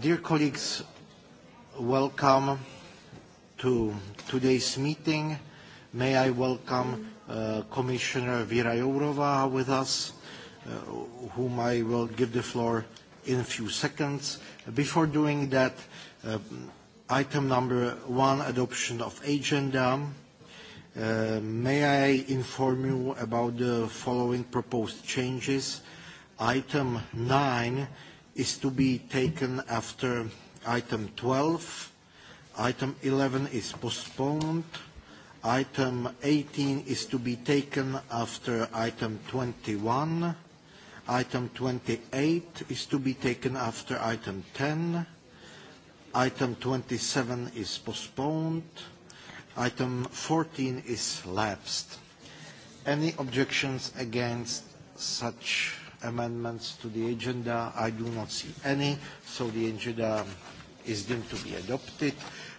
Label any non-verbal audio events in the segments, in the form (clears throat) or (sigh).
Dear colleagues, welcome to today's meeting. May I welcome Commissioner Vera Jourova with us, whom I will give the floor in a few seconds. Before doing that, item number one, adoption of agenda. May I inform you about the following proposed changes. Item nine is to be taken after item 12. Item 11 is postponed. Item 18 is to be taken after item 21. Item 28 is to be taken after item 10. Item 27 is postponed. Item 14 is lapsed. Any objections against such amendments to the agenda? I do not see any, so the agenda is deemed to be adopted.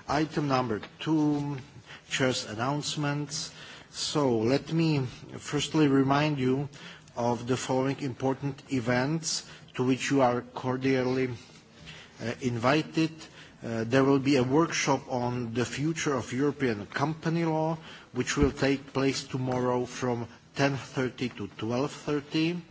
Item number two, Chair's announcements. So let me firstly remind you of the following important events to which you are cordially invited. There will be a workshop on the future of European company law, which will take place tomorrow from 10.30 to 12.30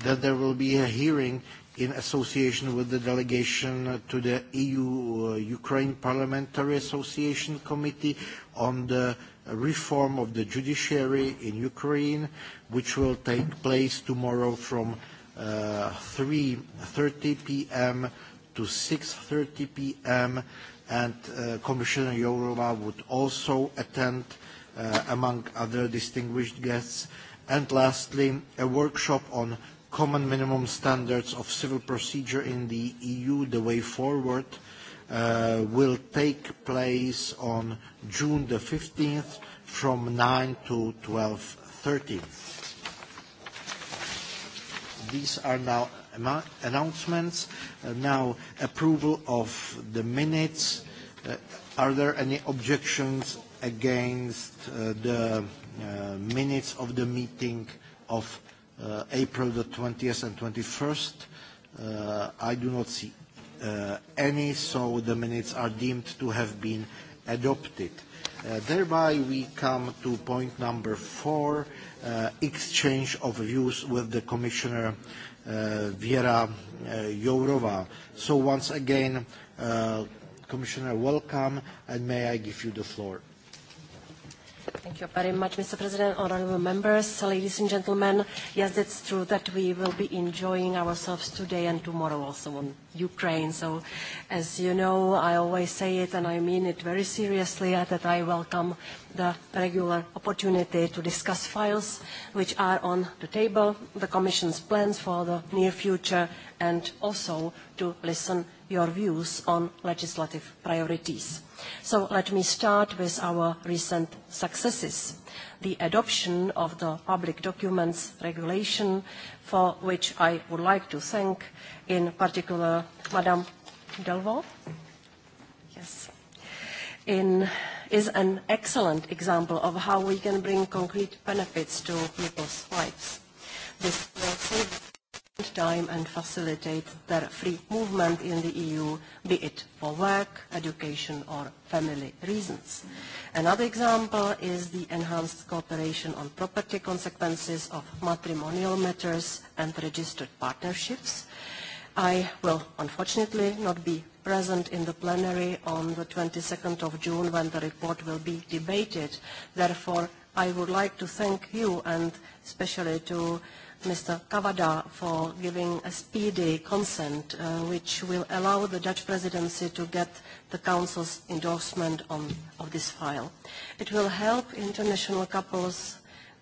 that there will be a hearing in association with the delegation to the EU-Ukraine Parliamentary Association Committee on the reform of the judiciary in Ukraine, which will take place tomorrow from 3.30 p.m. to 6.30 p.m. and Commissioner Jourova would also attend among other distinguished guests. And lastly, a workshop on common minimum standards of civil procedure in the EU, the way forward, will take place on June the 15th from 9 to 12.30. These are now announcements. Now, approval of the minutes. Are there any objections against the minutes of the meeting of April the 20th and 21st. I do not see any, so the minutes are deemed to have been adopted. Thereby we come to point number four, exchange of views with the Commissioner Viera Jourova. So once again, Commissioner, welcome, and may I give you the floor. Thank you very much, Mr. President, honorable members, ladies and gentlemen. Yes, that's true that we will be enjoying ourselves today and tomorrow also on Ukraine. So, as you know, I always say it and I mean it very seriously that I welcome the regular opportunity to discuss files which are on the table, the Commission's plans for the near future, and also to listen your views on legislative priorities. So let me start with our recent successes. The adoption of the Public Documents Regulation, for which I would like to thank in particular Madame Delvaux, yes, is an excellent example of how we can bring concrete benefits to people's lives. This will save time and facilitate their free movement in the EU, be it for work, education or family reasons. Another example is the enhanced cooperation on property consequences of matrimonial matters and registered partnerships. I will unfortunately not be present in the plenary on the 22nd of June when the report will be debated. Therefore, I would like to thank you and especially to Mr. Kavada for giving a speedy consent which will allow the Dutch presidency to get the Council's endorsement of this file. It will help international couples,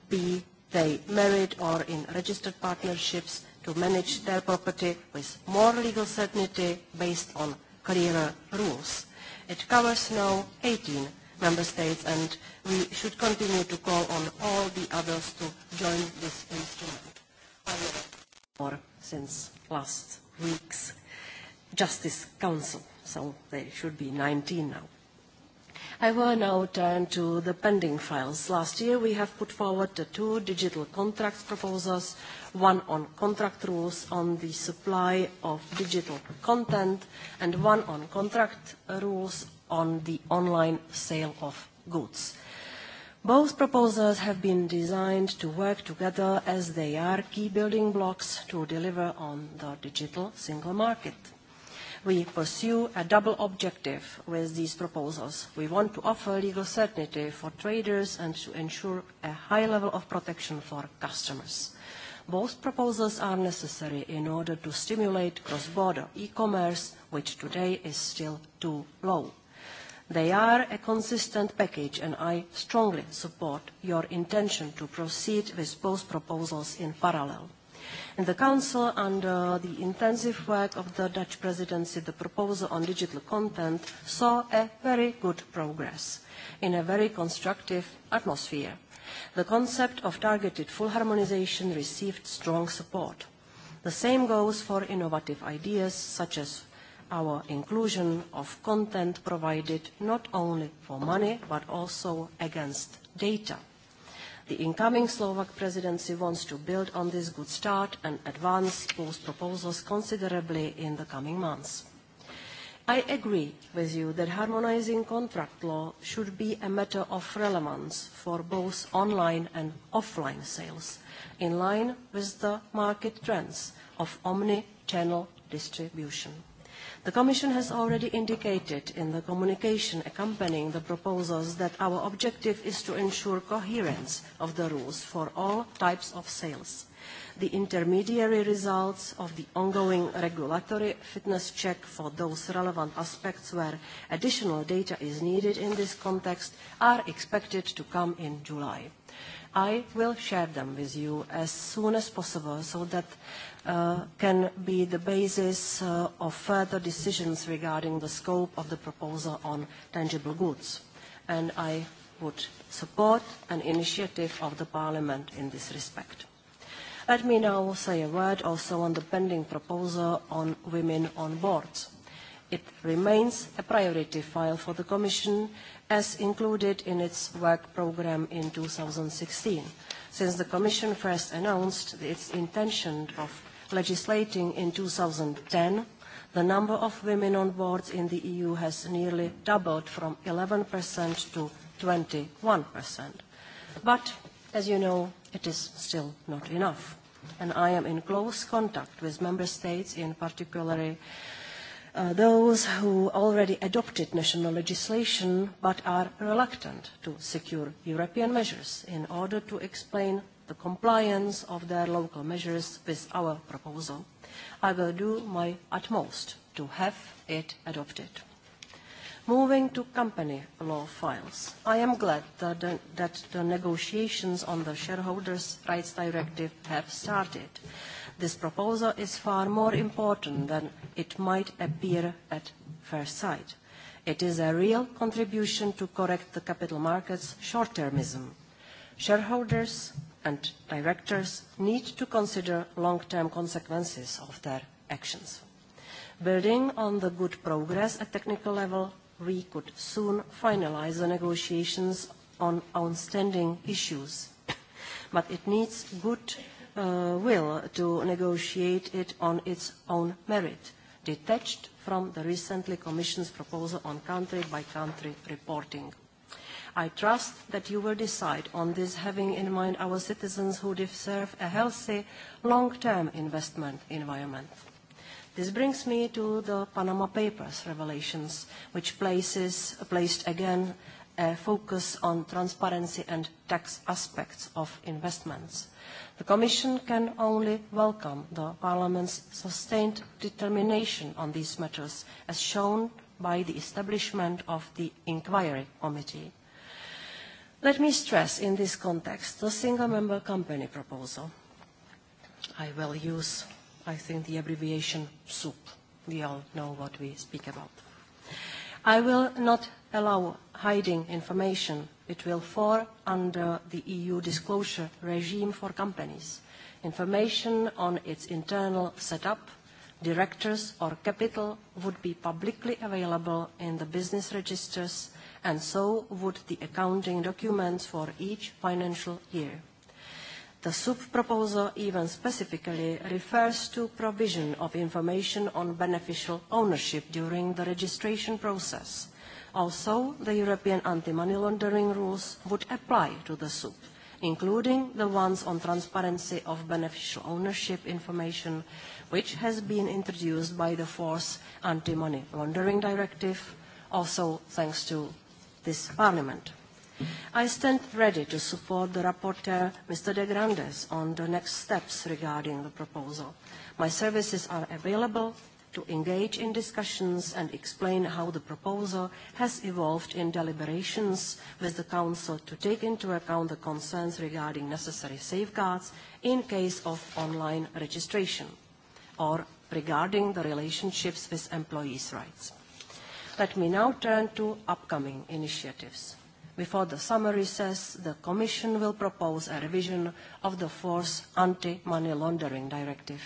be they married or in registered partnerships, to manage their property with more legal certainty based on clearer rules. It covers now 18 member states and we should continue to call on all the others to join this instrument more since last week's Justice Council, so they should be 19 now. I will now turn to the pending files. Last year we have put forward the two digital contracts proposals, one on contract rules on the supply of digital content and one on contract rules on the online sale of goods. Both proposals have been designed to work together as they are key building blocks to deliver on the digital single market. We pursue a double objective with these proposals. We want to offer legal certainty for traders and to ensure a high level of protection for customers. Both proposals are necessary in order to stimulate cross-border e-commerce, which today is still too low. They are a consistent package and I strongly support your intention to proceed with both proposals in parallel. In the Council, under the intensive work of the Dutch Presidency, the proposal on digital content saw a very good progress in a very constructive atmosphere. The concept of targeted full harmonisation received strong support. The same goes for innovative ideas such as our inclusion of content provided not only for money but also against data. The incoming Slovak presidency wants to build on this good start and advance those proposals considerably in the coming months. I agree with you that harmonizing contract law should be a matter of relevance for both online and offline sales, in line with the market trends of omni-channel distribution. The Commission has already indicated in the communication accompanying the proposals that our objective is to ensure coherence of the rules for all types of sales. The intermediary results of the ongoing regulatory fitness check for those relevant aspects where additional data is needed in this context are expected to come in July. I will share them with you as soon as possible so that can be the basis of further decisions regarding the scope of the proposal on tangible goods. And I would support an initiative of the Parliament in this respect. Let me now say a word also on the pending proposal on women on boards. It remains a priority file for the Commission as included in its work programme in 2016, since the Commission first announced its intention of legislating in 2010 the number of women on boards in the eu has nearly doubled from 11% to 21%. but as you know it is still not enough and i am in close contact with member states in particular those who already adopted national legislation but are reluctant to secure European measures in order to explain the compliance of their local measures with our proposal. I will do my utmost to have it adopted. Moving to company law files, I am glad that the negotiations on the Shareholders' Rights Directive have started this proposal is far more important than it might appear at first sight. It is a real contribution to correct the capital markets' short-termism. Shareholders and directors need to consider long-term consequences of their actions. Building on the good progress at technical level, we could soon finalize the negotiations on outstanding issues. But it needs good will to negotiate it on its own merit, detached from the recently Commission's proposal on country-by-country reporting. I trust that you will decide on this having in mind our citizens who deserve a healthy, long-term investment environment. This brings me to the Panama Papers revelations, which placed again a focus on transparency and tax aspects of investments. The Commission can only welcome the Parliament's sustained determination on these matters, as shown by the establishment of the Inquiry Committee. Let me stress in this context the single-member company proposal. I will use, I think, the abbreviation SOUP. We all know what we speak about. I will not allow hiding information. It will fall under the EU disclosure regime for companies. Information on its internal setup, directors or capital would be publicly available in the business registers and so would the accounting documents for each financial year. The SUP proposal even specifically refers to provision of information on beneficial ownership during the registration process. Also, the European anti-money laundering rules would apply to the soup, including the ones on transparency of beneficial ownership information, which has been introduced by the fourth anti-money laundering directive, also thanks to this Parliament. I stand ready to support the rapporteur, Mr. De Grandes, on the next steps regarding the proposal. My services are available to engage in discussions and explain how the proposal has evolved in deliberations with the Council to take into account the concerns regarding necessary safeguards in case of online registration or regarding the relationships with employees' rights. Let me now turn to upcoming initiatives. Before the summer recess, the Commission will propose a revision of the fourth Anti-Money Laundering Directive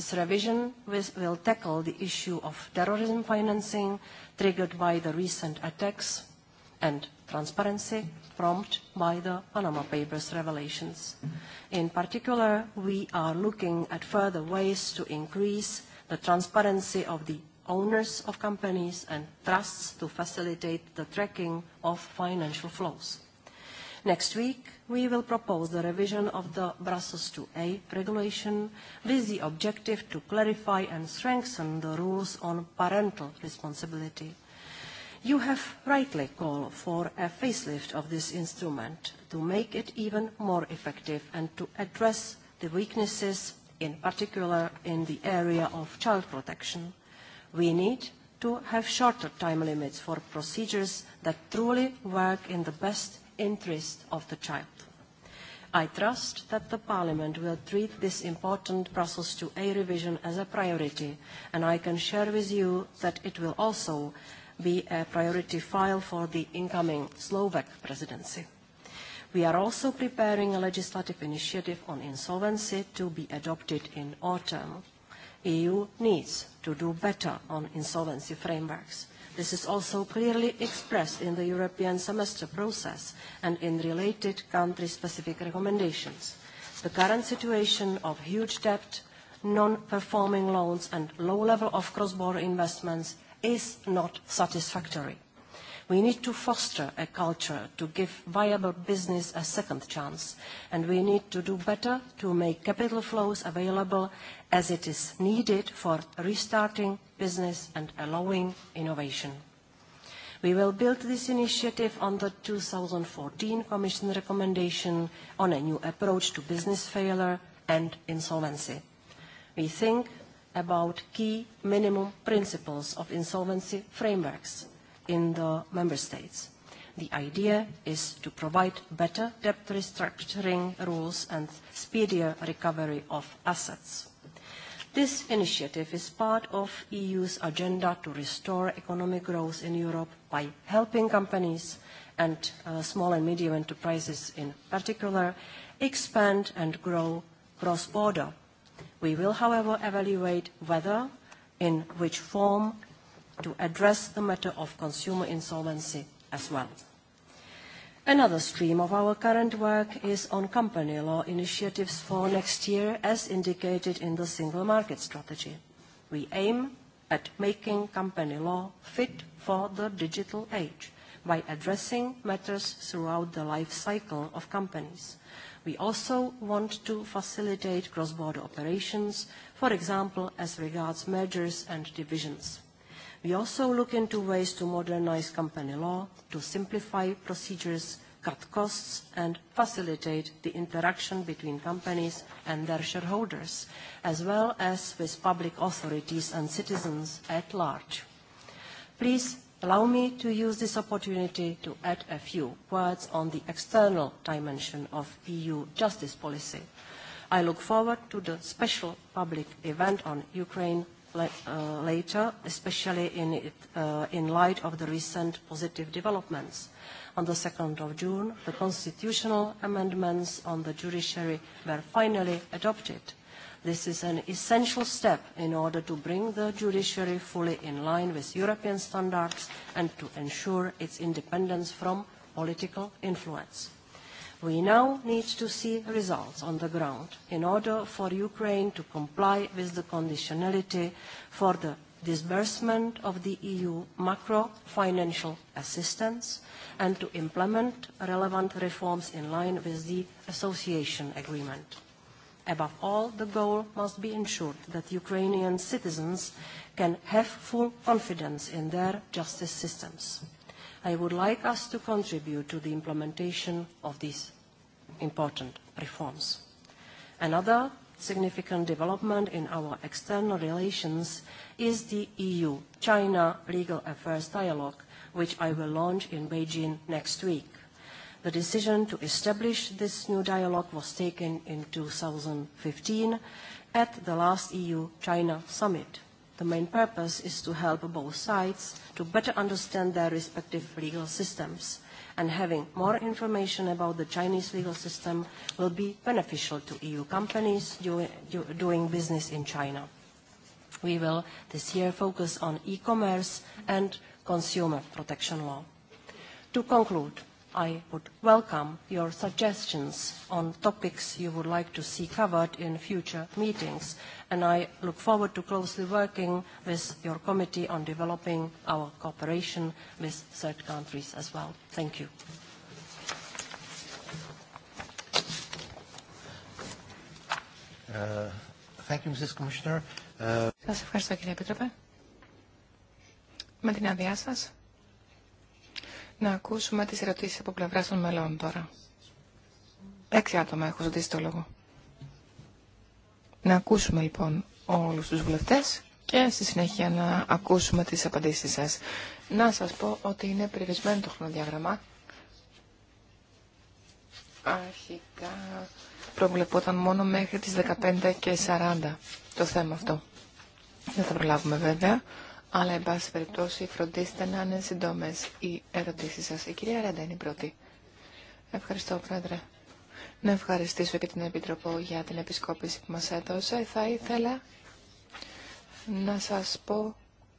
This revision will tackle the issue of terrorism financing triggered by the recent attacks and transparency prompted by the Panama Papers revelations. In particular, we are looking at further ways to increase the transparency of the owners of companies and trusts to facilitate the tracking of financial flows. Next week, we will propose the revision of the Brussels 2A regulation with the objective to clarify and strengthen the rules on parental responsibility. You have rightly called for a facelift of this instrument to make it even more effective and to address the weaknesses, in particular in the area of child protection. We need to have shorter time limits for procedures that truly work in the best interest of the child. I trust that the Parliament will treat this important Brussels A revision as a priority, and I can share with you that it will also be a priority file for the incoming Slovak presidency. We are also preparing a legislative initiative on insolvency to be adopted in autumn. EU needs to do better on insolvency frameworks. This is also clearly expressed in the European semester process and in related country-specific recommendations. The current situation of huge debt, non-performing loans and low level of cross-border investments is not satisfactory. We need to foster a culture to give viable business a second chance, and we need to do better to make capital flows available as it is needed for restarting business and allowing innovation. We will build this initiative on the 2014 Commission recommendation on a new approach to business failure and insolvency. We think about key minimum principles of insolvency frameworks in the Member States. The idea is to provide better debt restructuring rules and speedier recovery of assets. This initiative is part of the EU's agenda to restore economic growth in Europe by helping companies and small and medium enterprises in particular expand and grow cross-border. We will, however, evaluate whether, in which form, to address the matter of consumer insolvency as well. Another stream of our current work is on company law initiatives for next year, as indicated in the Single Market Strategy. We aim at making company law fit for the digital age by addressing matters throughout the life cycle of companies. We also want to facilitate cross-border operations, for example, as regards mergers and divisions. We also look into ways to modernize company law, to simplify procedures, cut costs and facilitate the interaction between companies and their shareholders, as well as with public authorities and citizens at large. Please allow me to use this opportunity to add a few words on the external dimension of EU justice policy. I look forward to the special public event on Ukraine later, especially in light of the recent positive developments. On the 2nd of June, the constitutional amendments on the judiciary were finally adopted. This is an essential step in order to bring the judiciary fully in line with European standards and to ensure its independence from political influence. We now need to see results on the ground in order for Ukraine to comply with the conditionality for the disbursement of the EU macro financial assistance and to implement relevant reforms in line with the association agreement. Above all, the goal must be ensured that Ukrainian citizens can have full confidence in their justice systems. I would like us to contribute to the implementation of these important reforms. Another significant development in our external relations is the EU-China Legal Affairs Dialogue, which I will launch in Beijing next week. The decision to establish this new dialogue was taken in 2015 at the last EU-China Summit. The main purpose is to help both sides to better understand their respective legal systems, and having more information about the Chinese legal system will be beneficial to EU companies doing business in China. We will this year focus on e-commerce and consumer protection law. To conclude, I would welcome your suggestions on topics you would like to see covered in future meetings, and I look forward to closely working with your committee on developing our cooperation with third countries as well. Thank you. Thank you, Mrs. Commissioner. Σας ευχαριστώ, κύριε Επίτροπε. Με την άδειά σας. Να ακούσουμε τις ερωτήσεις από πλευράς των μελών τώρα. Έξι άτομα έχω ζητήσει το λόγο. Να ακούσουμε λοιπόν όλους τους βουλευτές και στη συνέχεια να ακούσουμε τις απαντήσεις σας. Να σας πω ότι είναι περιορισμένο το χρονοδιάγραμμα. Αρχικά προβλεπόταν μόνο μέχρι τις 15 και 40 το θέμα αυτό. Δεν θα προλάβουμε βέβαια αλλά, εν πάση περιπτώσει, φροντίστε να είναι συντόμε οι ερωτήσει σα. Η κυρία Ρέντα είναι η πρώτη. Ευχαριστώ, Πρόεδρε. Να ευχαριστήσω και την Επίτροπο για την επισκόπηση που μας έδωσε. Θα ήθελα να σας πω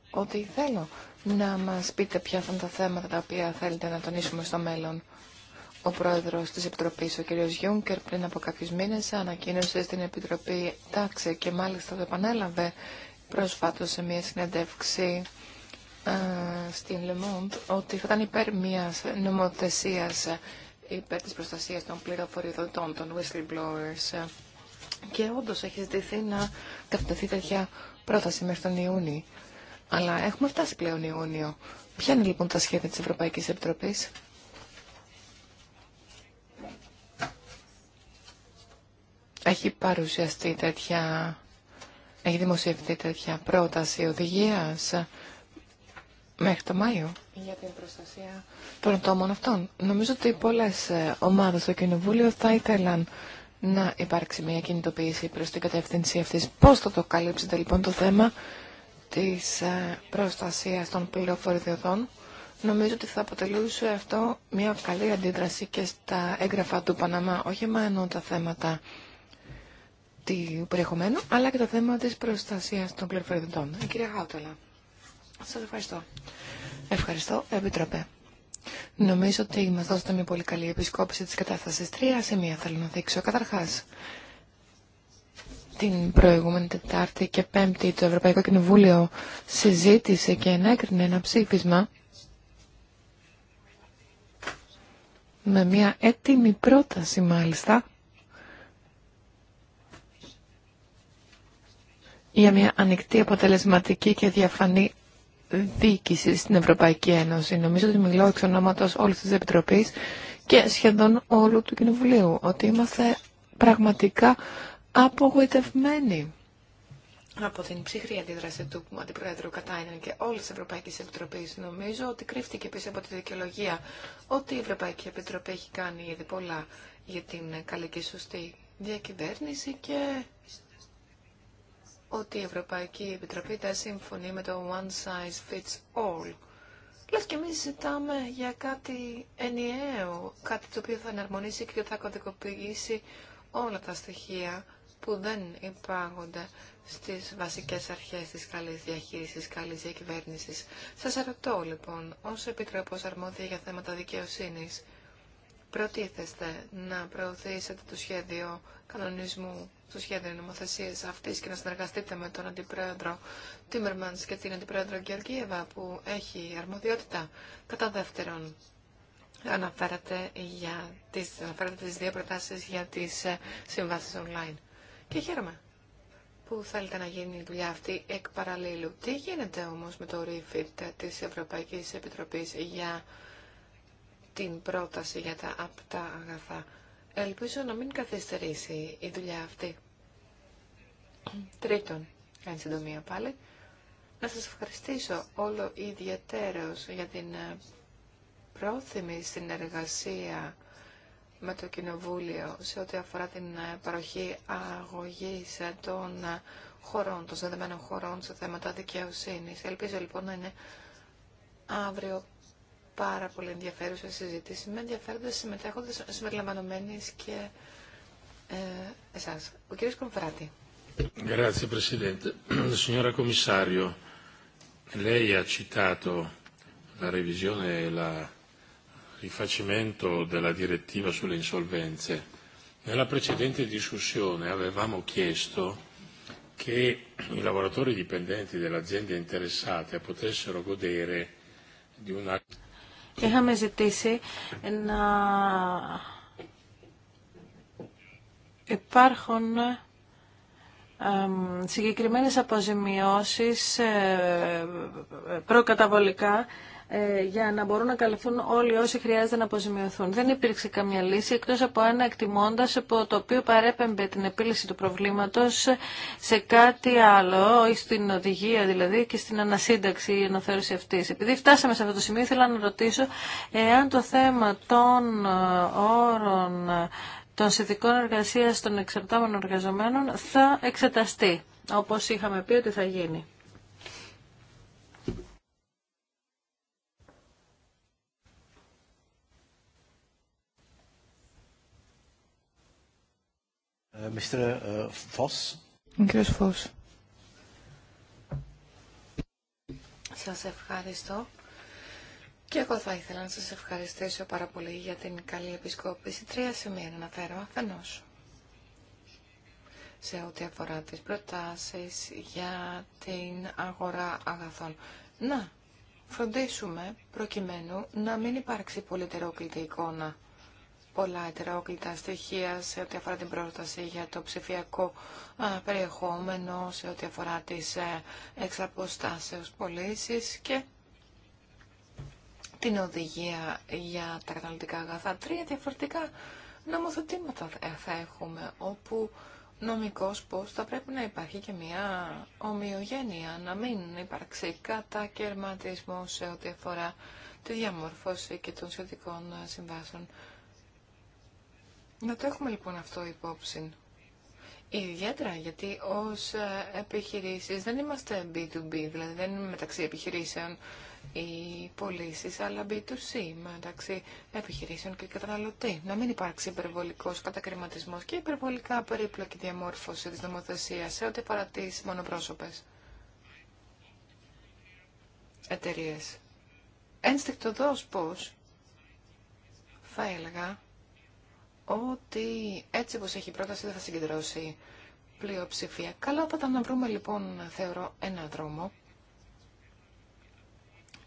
ότι θέλω να μας πείτε ποια θα είναι τα θέματα τα οποία θέλετε να τονίσουμε στο μέλλον. Ο πρόεδρος της Επιτροπής, ο κ. Γιούγκερ, πριν από κάποιους μήνες ανακοίνωσε στην Επιτροπή τάξη και μάλιστα το επανέλαβε πρόσφατο σε μια συνέντευξη ε, στην Le Monde ότι θα ήταν υπέρ μια νομοθεσία υπέρ τη προστασία των πληροφοριοδοτών, των whistleblowers. Και όντω έχει ζητηθεί να κατευθυνθεί τέτοια πρόταση μέχρι τον Ιούνιο. Αλλά έχουμε φτάσει πλέον Ιούνιο. Ποια είναι λοιπόν τα σχέδια τη Ευρωπαϊκή Επιτροπή. Έχει παρουσιαστεί τέτοια έχει δημοσιευτεί τέτοια πρόταση οδηγίας μέχρι το Μάιο για την προστασία των ατόμων αυτών. Νομίζω ότι πολλές ε, ομάδες στο Κοινοβούλιο θα ήθελαν να υπάρξει μια κινητοποίηση προς την κατεύθυνση αυτής. Πώς θα το καλύψετε λοιπόν το θέμα της ε, προστασίας των πληροφοριδιωτών. Νομίζω ότι θα αποτελούσε αυτό μια καλή αντίδραση και στα έγγραφα του Παναμά, όχι μόνο τα θέματα τη περιεχομένου, αλλά και το θέμα της προστασίας των πληροφοριοδοτών. κυρία Σας ευχαριστώ. Ευχαριστώ, Επιτροπέ. Νομίζω ότι μας δώσατε μια πολύ καλή επισκόπηση της κατάστασης. Τρία σημεία θέλω να δείξω. Καταρχάς, την προηγούμενη Τετάρτη και Πέμπτη το Ευρωπαϊκό Κοινοβούλιο συζήτησε και ενέκρινε ένα ψήφισμα με μια έτοιμη πρόταση μάλιστα για μια ανοιχτή, αποτελεσματική και διαφανή διοίκηση στην Ευρωπαϊκή Ένωση. Νομίζω ότι μιλώ εξ ονόματο όλη τη Επιτροπή και σχεδόν όλου του Κοινοβουλίου, ότι είμαστε πραγματικά απογοητευμένοι από την ψυχρή αντίδραση του Αντιπρόεδρου Κατάινεν και όλη τη Ευρωπαϊκή Επιτροπή. Νομίζω ότι κρύφτηκε πίσω από τη δικαιολογία ότι η Ευρωπαϊκή Επιτροπή έχει κάνει ήδη πολλά για την καλή και σωστή διακυβέρνηση και ότι η Ευρωπαϊκή Επιτροπή δεν συμφωνεί με το one size fits all. Λες και εμείς ζητάμε για κάτι ενιαίο, κάτι το οποίο θα εναρμονίσει και θα κωδικοποιήσει όλα τα στοιχεία που δεν υπάγονται στις βασικές αρχές της καλής διαχείρισης, καλής διακυβέρνησης. Σας ερωτώ λοιπόν, ως Επιτροπός Αρμόδια για θέματα δικαιοσύνης, προτίθεστε να προωθήσετε το σχέδιο κανονισμού, το σχέδιο νομοθεσία αυτή και να συνεργαστείτε με τον Αντιπρόεδρο Τίμερμαν και την Αντιπρόεδρο Γεωργίευα που έχει αρμοδιότητα. Κατά δεύτερον, αναφέρατε, για τις, δύο προτάσεις για τις ε, συμβάσεις online. Και χαίρομαι που θέλετε να γίνει η δουλειά αυτή εκ παραλλήλου. Τι γίνεται όμως με το refit της Ευρωπαϊκής Επιτροπής για την πρόταση για τα απτά αγαθά. Ελπίζω να μην καθυστερήσει η δουλειά αυτή. Τρίτον, εν συντομία πάλι, να σας ευχαριστήσω όλο ιδιαίτερος για την ε, πρόθυμη συνεργασία με το Κοινοβούλιο σε ό,τι αφορά την ε, παροχή αγωγής ε, των χωρών, των συνδεδεμένων χωρών σε θέματα δικαιοσύνης. Ελπίζω λοιπόν να είναι αύριο πάρα πολύ ενδιαφέρουσα συζήτηση με ενδιαφέροντες συμμετέχοντες συμπεριλαμβανομένης και ε, εσάς. Ο κύριος Κομφράτη. Grazie Presidente. Signora Commissario, lei ha citato la revisione e la rifacimento della direttiva sulle insolvenze. Nella precedente discussione avevamo chiesto che i lavoratori dipendenti delle aziende interessate potessero godere di una είχαμε ζητήσει να υπάρχουν συγκεκριμένες αποζημιώσεις ε, προκαταβολικά ε, για να μπορούν να καλυφθούν όλοι όσοι χρειάζεται να αποζημιωθούν. Δεν υπήρξε καμία λύση εκτός από ένα εκτιμώντα από το οποίο παρέπεμπε την επίλυση του προβλήματος σε κάτι άλλο, ή στην οδηγία δηλαδή και στην ανασύνταξη η ενωθέρωση αυτής. Επειδή φτάσαμε σε αυτό το σημείο ήθελα να ρωτήσω εάν το θέμα των ε, όρων των συνθηκών εργασία των εξαρτάμενων εργαζομένων θα εξεταστεί, όπως είχαμε πει ότι θα γίνει. Ε, Mr. Ε, σας ευχαριστώ. Και εγώ θα ήθελα να σας ευχαριστήσω πάρα πολύ για την καλή επισκόπηση. Τρία σημεία να αναφέρω αφενός σε ό,τι αφορά τις προτάσεις για την αγορά αγαθών. Να φροντίσουμε προκειμένου να μην υπάρξει πολυτερόκλητη εικόνα πολλά ετερόκλητα στοιχεία σε ό,τι αφορά την πρόταση για το ψηφιακό περιεχόμενο, σε ό,τι αφορά τις ε, εξαποστάσεως πωλήσει και την οδηγία για τα καταναλωτικά αγαθά. Τρία διαφορετικά νομοθετήματα ε, θα έχουμε, όπου νομικός πώς θα πρέπει να υπάρχει και μια ομοιογένεια, να μην υπάρξει κατακαιρματισμό σε ό,τι αφορά τη διαμόρφωση και των σχετικών ε, συμβάσεων να το έχουμε λοιπόν αυτό υπόψη. Ιδιαίτερα γιατί ως ε, επιχειρήσεις δεν είμαστε B2B, δηλαδή δεν είναι μεταξύ επιχειρήσεων οι πωλήσει, αλλά B2C μεταξύ επιχειρήσεων και καταναλωτή. Να μην υπάρξει υπερβολικό κατακριματισμό και υπερβολικά περίπλοκη διαμόρφωση τη νομοθεσία σε ό,τι παρά τι μονοπρόσωπε εταιρείε. Ένστικτο πώ θα έλεγα ότι έτσι όπως έχει πρόταση δεν θα συγκεντρώσει πλειοψηφία. Καλά θα ήταν να βρούμε λοιπόν, θεωρώ, ένα δρόμο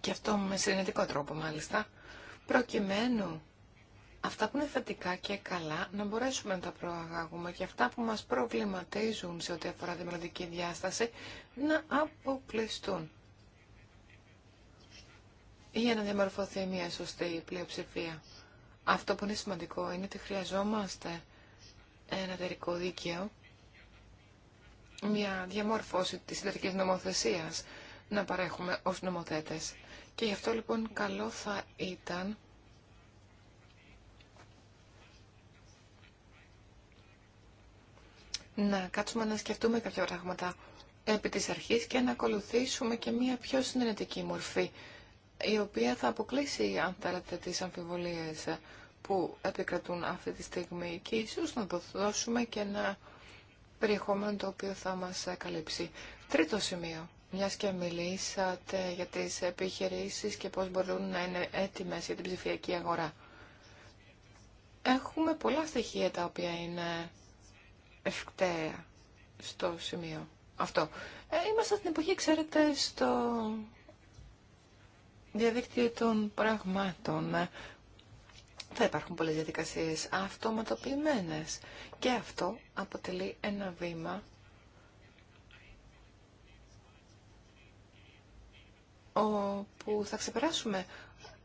και αυτό με συνετικό τρόπο μάλιστα, προκειμένου αυτά που είναι θετικά και καλά να μπορέσουμε να τα προαγάγουμε και αυτά που μας προβληματίζουν σε ό,τι αφορά τη διάσταση να αποκλειστούν για να διαμορφωθεί μια σωστή πλειοψηφία. Αυτό που είναι σημαντικό είναι ότι χρειαζόμαστε ένα εταιρικό δίκαιο, μια διαμόρφωση της εταιρικής νομοθεσίας να παρέχουμε ως νομοθέτες. Και γι' αυτό λοιπόν καλό θα ήταν να κάτσουμε να σκεφτούμε κάποια πράγματα επί της αρχής και να ακολουθήσουμε και μια πιο συνενετική μορφή η οποία θα αποκλείσει, αν θέλετε, τις αμφιβολίες που επικρατούν αυτή τη στιγμή και ίσως να το δώσουμε και ένα περιεχόμενο το οποίο θα μας καλύψει. Τρίτο σημείο. Μιας και μιλήσατε για τις επιχειρήσεις και πώς μπορούν να είναι έτοιμες για την ψηφιακή αγορά. Έχουμε πολλά στοιχεία τα οποία είναι ευκταία στο σημείο αυτό. Ε, είμαστε στην εποχή, ξέρετε, στο διαδίκτυο των πραγμάτων. Θα υπάρχουν πολλές διαδικασίες αυτοματοποιημένες και αυτό αποτελεί ένα βήμα όπου θα ξεπεράσουμε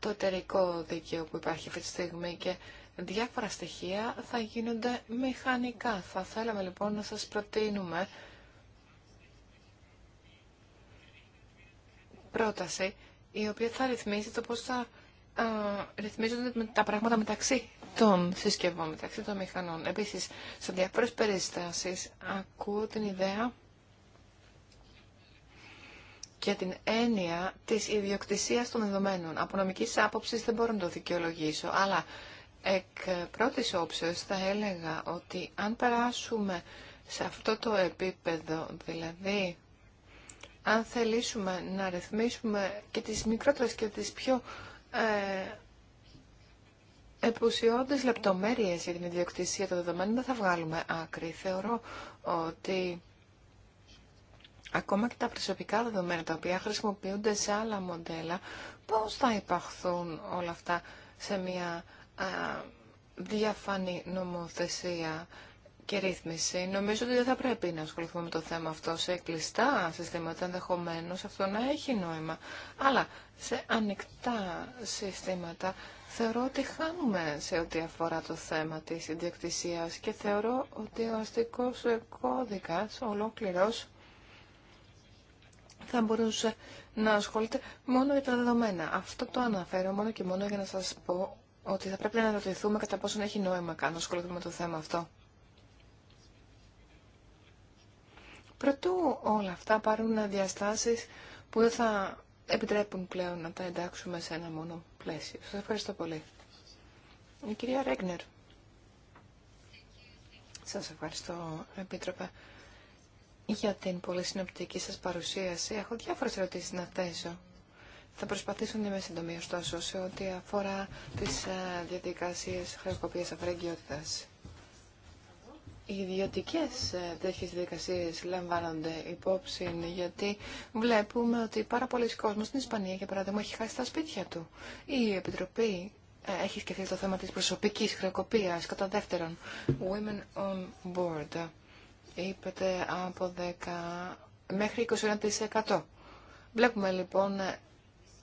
το εταιρικό δίκαιο που υπάρχει αυτή τη στιγμή και διάφορα στοιχεία θα γίνονται μηχανικά. Θα θέλαμε λοιπόν να σας προτείνουμε πρόταση η οποία θα ρυθμίζει το πώς θα α, ρυθμίζονται τα πράγματα μεταξύ των συσκευών, μεταξύ των μηχανών. Επίσης, σε διάφορες περιστάσεις ακούω την ιδέα και την έννοια της ιδιοκτησίας των δεδομένων. Από νομικής άποψης δεν μπορώ να το δικαιολογήσω, αλλά εκ πρώτης όψεως θα έλεγα ότι αν περάσουμε σε αυτό το επίπεδο, δηλαδή αν θελήσουμε να ρυθμίσουμε και τις μικρότερες και τις πιο ε, επουσιώδεις λεπτομέρειες για την ιδιοκτησία των δεδομένων, δεν θα βγάλουμε άκρη. Θεωρώ ότι ακόμα και τα προσωπικά δεδομένα τα οποία χρησιμοποιούνται σε άλλα μοντέλα, πώς θα υπαχθούν όλα αυτά σε μια ε, διαφανή νομοθεσία και ρύθμιση. Νομίζω ότι δεν θα πρέπει να ασχοληθούμε με το θέμα αυτό σε κλειστά συστήματα ενδεχομένω. Αυτό να έχει νόημα. Αλλά σε ανοιχτά συστήματα θεωρώ ότι χάνουμε σε ό,τι αφορά το θέμα της ιδιοκτησίας και θεωρώ ότι ο αστικός κώδικας ολόκληρος θα μπορούσε να ασχολείται μόνο για τα δεδομένα. Αυτό το αναφέρω μόνο και μόνο για να σας πω ότι θα πρέπει να ρωτηθούμε κατά πόσο έχει νόημα καν να ασχοληθούμε με το θέμα αυτό. προτού όλα αυτά πάρουν διαστάσει που δεν θα επιτρέπουν πλέον να τα εντάξουμε σε ένα μόνο πλαίσιο. Σα ευχαριστώ πολύ. Η κυρία Ρέγνερ. Σας ευχαριστώ, Επίτροπε, για την πολύ συνοπτική σα παρουσίαση. Έχω διάφορε ερωτήσει να θέσω. Θα προσπαθήσω να είμαι σύντομη, ωστόσο, σε ό,τι αφορά τι ε, διαδικασίε χρεοκοπία αφρεγγιότητας οι ιδιωτικέ ε, τέτοιε διαδικασίε λαμβάνονται υπόψη, γιατί βλέπουμε ότι πάρα πολλοί κόσμοι στην Ισπανία, για παράδειγμα, έχει χάσει τα σπίτια του. Η Επιτροπή ε, έχει σκεφτεί το θέμα τη προσωπική χρεοκοπία. Κατά δεύτερον, Women on Board. είπετε από 10 μέχρι 21%. Βλέπουμε λοιπόν ε,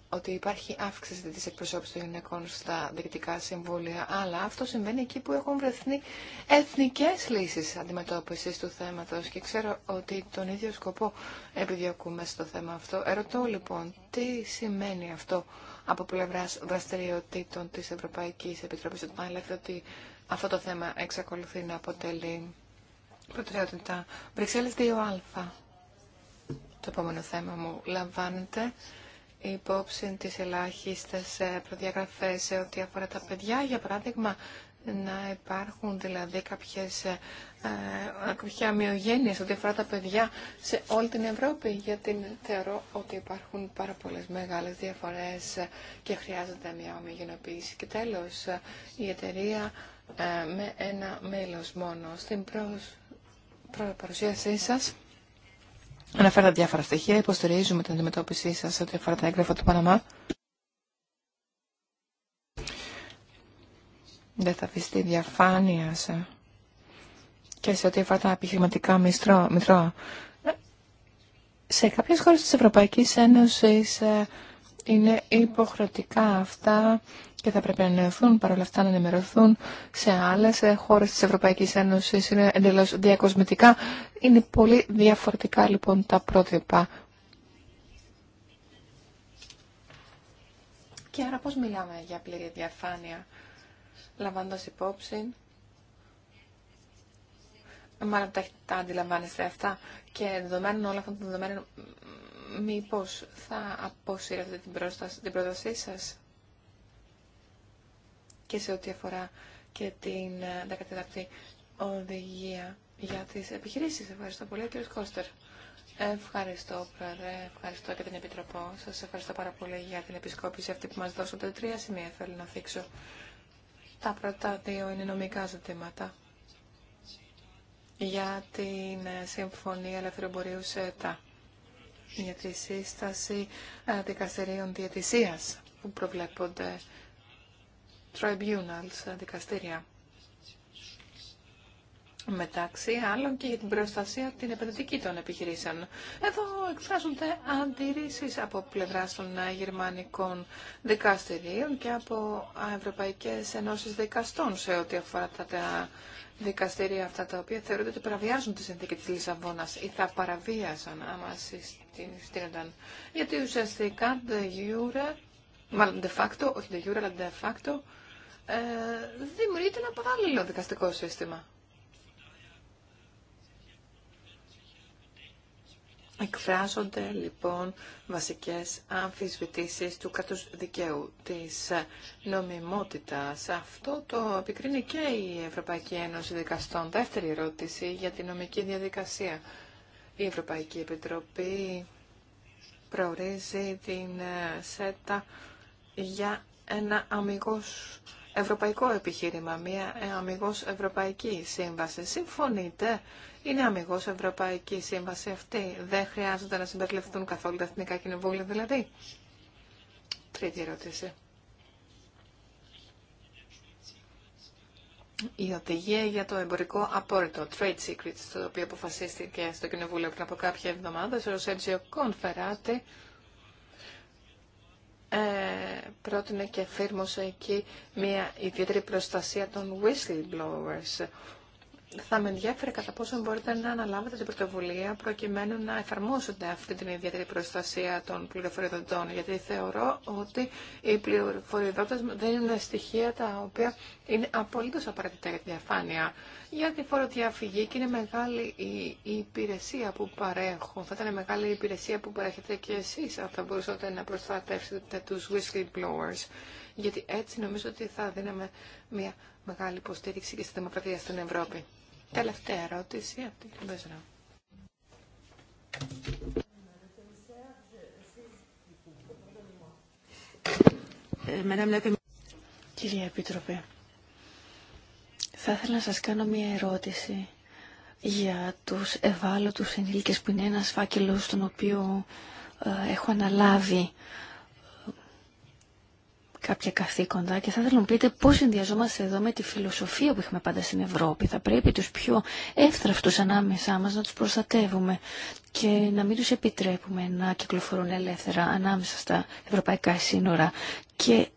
ότι υπάρχει αύξηση της εκπροσώπησης των γυναικών στα διοικητικά συμβούλια, αλλά αυτό συμβαίνει εκεί που έχουν βρεθεί εθνικές λύσεις αντιμετώπισης του θέματος και ξέρω ότι τον ίδιο σκοπό επιδιωκούμε στο θέμα αυτό. Ερωτώ λοιπόν, τι σημαίνει αυτό από πλευρά δραστηριοτήτων της Ευρωπαϊκής Επιτροπής του Πανελέκτη, ότι αυτό το θέμα εξακολουθεί να αποτελεί προτεραιότητα. Βρυξέλλες 2α. Το επόμενο θέμα μου λαμβάνεται υπόψη τις ελάχιστες ε, προδιαγραφές σε ό,τι αφορά τα παιδιά, για παράδειγμα, να υπάρχουν δηλαδή κάποιες ε, σε ό,τι αφορά τα παιδιά σε όλη την Ευρώπη, γιατί θεωρώ ότι υπάρχουν πάρα πολλές μεγάλες διαφορές και χρειάζεται μια ομοιογενοποίηση. Και τέλος, η εταιρεία ε, με ένα μέλος μόνο. Στην προ... παρουσίασή σας Αναφέρατε διάφορα στοιχεία, υποστηρίζουμε την αντιμετώπιση σας ό,τι αφορά τα έγγραφα του Παναμά. Δεν θα αφιστεί διαφάνεια και σε ό,τι αφορά τα επιχειρηματικά μητρώα. Σε κάποιες χώρες της Ευρωπαϊκής Ένωσης ε, είναι υποχρεωτικά αυτά και θα πρέπει να ενημερωθούν, παρόλα αυτά να ενημερωθούν σε άλλες χώρε της Ευρωπαϊκής Ένωσης, είναι εντελώ διακοσμητικά. Είναι πολύ διαφορετικά λοιπόν τα πρότυπα. Και άρα πώς μιλάμε για πλήρη διαφάνεια, λαμβάνοντας υπόψη μάλλον τα, τα αντιλαμβάνεστε αυτά και δεδομένων όλα αυτά των δεδομένων Μήπως θα αποσύρετε την, την πρότασή σας και σε ό,τι αφορά και την 14η ε, οδηγία για τις επιχειρήσεις. Ευχαριστώ πολύ, κύριε Κώστερ. Ευχαριστώ, Πρόεδρε. Ευχαριστώ και την Επιτροπό. Σας ευχαριστώ πάρα πολύ για την επισκόπηση αυτή που μας δώσατε. Τρία σημεία θέλω να θίξω. Τα πρώτα δύο είναι νομικά ζητήματα για την ε, Συμφωνία Ελευθεροπορίου ΣΕΤΑ για τη σύσταση ε, δικαστηρίων διαιτησίας που προβλέπονται tribunals, ε, δικαστήρια. Μεταξύ άλλων και για την προστασία την επενδυτική των επιχειρήσεων. Εδώ εκφράζονται αντιρρήσεις από πλευράς των ε, γερμανικών δικαστηρίων και από ευρωπαϊκές ενώσεις δικαστών σε ό,τι αφορά τα δικαστήρια αυτά τα οποία θεωρούνται ότι παραβιάζουν τη συνθήκη της Λισαβόνας ή θα παραβίασαν άμα συστήνονταν. Γιατί ουσιαστικά de jure, μάλλον de facto, όχι de jure αλλά de facto, ε, δημιουργείται ένα παράλληλο δικαστικό σύστημα. Εκφράζονται λοιπόν βασικές αμφισβητήσεις του κράτους δικαίου, της νομιμότητας. Αυτό το επικρίνει και η Ευρωπαϊκή Ένωση Δικαστών. Δεύτερη ερώτηση για τη νομική διαδικασία. Η Ευρωπαϊκή Επιτροπή προορίζει την ΣΕΤΑ για ένα αμυγός ευρωπαϊκό επιχείρημα, μια ε, αμυγός ευρωπαϊκή σύμβαση. Συμφωνείτε, είναι αμυγός ευρωπαϊκή σύμβαση αυτή. Δεν χρειάζεται να συμπεριληφθούν καθόλου τα εθνικά κοινοβούλια δηλαδή. Τρίτη ερώτηση. Η οδηγία για το εμπορικό απόρριτο, trade secrets, το οποίο αποφασίστηκε στο Κοινοβούλιο πριν από κάποια εβδομάδα, ο Σέντζιο Κονφεράτη, ε, πρότεινε και εφήρμοσε εκεί μια ιδιαίτερη προστασία των whistleblowers θα με ενδιαφέρει κατά πόσο μπορείτε να αναλάβετε την πρωτοβουλία προκειμένου να εφαρμόσετε αυτή την ιδιαίτερη προστασία των πληροφοριοδοτών. Γιατί θεωρώ ότι οι πληροφοριοδότε δεν είναι στοιχεία τα οποία είναι απολύτω απαραίτητα για τη διαφάνεια. Για τη φοροδιαφυγή και είναι μεγάλη η, η υπηρεσία που παρέχουν. Θα ήταν μεγάλη η υπηρεσία που παρέχετε και εσεί αν θα μπορούσατε να προστατεύσετε του whistleblowers. Γιατί έτσι νομίζω ότι θα δίναμε μια μεγάλη υποστήριξη και στη δημοκρατία στην Ευρώπη. Τελευταία ερώτηση από την ε, Κυρία Επίτροπε, θα ήθελα να σας κάνω μία ερώτηση για τους ευάλωτους ενήλικες που είναι ένας φάκελος τον οποίο ε, έχω αναλάβει κάποια καθήκοντα και θα ήθελα να πείτε πώς συνδυαζόμαστε εδώ με τη φιλοσοφία που έχουμε πάντα στην Ευρώπη. Θα πρέπει τους πιο εύθραυτους ανάμεσά μας να τους προστατεύουμε και να μην τους επιτρέπουμε να κυκλοφορούν ελεύθερα ανάμεσα στα ευρωπαϊκά σύνορα. Και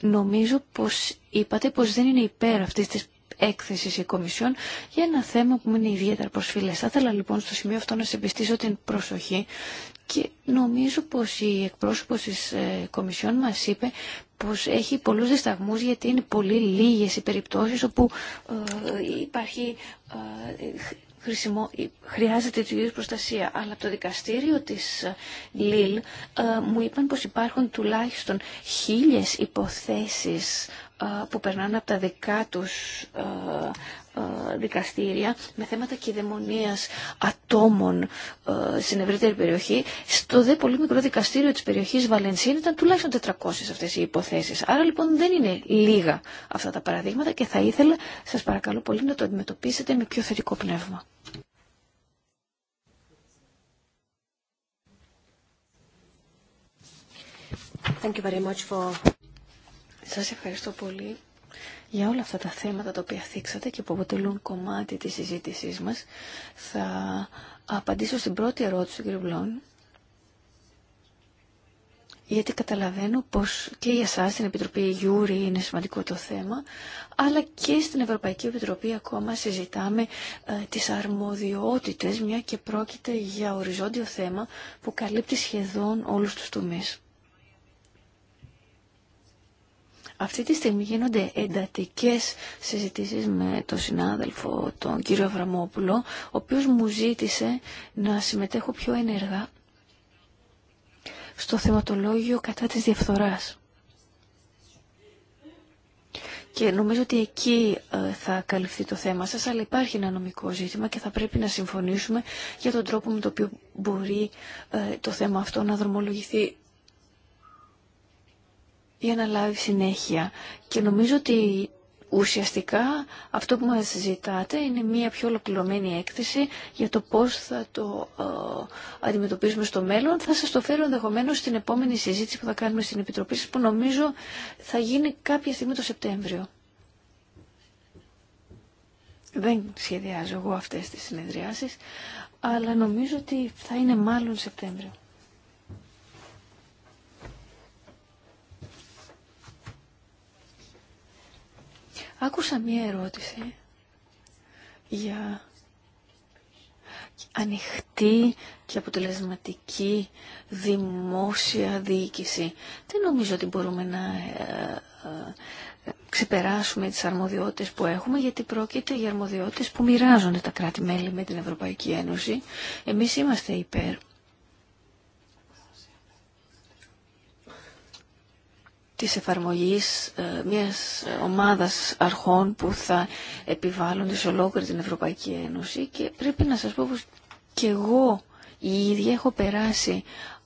νομίζω πως είπατε πως δεν είναι υπέρ αυτής της έκθεση η Κομισιόν για ένα θέμα που είναι ιδιαίτερα προσφυλές. Θα ήθελα λοιπόν στο σημείο αυτό να σε την προσοχή και νομίζω πως η εκπρόσωπος της ε, Κομισιόν μας είπε πως έχει πολλούς δισταγμούς γιατί είναι πολύ λίγες οι περιπτώσεις όπου ε, υπάρχει ε, χρησιμο... χρειάζεται τη προστασία. Αλλά από το δικαστήριο της ε, ΛΙΛ μου είπαν πως υπάρχουν τουλάχιστον χίλιες υποθέσεις που περνάνε από τα δικά τους ε, δικαστήρια με θέματα κυδαιμονίας ατόμων ε, στην ευρύτερη περιοχή. Στο δε πολύ μικρό δικαστήριο της περιοχής Βαλενσίνη ήταν τουλάχιστον 400 αυτές οι υποθέσεις. Άρα λοιπόν δεν είναι λίγα αυτά τα παραδείγματα και θα ήθελα σας παρακαλώ πολύ να το αντιμετωπίσετε με πιο θετικό πνεύμα. Thank Σας ευχαριστώ πολύ για όλα αυτά τα θέματα τα οποία θίξατε και που αποτελούν κομμάτι της συζήτησής μας. Θα απαντήσω στην πρώτη ερώτηση του κ. Βλόν, γιατί καταλαβαίνω πως και για εσάς στην Επιτροπή Γιούρη είναι σημαντικό το θέμα, αλλά και στην Ευρωπαϊκή Επιτροπή ακόμα συζητάμε ε, τις αρμοδιότητες, μια και πρόκειται για οριζόντιο θέμα που καλύπτει σχεδόν όλους τους τομείς. Αυτή τη στιγμή γίνονται εντατικές συζητήσεις με τον συνάδελφο τον κύριο Αβραμόπουλο, ο οποίος μου ζήτησε να συμμετέχω πιο ενεργά στο θεματολόγιο κατά της διαφθοράς. Και νομίζω ότι εκεί ε, θα καλυφθεί το θέμα σας, αλλά υπάρχει ένα νομικό ζήτημα και θα πρέπει να συμφωνήσουμε για τον τρόπο με τον οποίο μπορεί ε, το θέμα αυτό να δρομολογηθεί για να λάβει συνέχεια. Και νομίζω ότι ουσιαστικά αυτό που μας συζητάτε είναι μια πιο ολοκληρωμένη έκθεση για το πώς θα το ε, αντιμετωπίσουμε στο μέλλον. Θα σας το φέρω ενδεχομένω στην επόμενη συζήτηση που θα κάνουμε στην Επιτροπή που νομίζω θα γίνει κάποια στιγμή το Σεπτέμβριο. Δεν σχεδιάζω εγώ αυτές τις συνεδριάσεις, αλλά νομίζω ότι θα είναι μάλλον Σεπτέμβριο. Άκουσα μία ερώτηση για ανοιχτή και αποτελεσματική δημόσια διοίκηση. Δεν νομίζω ότι μπορούμε να ε, ε, ξεπεράσουμε τις αρμοδιότητες που έχουμε, γιατί πρόκειται για αρμοδιότητες που μοιράζονται τα κράτη-μέλη με την Ευρωπαϊκή Ένωση. Εμείς είμαστε υπέρ της εφαρμογής ε, μιας ε, ομάδας αρχών που θα επιβάλλονται σε ολόκληρη την Ευρωπαϊκή Ένωση και πρέπει να σας πω πως και εγώ η ίδια έχω περάσει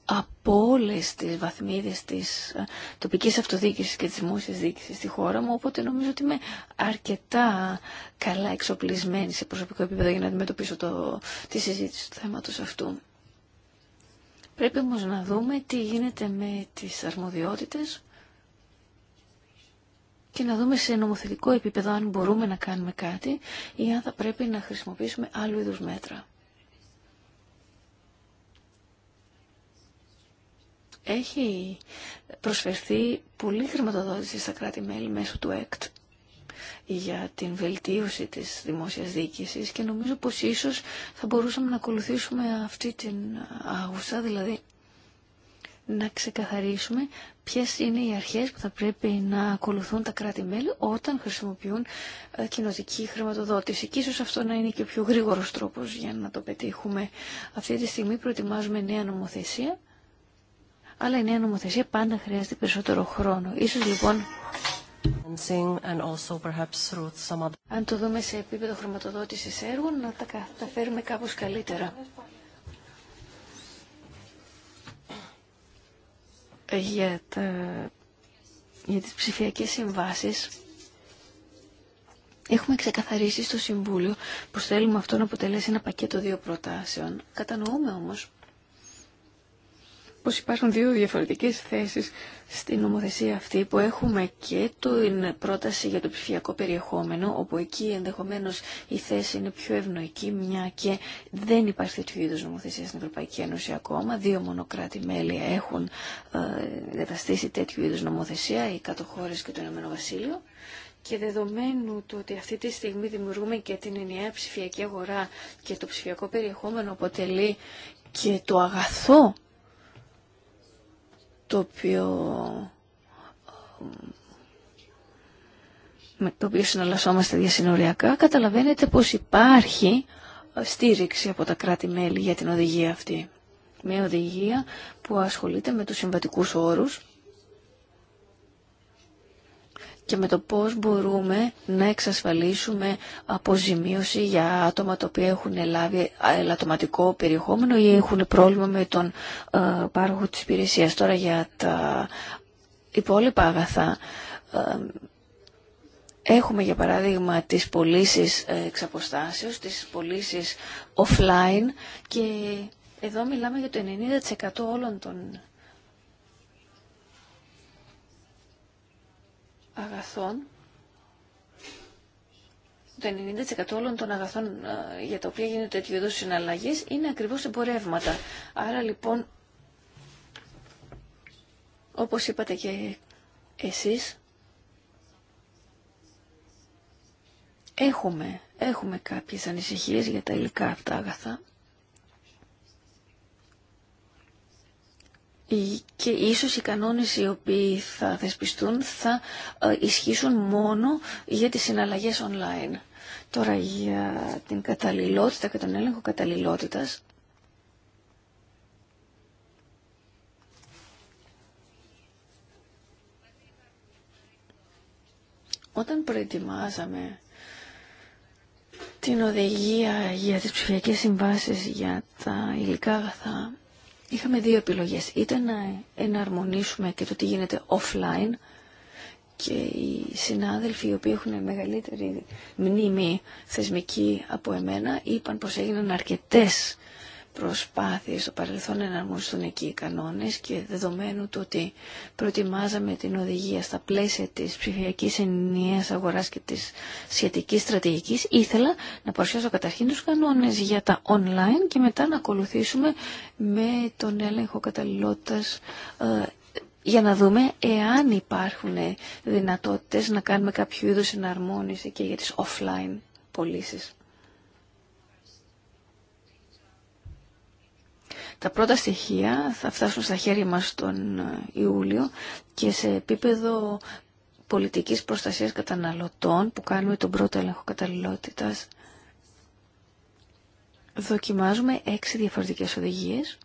από όλε τι βαθμίδε τη ε, τοπική αυτοδιοίκηση και τη δημόσια διοίκηση στη χώρα μου. Οπότε νομίζω ότι είμαι αρκετά καλά εξοπλισμένη σε προσωπικό επίπεδο για να αντιμετωπίσω το, τη συζήτηση του θέματο αυτού. Πρέπει όμω να δούμε τι γίνεται με τι αρμοδιότητες και να δούμε σε νομοθετικό επίπεδο αν μπορούμε να κάνουμε κάτι ή αν θα πρέπει να χρησιμοποιήσουμε άλλου είδους μέτρα. Έχει προσφερθεί πολύ χρηματοδότηση στα κράτη-μέλη μέσω του ΕΚΤ για την βελτίωση της δημόσιας διοίκησης και νομίζω πως ίσως θα μπορούσαμε να ακολουθήσουμε αυτή την άγουσα, δηλαδή να ξεκαθαρίσουμε Ποιε είναι οι αρχέ που θα πρέπει να ακολουθούν τα κράτη-μέλη όταν χρησιμοποιούν ε, κοινοτική χρηματοδότηση. Και ίσως αυτό να είναι και ο πιο γρήγορος τρόπος για να το πετύχουμε. Αυτή τη στιγμή προετοιμάζουμε νέα νομοθεσία, αλλά η νέα νομοθεσία πάντα χρειάζεται περισσότερο χρόνο. Ίσως λοιπόν... Αν το δούμε σε επίπεδο χρηματοδότησης έργων, να τα καταφέρουμε κάπως καλύτερα. για, τα, για τις ψηφιακές συμβάσεις Έχουμε ξεκαθαρίσει στο Συμβούλιο πως θέλουμε αυτό να αποτελέσει ένα πακέτο δύο προτάσεων. Κατανοούμε όμως πως υπάρχουν δύο διαφορετικές θέσεις στην νομοθεσία αυτή που έχουμε και την πρόταση για το ψηφιακό περιεχόμενο όπου εκεί ενδεχομένως η θέση είναι πιο ευνοϊκή μια και δεν υπάρχει τέτοιου είδους νομοθεσία στην Ευρωπαϊκή Ένωση ακόμα. Δύο μονοκράτη μέλη έχουν δεταστήσει τέτοιου είδους νομοθεσία, οι κατοχώρες και το Ηνωμένο Βασίλειο. Και δεδομένου του ότι αυτή τη στιγμή δημιουργούμε και την ενιαία ψηφιακή αγορά και το ψηφιακό περιεχόμενο αποτελεί και το αγαθό το οποίο ε, με το οποίο συναλλασσόμαστε διασυνοριακά, καταλαβαίνετε πως υπάρχει ε, στήριξη από τα κράτη-μέλη για την οδηγία αυτή. Μια οδηγία που ασχολείται με τους συμβατικούς όρους και με το πώς μπορούμε να εξασφαλίσουμε αποζημίωση για άτομα τα οποία έχουν λάβει ε, ελαττωματικό περιεχόμενο ή έχουν πρόβλημα με τον ε, πάροχο της υπηρεσίας. Τώρα για τα υπόλοιπα αγαθά... Ε, έχουμε για παράδειγμα τις πωλήσει ε, εξ αποστάσεως, τις πωλήσει offline και εδώ μιλάμε για το 90% όλων των αγαθών το 90% όλων των αγαθών ε, για τα οποία γίνονται τέτοιου είδους συναλλαγές είναι ακριβώς εμπορεύματα. Άρα λοιπόν, όπως είπατε και εσείς, έχουμε, έχουμε κάποιες ανησυχίες για τα υλικά αυτά αγαθά. και ίσως οι κανόνες οι οποίοι θα θεσπιστούν θα ε, ισχύσουν μόνο για τις συναλλαγές online. Τώρα για την καταλληλότητα και τον έλεγχο καταλληλότητας όταν προετοιμάζαμε την οδηγία για τις ψηφιακές συμβάσεις για τα υλικά αγαθά είχαμε δύο επιλογές. Ήταν να εναρμονίσουμε και το τι γίνεται offline και οι συνάδελφοι οι οποίοι έχουν μεγαλύτερη μνήμη θεσμική από εμένα είπαν πως έγιναν αρκετές προσπάθειες στο παρελθόν εναρμονιστούν εκεί οι κανόνες και δεδομένου του ότι προετοιμάζαμε την οδηγία στα πλαίσια της ψηφιακής ενιαίας αγοράς και της σχετικής στρατηγικής ήθελα να παρουσιάσω καταρχήν τους κανόνες για τα online και μετά να ακολουθήσουμε με τον έλεγχο καταλληλότητας ε, για να δούμε εάν υπάρχουν δυνατότητες να κάνουμε κάποιο είδους εναρμόνιση και για τις offline πωλήσει. Τα πρώτα στοιχεία θα φτάσουν στα χέρια μας τον ε, Ιούλιο και σε επίπεδο πολιτικής προστασίας καταναλωτών που κάνουμε τον πρώτο έλεγχο καταλληλότητας δοκιμάζουμε έξι διαφορετικές οδηγίες.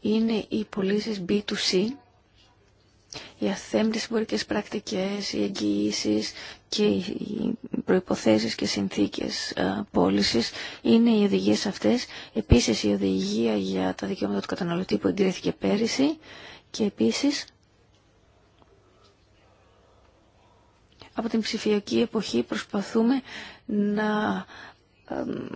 Είναι οι πωλήσει B2C οι αθέμπτες εμπορικές πρακτικές, οι εγγυήσει και οι προϋποθέσεις και συνθήκες ε, πώληση είναι οι οδηγίες αυτές. Επίσης η οδηγία για τα δικαιώματα του καταναλωτή που εγκρίθηκε πέρυσι και επίσης από την ψηφιακή εποχή προσπαθούμε να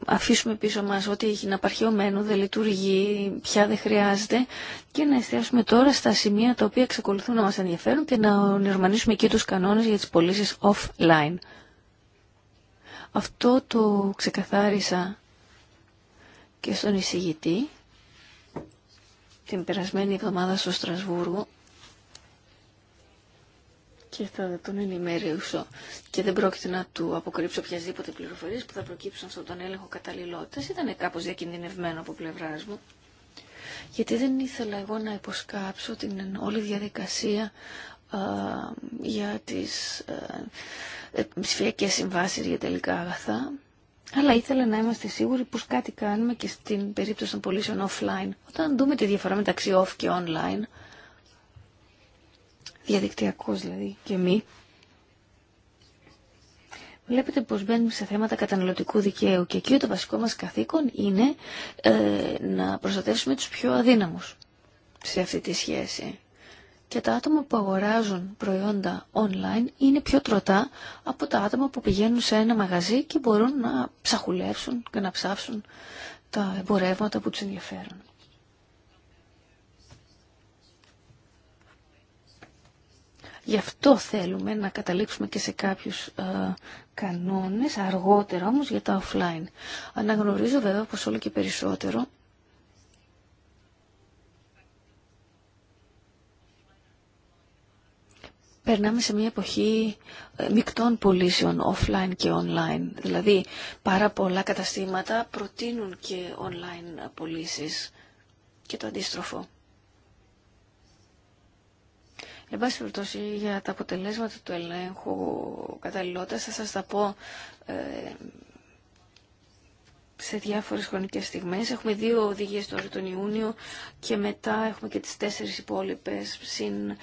αφήσουμε πίσω μας ό,τι έχει να παρχαιωμένο, δεν λειτουργεί, πια δεν χρειάζεται και να εστιάσουμε τώρα στα σημεία τα οποία εξακολουθούν να μας ενδιαφέρουν και να ονειρμανίσουμε και τους κανόνες για τις πωλήσει offline. Αυτό το ξεκαθάρισα και στον εισηγητή την περασμένη εβδομάδα στο Στρασβούργο και θα τον ενημερώσω και δεν πρόκειται να του αποκρύψω οποιασδήποτε πληροφορίες που θα προκύψουν στον έλεγχο καταλληλότητας. Ήταν κάπως διακινδυνευμένο από πλευρά μου γιατί δεν ήθελα εγώ να υποσκάψω την όλη διαδικασία α, για τις α, ε, ψηφιακές συμβάσεις για τελικά αγαθά αλλά ήθελα να είμαστε σίγουροι πως κάτι κάνουμε και στην περίπτωση των πωλήσεων offline. Όταν δούμε τη διαφορά μεταξύ off και online, διαδικτυακός δηλαδή και μη, Βλέπετε πως μπαίνουμε σε θέματα καταναλωτικού δικαίου και εκεί το βασικό μας καθήκον είναι ε, να προστατεύσουμε τους πιο αδύναμους σε αυτή τη σχέση. Και τα άτομα που αγοράζουν προϊόντα online είναι πιο τροτά από τα άτομα που πηγαίνουν σε ένα μαγαζί και μπορούν να ψαχουλεύσουν και να ψάψουν τα εμπορεύματα που τους ενδιαφέρουν. Γι' αυτό θέλουμε να καταλήξουμε και σε κάποιους ε, κανόνες αργότερα όμως για τα offline. Αναγνωρίζω βέβαια πως όλο και περισσότερο περνάμε σε μια εποχή ε, μεικτών πωλήσεων offline και online. Δηλαδή πάρα πολλά καταστήματα προτείνουν και online πωλήσει και το αντίστροφο. Εν πάση περιπτώσει, για τα αποτελέσματα του ελέγχου καταλληλότητας, θα σας τα πω ε, σε διάφορες χρονικές στιγμές. Έχουμε δύο οδηγίες τώρα τον Ιούνιο και μετά έχουμε και τις τέσσερις υπόλοιπες συν ε,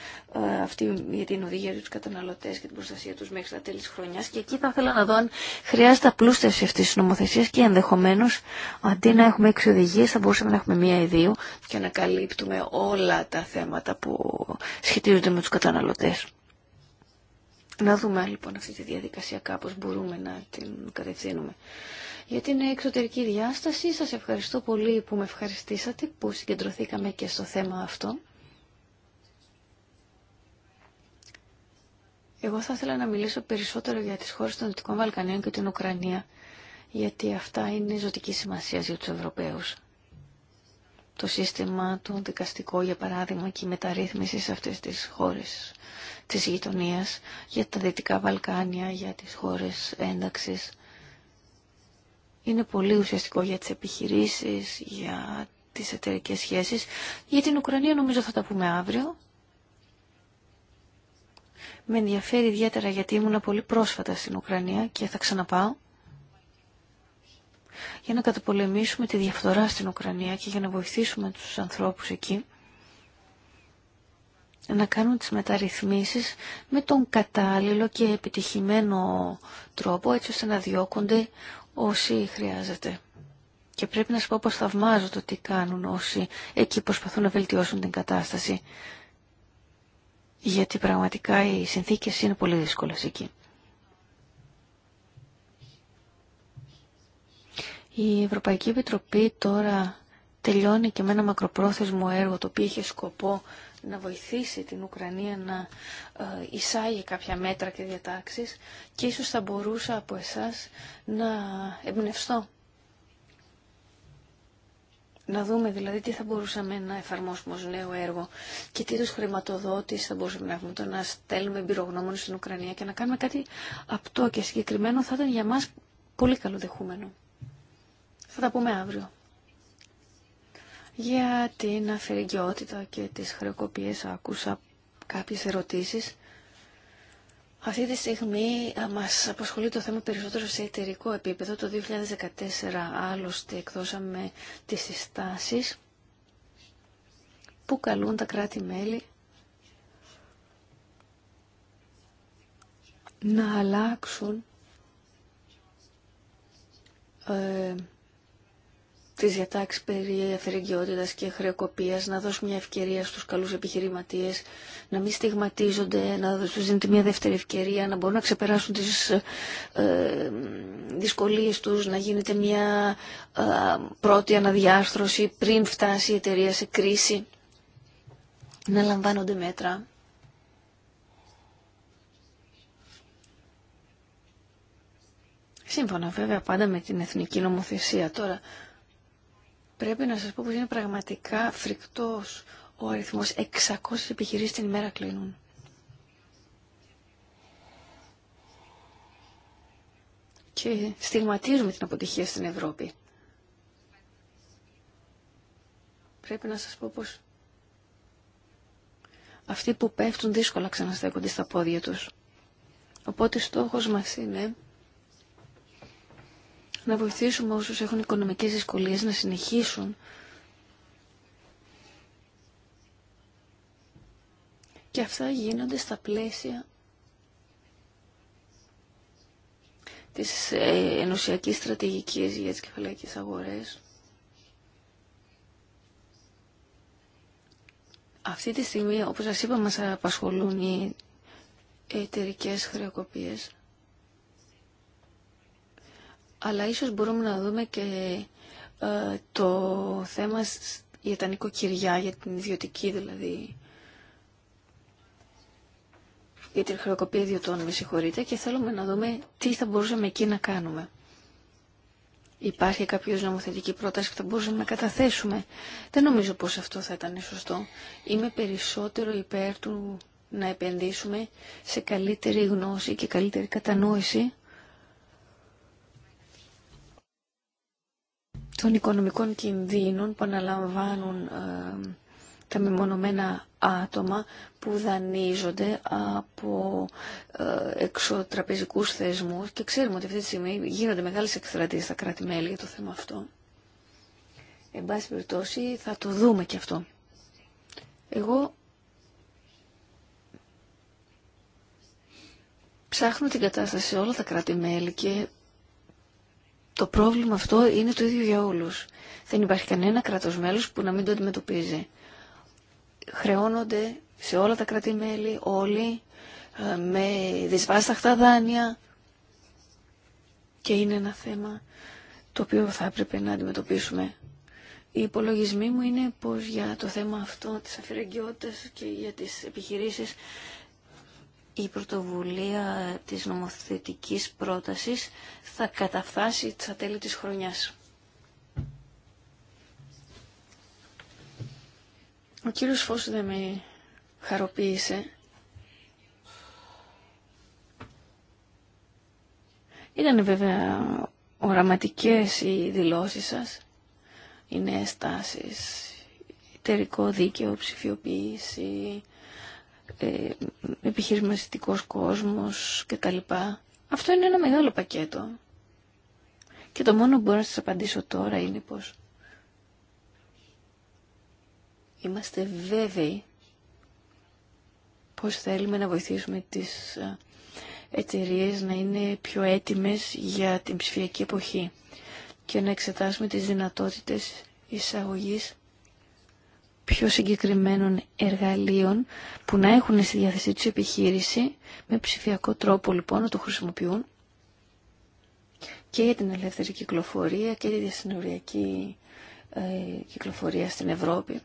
αυτή για την οδηγία για τους καταναλωτές και την προστασία τους μέχρι τα τέλη της χρονιάς. Και εκεί θα ήθελα να δω αν χρειάζεται απλούστευση αυτής της νομοθεσίας και ενδεχομένως αντί να έχουμε έξι οδηγίες θα μπορούσαμε να έχουμε μία ή δύο και να καλύπτουμε όλα τα θέματα που σχετίζονται με τους καταναλωτές. Να δούμε λοιπόν αυτή τη διαδικασία κάπως μπορούμε να την κατευθύνουμε για την εξωτερική διάσταση. Σας ευχαριστώ πολύ που με ευχαριστήσατε, που συγκεντρωθήκαμε και στο θέμα αυτό. Εγώ θα ήθελα να μιλήσω περισσότερο για τις χώρες των Δυτικών Βαλκανίων και την Ουκρανία, γιατί αυτά είναι ζωτική σημασία για τους Ευρωπαίους. Το σύστημα του δικαστικού για παράδειγμα, και η μεταρρύθμιση σε αυτές τις χώρες της γειτονίας, για τα Δυτικά Βαλκάνια, για τις χώρες ένταξης είναι πολύ ουσιαστικό για τις επιχειρήσεις, για τις εταιρικέ σχέσεις. Για την Ουκρανία νομίζω θα τα πούμε αύριο. Με ενδιαφέρει ιδιαίτερα γιατί ήμουν πολύ πρόσφατα στην Ουκρανία και θα ξαναπάω για να καταπολεμήσουμε τη διαφθορά στην Ουκρανία και για να βοηθήσουμε τους ανθρώπους εκεί να κάνουν τις μεταρρυθμίσεις με τον κατάλληλο και επιτυχημένο τρόπο έτσι ώστε να διώκονται όσοι χρειάζεται. Και πρέπει να σου πω πως θαυμάζω το τι κάνουν όσοι εκεί προσπαθούν να βελτιώσουν την κατάσταση. Γιατί πραγματικά οι συνθήκες είναι πολύ δύσκολες εκεί. Η Ευρωπαϊκή Επιτροπή τώρα τελειώνει και με ένα μακροπρόθεσμο έργο το οποίο είχε σκοπό να βοηθήσει την Ουκρανία να ε, εισάγει κάποια μέτρα και διατάξεις και ίσως θα μπορούσα από εσάς να εμπνευστώ. Να δούμε δηλαδή τι θα μπορούσαμε να εφαρμόσουμε ως νέο έργο και τι τους χρηματοδότηση θα μπορούσαμε να έχουμε το να στέλνουμε εμπειρογνώμονες στην Ουκρανία και να κάνουμε κάτι απτό και συγκεκριμένο θα ήταν για μας πολύ καλοδεχούμενο. Θα τα πούμε αύριο. Για την αφηρηγιότητα και τις χρεοκοπίες άκουσα κάποιες ερωτήσεις. Αυτή τη στιγμή ε, μας απασχολεί το θέμα περισσότερο σε εταιρικό επίπεδο. Το 2014 άλλωστε εκδώσαμε τις συστάσεις που καλούν τα κράτη-μέλη να αλλάξουν ε, τις διατάξεις περί αφαιρεγγιότητας και χρεοκοπίας, να δώσουν μια ευκαιρία στους καλούς επιχειρηματίες, να μην στιγματίζονται, να τους δίνεται μια δεύτερη ευκαιρία, να μπορούν να ξεπεράσουν τις ε, δυσκολίες τους, να γίνεται μια ε, πρώτη αναδιάστρωση πριν φτάσει η εταιρεία σε κρίση, να λαμβάνονται μέτρα. Σύμφωνα βέβαια πάντα με την εθνική νομοθεσία τώρα πρέπει να σας πω πως είναι πραγματικά φρικτός ο αριθμός. 600 επιχειρήσεις την ημέρα κλείνουν. Και στιγματίζουμε την αποτυχία στην Ευρώπη. Πρέπει να σας πω πως αυτοί που πέφτουν δύσκολα ξαναστέκονται στα πόδια τους. Οπότε στόχος μας είναι να βοηθήσουμε όσους έχουν οικονομικές δυσκολίες να συνεχίσουν και αυτά γίνονται στα πλαίσια της ε, ενωσιακής στρατηγικής για τις κεφαλαϊκές αγορές. Αυτή τη στιγμή, όπως σας είπα, μας απασχολούν οι εταιρικέ χρεοκοπίες αλλά ίσως μπορούμε να δούμε και ε, το θέμα για τα νοικοκυριά, για την ιδιωτική δηλαδή, για την χρεοκοπία ιδιωτών, με συγχωρείτε, και θέλουμε να δούμε τι θα μπορούσαμε εκεί να κάνουμε. Υπάρχει κάποιο νομοθετική πρόταση που θα μπορούσαμε να καταθέσουμε. Δεν νομίζω πως αυτό θα ήταν σωστό. Είμαι περισσότερο υπέρ του να επενδύσουμε σε καλύτερη γνώση και καλύτερη κατανόηση των οικονομικών κινδύνων που αναλαμβάνουν ε, τα μεμονωμένα άτομα που δανείζονται από ε, εξωτραπεζικούς θεσμούς και ξέρουμε ότι αυτή τη στιγμή γίνονται μεγάλες εκστρατείες στα κράτη-μέλη για το θέμα αυτό. Εν πάση περιπτώσει θα το δούμε και αυτό. Εγώ ψάχνω την κατάσταση σε όλα τα κράτη-μέλη και το πρόβλημα αυτό είναι το ίδιο για όλους. Δεν υπάρχει κανένα κράτος που να μην το αντιμετωπίζει. Χρεώνονται σε όλα τα κράτη-μέλη, όλοι, ε, με δυσβάσταχτα δάνεια και είναι ένα θέμα το οποίο θα έπρεπε να αντιμετωπίσουμε. Οι υπολογισμοί μου είναι πως για το θέμα αυτό της αφηρεγγιότητας και για τις επιχειρήσεις η πρωτοβουλία ε, της νομοθετικής πρότασης θα καταφτάσει στα τέλη της χρονιάς. Ο κύριος φως δεν με χαροποίησε. Ήταν βέβαια οραματικές οι δηλώσεις σας, οι νέες τάσεις, εταιρικό δίκαιο, ψηφιοποίηση, ε, επιχειρηματικός κόσμος κτλ. Αυτό είναι ένα μεγάλο πακέτο. Και το μόνο που μπορώ να σας απαντήσω τώρα είναι πως είμαστε βέβαιοι πως θέλουμε να βοηθήσουμε τις ε, εταιρείε να είναι πιο έτοιμες για την ψηφιακή εποχή και να εξετάσουμε τις δυνατότητες εισαγωγής πιο συγκεκριμένων εργαλείων που να έχουν στη διάθεσή τους επιχείρηση με ψηφιακό τρόπο λοιπόν να το χρησιμοποιούν και για την ελεύθερη κυκλοφορία και για τη συνοριακή ε, κυκλοφορία στην Ευρώπη.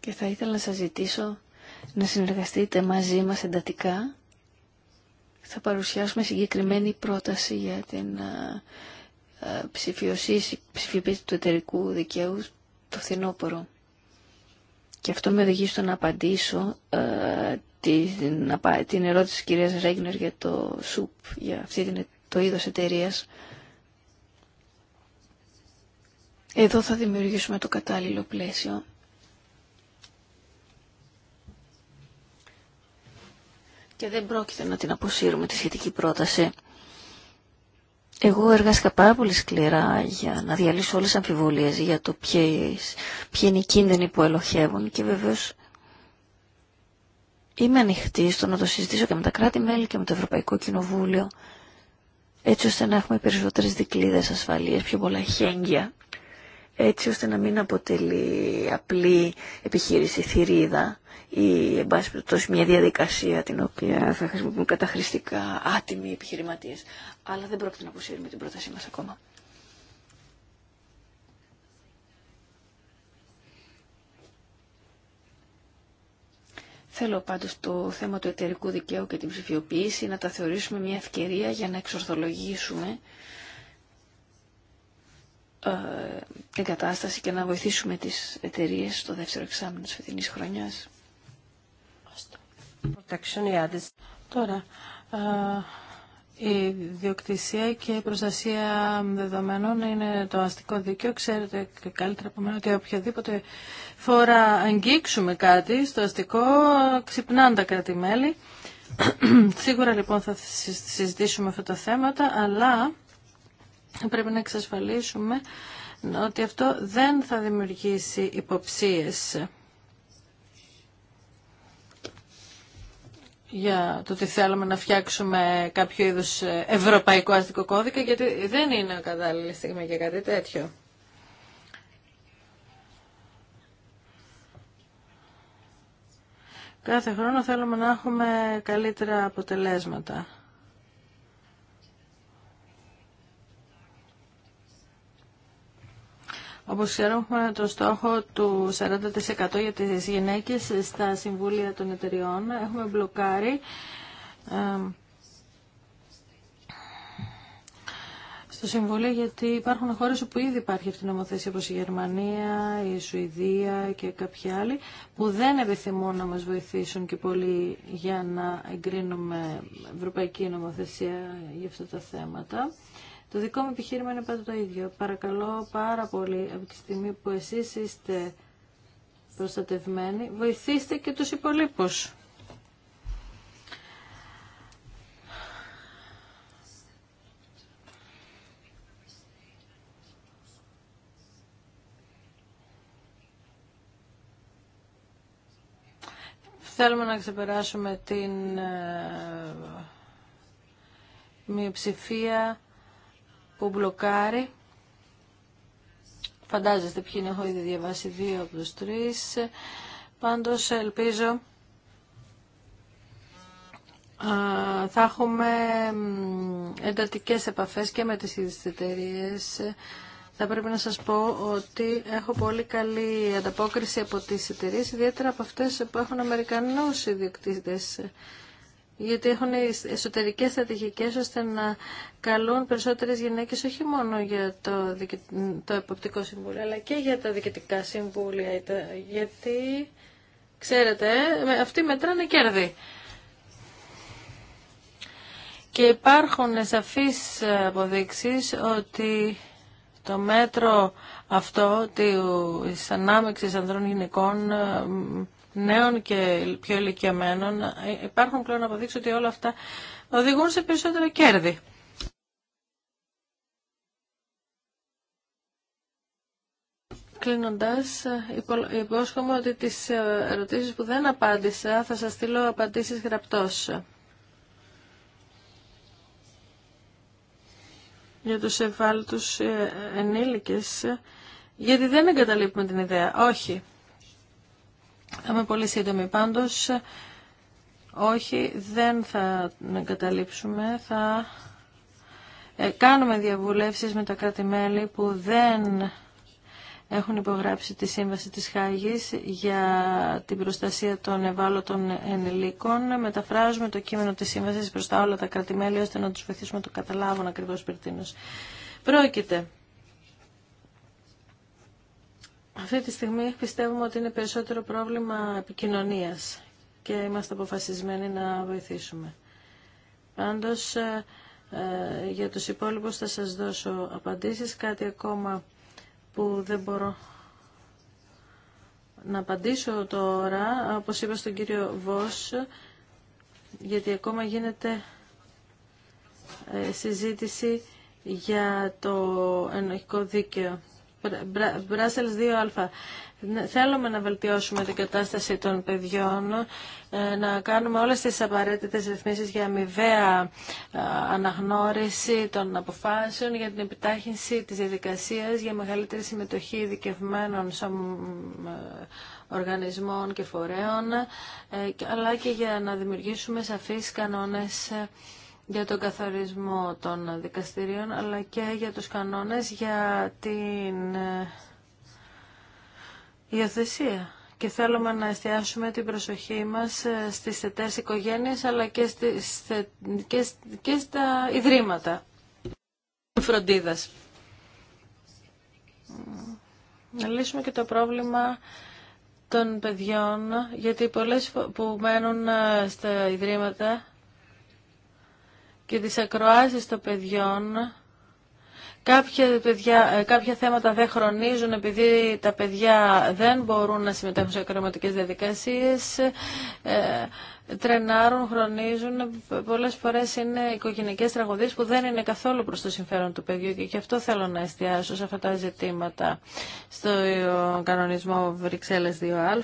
Και θα ήθελα να σας ζητήσω να συνεργαστείτε μαζί μας εντατικά. Θα παρουσιάσουμε συγκεκριμένη πρόταση για την ε, ε, ψηφιοποίηση του εταιρικού δικαίου το φθινόπωρο. Και αυτό με οδηγεί στο να απαντήσω ε, την, την ερώτηση της κυρίας Ρέγνερ για το ΣΟΥΠ, για αυτή την, το είδος εταιρεία. Εδώ θα δημιουργήσουμε το κατάλληλο πλαίσιο. Και δεν πρόκειται να την αποσύρουμε τη σχετική πρόταση. Εγώ εργάστηκα πάρα πολύ σκληρά για να διαλύσω όλες τις αμφιβολίες για το ποιες, ποιοι είναι οι κίνδυνοι που ελοχεύουν και βεβαίως είμαι ανοιχτή στο να το συζητήσω και με τα κράτη-μέλη και με το Ευρωπαϊκό Κοινοβούλιο έτσι ώστε να έχουμε περισσότερες δικλείδες ασφαλείας, πιο πολλά χέγγια έτσι ώστε να μην αποτελεί απλή επιχείρηση θηρίδα ή εν πάση μια διαδικασία την οποία θα χρησιμοποιούν καταχρηστικά άτιμοι επιχειρηματίε. Αλλά δεν πρόκειται να αποσύρουμε την πρότασή μας ακόμα. Θέλω πάντως το θέμα του εταιρικού δικαίου και την ψηφιοποίηση να τα θεωρήσουμε μια ευκαιρία για να εξορθολογήσουμε ε, κατάσταση και να βοηθήσουμε τις εταιρείες στο δεύτερο εξάμεινο της φετινής χρονιάς. Τώρα, ε, η διοκτησία και η προστασία δεδομένων είναι το αστικό δίκαιο. Ξέρετε καλύτερα από μένα ότι οποιαδήποτε φορά αγγίξουμε κάτι στο αστικό, ξυπνάνε τα κράτη-μέλη. (clears throat) Σίγουρα λοιπόν θα συζητήσουμε αυτά τα θέματα, αλλά Πρέπει να εξασφαλίσουμε ότι αυτό δεν θα δημιουργήσει υποψίες για το ότι θέλουμε να φτιάξουμε κάποιο είδους ευρωπαϊκό αστικό κώδικα, γιατί δεν είναι κατάλληλη στιγμή για κάτι τέτοιο. Κάθε χρόνο θέλουμε να έχουμε καλύτερα αποτελέσματα. Όπω ξέρουμε έχουμε το στόχο του 40% για τις γυναίκε στα συμβούλια των εταιριών. Έχουμε μπλοκάρει στο Συμβούλιο γιατί υπάρχουν χώρες όπου ήδη υπάρχει αυτή η νομοθεσία όπως η Γερμανία, η Σουηδία και κάποιοι άλλοι που δεν επιθυμούν να μας βοηθήσουν και πολύ για να εγκρίνουμε ευρωπαϊκή νομοθεσία για αυτά τα θέματα. Το δικό μου επιχείρημα είναι πάντα το ίδιο. Παρακαλώ πάρα πολύ από τη στιγμή που εσείς είστε προστατευμένοι, βοηθήστε και τους υπολείπους. Θέλουμε να ξεπεράσουμε την ε, μειοψηφία που μπλοκάρει. Φαντάζεστε ποιοι είναι, έχω ήδη διαβάσει δύο από τους τρεις. Πάντως ελπίζω θα έχουμε εντατικές επαφές και με τις ίδιες εταιρείε. Θα πρέπει να σας πω ότι έχω πολύ καλή ανταπόκριση από τις εταιρείε, ιδιαίτερα από αυτές που έχουν Αμερικανούς ιδιοκτήτες γιατί έχουν εσωτερικές στρατηγικές ώστε να καλούν περισσότερες γυναίκες όχι μόνο για το, το Εποπτικό Συμβούλιο αλλά και για τα Διοικητικά Συμβούλια γιατί ξέρετε αυτοί μετράνε κέρδη και υπάρχουν σαφείς αποδείξεις ότι το μέτρο αυτό της ανάμεξης ανδρών γυναικών νέων και πιο ηλικιαμένων ε, υπάρχουν πλέον αποδείξει ότι όλα αυτά οδηγούν σε περισσότερα κέρδη. Κλείνοντας, υπόσχομαι ότι τις ε, ερωτήσεις που δεν απάντησα θα σας στείλω απαντήσεις γραπτός. Για τους ευάλωτους ε, ενήλικες, γιατί δεν εγκαταλείπουμε την ιδέα. Όχι. Θα είμαι πολύ σύντομη πάντως. Όχι, δεν θα καταλήψουμε. Θα ε, κάνουμε διαβουλεύσεις με τα κράτη-μέλη που δεν έχουν υπογράψει τη Σύμβαση της Χάγης για την προστασία των ευάλωτων ενηλίκων. Μεταφράζουμε το κείμενο της Σύμβασης προς τα όλα τα κράτη-μέλη ώστε να τους βοηθήσουμε να το καταλάβουν ακριβώς περί Πρόκειται αυτή τη στιγμή πιστεύουμε ότι είναι περισσότερο πρόβλημα επικοινωνίας και είμαστε αποφασισμένοι να βοηθήσουμε. Πάντως, ε, ε, για τους υπόλοιπους θα σας δώσω απαντήσεις. Κάτι ακόμα που δεν μπορώ να απαντήσω τώρα, όπως είπα στον κύριο Βος, γιατί ακόμα γίνεται ε, συζήτηση για το ενοχικό δίκαιο. Μπράσελς 2α. Ναι, θέλουμε να βελτιώσουμε την κατάσταση των παιδιών, ε, να κάνουμε όλες τις απαραίτητες ρυθμίσεις για αμοιβαία ε, αναγνώριση των αποφάσεων, για την επιτάχυνση της διαδικασίας, για μεγαλύτερη συμμετοχή ειδικευμένων ε, οργανισμών και φορέων, αλλά και για να δημιουργήσουμε σαφείς κανόνες για τον καθαρισμό των δικαστηρίων αλλά και για τους κανόνες για την ε, υιοθεσία. Και θέλουμε να εστιάσουμε την προσοχή μας ε, στις θετές οικογένειες αλλά και, στις, και, και στα ιδρύματα φροντίδας. Να λύσουμε και το πρόβλημα των παιδιών γιατί πολλές που μένουν ε, στα ιδρύματα και τις ακροάσεις των παιδιών ε, Κάποια, θέματα δεν χρονίζουν επειδή τα παιδιά δεν μπορούν να συμμετέχουν σε ακροματικές διαδικασίες, ε, τρενάρουν, χρονίζουν. Πολλές φορές είναι οικογενειακές τραγωδίες που δεν είναι καθόλου προς το συμφέρον του παιδιού και γι' αυτό θέλω να εστιάσω σε αυτά τα ζητήματα στο κανονισμό Βρυξέλλες 2α.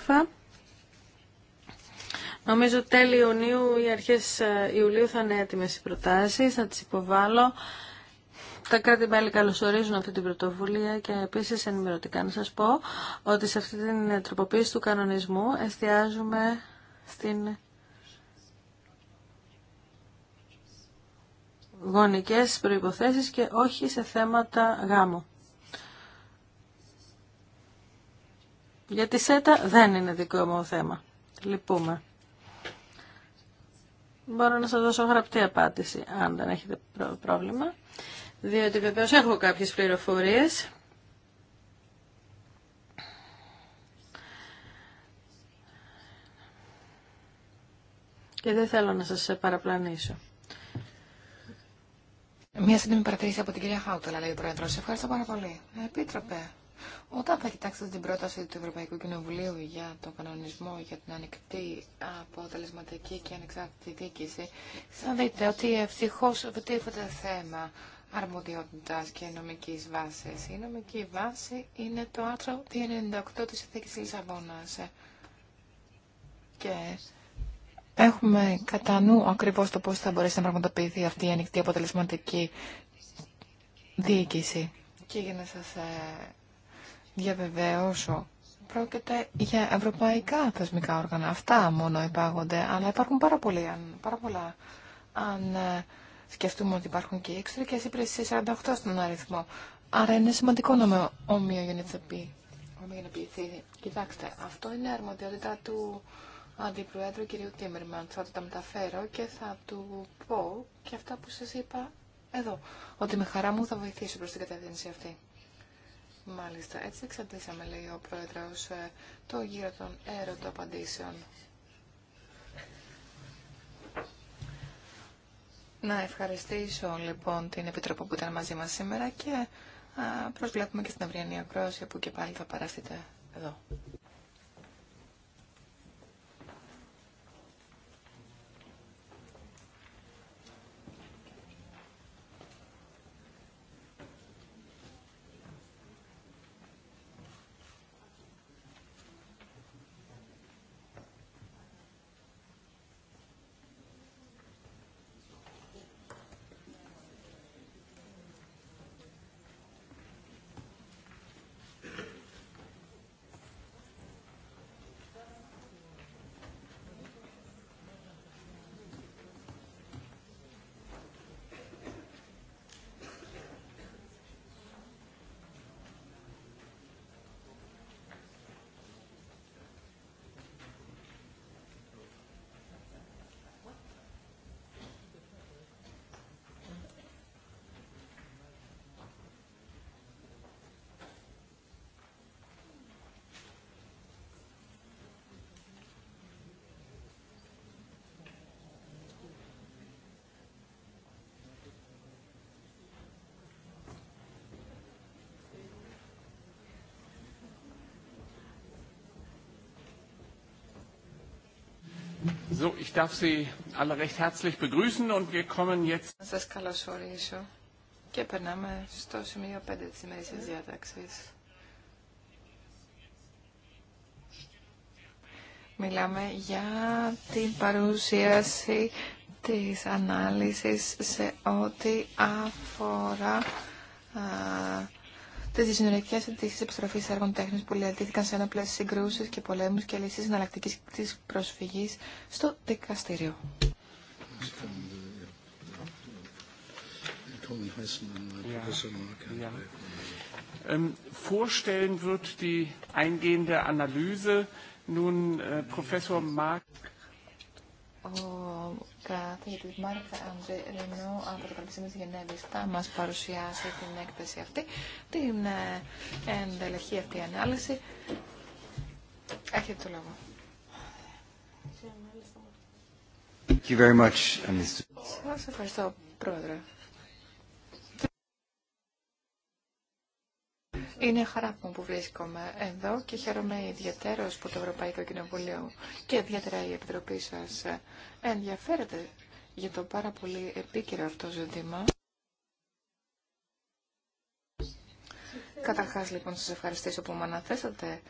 Νομίζω τέλη Ιουνίου ή αρχές ε, Ιουλίου θα είναι έτοιμες οι προτάσεις, θα τις υποβάλω. Τα κράτη-μέλη καλωσορίζουν αυτή την πρωτοβουλία και επίσης ενημερωτικά να σας πω ότι σε αυτή την τροποποίηση του κανονισμού εστιάζουμε στην γονικές προϋποθέσεις και όχι σε θέματα γάμου. Γιατί ΣΕΤΑ δεν είναι δικό μου θέμα. Λυπούμε. Μπορώ να σας δώσω γραπτή απάντηση, αν δεν έχετε πρόβλημα. Διότι βεβαίως έχω κάποιες πληροφορίες. Και δεν θέλω να σας παραπλανήσω. Μία σύντομη παρατηρήση από την κυρία Χάουτα, λέει ο Πρόεδρος. Ευχαριστώ πάρα πολύ. Επίτροπε. Όταν θα κοιτάξετε την πρόταση του Ευρωπαϊκού Κοινοβουλίου για τον κανονισμό για την ανοιχτή αποτελεσματική και ανεξάρτητη διοίκηση, θα δείτε ότι ευτυχώ το θέμα αρμοδιότητα και νομική βάση. Η νομική βάση είναι το άρθρο 98 τη Εθήκης Λισαβόνα. Και έχουμε κατά νου ακριβώ το πώ θα μπορέσει να πραγματοποιηθεί αυτή η ανοιχτή αποτελεσματική διοίκηση. Και για να σας ε, διαβεβαίωσω. Πρόκειται για ευρωπαϊκά θεσμικά όργανα. Αυτά μόνο υπάγονται, αλλά υπάρχουν πάρα, πολλά. Αν ε, σκεφτούμε ότι υπάρχουν και εξωτερικέ υπηρεσίε 48 στον αριθμό. Άρα είναι σημαντικό να με Κοιτάξτε, αυτό είναι αρμοδιότητα του Αντιπροέδρου κ. Τίμερμαν. Θα το τα μεταφέρω και θα του πω και αυτά που σα είπα εδώ. Ότι με χαρά μου θα βοηθήσω προ την κατεύθυνση αυτή. Μάλιστα, έτσι εξαντήσαμε, λέει ο Πρόεδρος, ε, το γύρο των έρωτων απαντήσεων. Να ευχαριστήσω λοιπόν την Επιτροπή που ήταν μαζί μας σήμερα και προσβλέπουμε και στην αυριανή ακρόαση που και πάλι θα παραστείτε εδώ. So, σας καλωσορίσω και περνάμε στο σημείο 5 της ημερήσιας διάταξης. Μιλάμε για την παρουσίαση της ανάλυσης σε ό,τι αφορά τι δυσυνοριακέ αιτήσει επιστροφή έργων τέχνη που λιαντήθηκαν σε ένοπλε συγκρούσει και πολέμου και λύσει εναλλακτική τη προσφυγή στο δικαστήριο. Ähm, vorstellen wird die eingehende Analyse nun äh, Professor Mark ο καθηγητή Μάρκ Αντζέ από το Πανεπιστήμιο τη Γενέβη θα μα παρουσιάσει την έκθεση αυτή, την ε, εντελεχή αυτή ανάλυση. Έχετε το λόγο. Uh, Σας ευχαριστώ, Πρόεδρε. Είναι χαρά μου που βρίσκομαι εδώ και χαίρομαι ιδιαίτερο που το Ευρωπαϊκό Κοινοβούλιο και ιδιαίτερα η Επιτροπή σα ενδιαφέρεται για το πάρα πολύ επίκαιρο αυτό ζήτημα. Καταρχά, λοιπόν σα ευχαριστήσω που μου αναθέσατε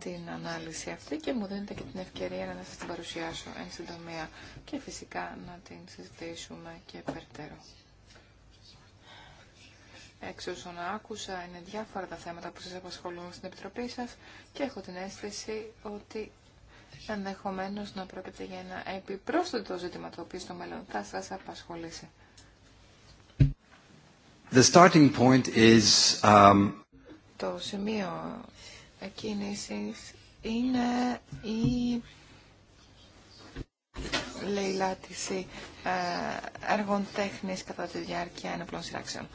την ανάλυση αυτή και μου δίνετε και την ευκαιρία να σας την παρουσιάσω εν συντομία και φυσικά να την συζητήσουμε και περαιτέρω. Εξ όσων άκουσα, είναι διάφορα τα θέματα που σας απασχολούν στην Επιτροπή σας και έχω την αίσθηση ότι ενδεχομένω να πρόκειται για ένα επιπρόσθετο ζήτημα το οποίο στο μέλλον θα σας απασχολήσει. The starting point is, um... Το σημείο εκκίνησης είναι η λαιλάτιση ε, έργων τέχνης κατά τη διάρκεια ενοπλών σειράξεων.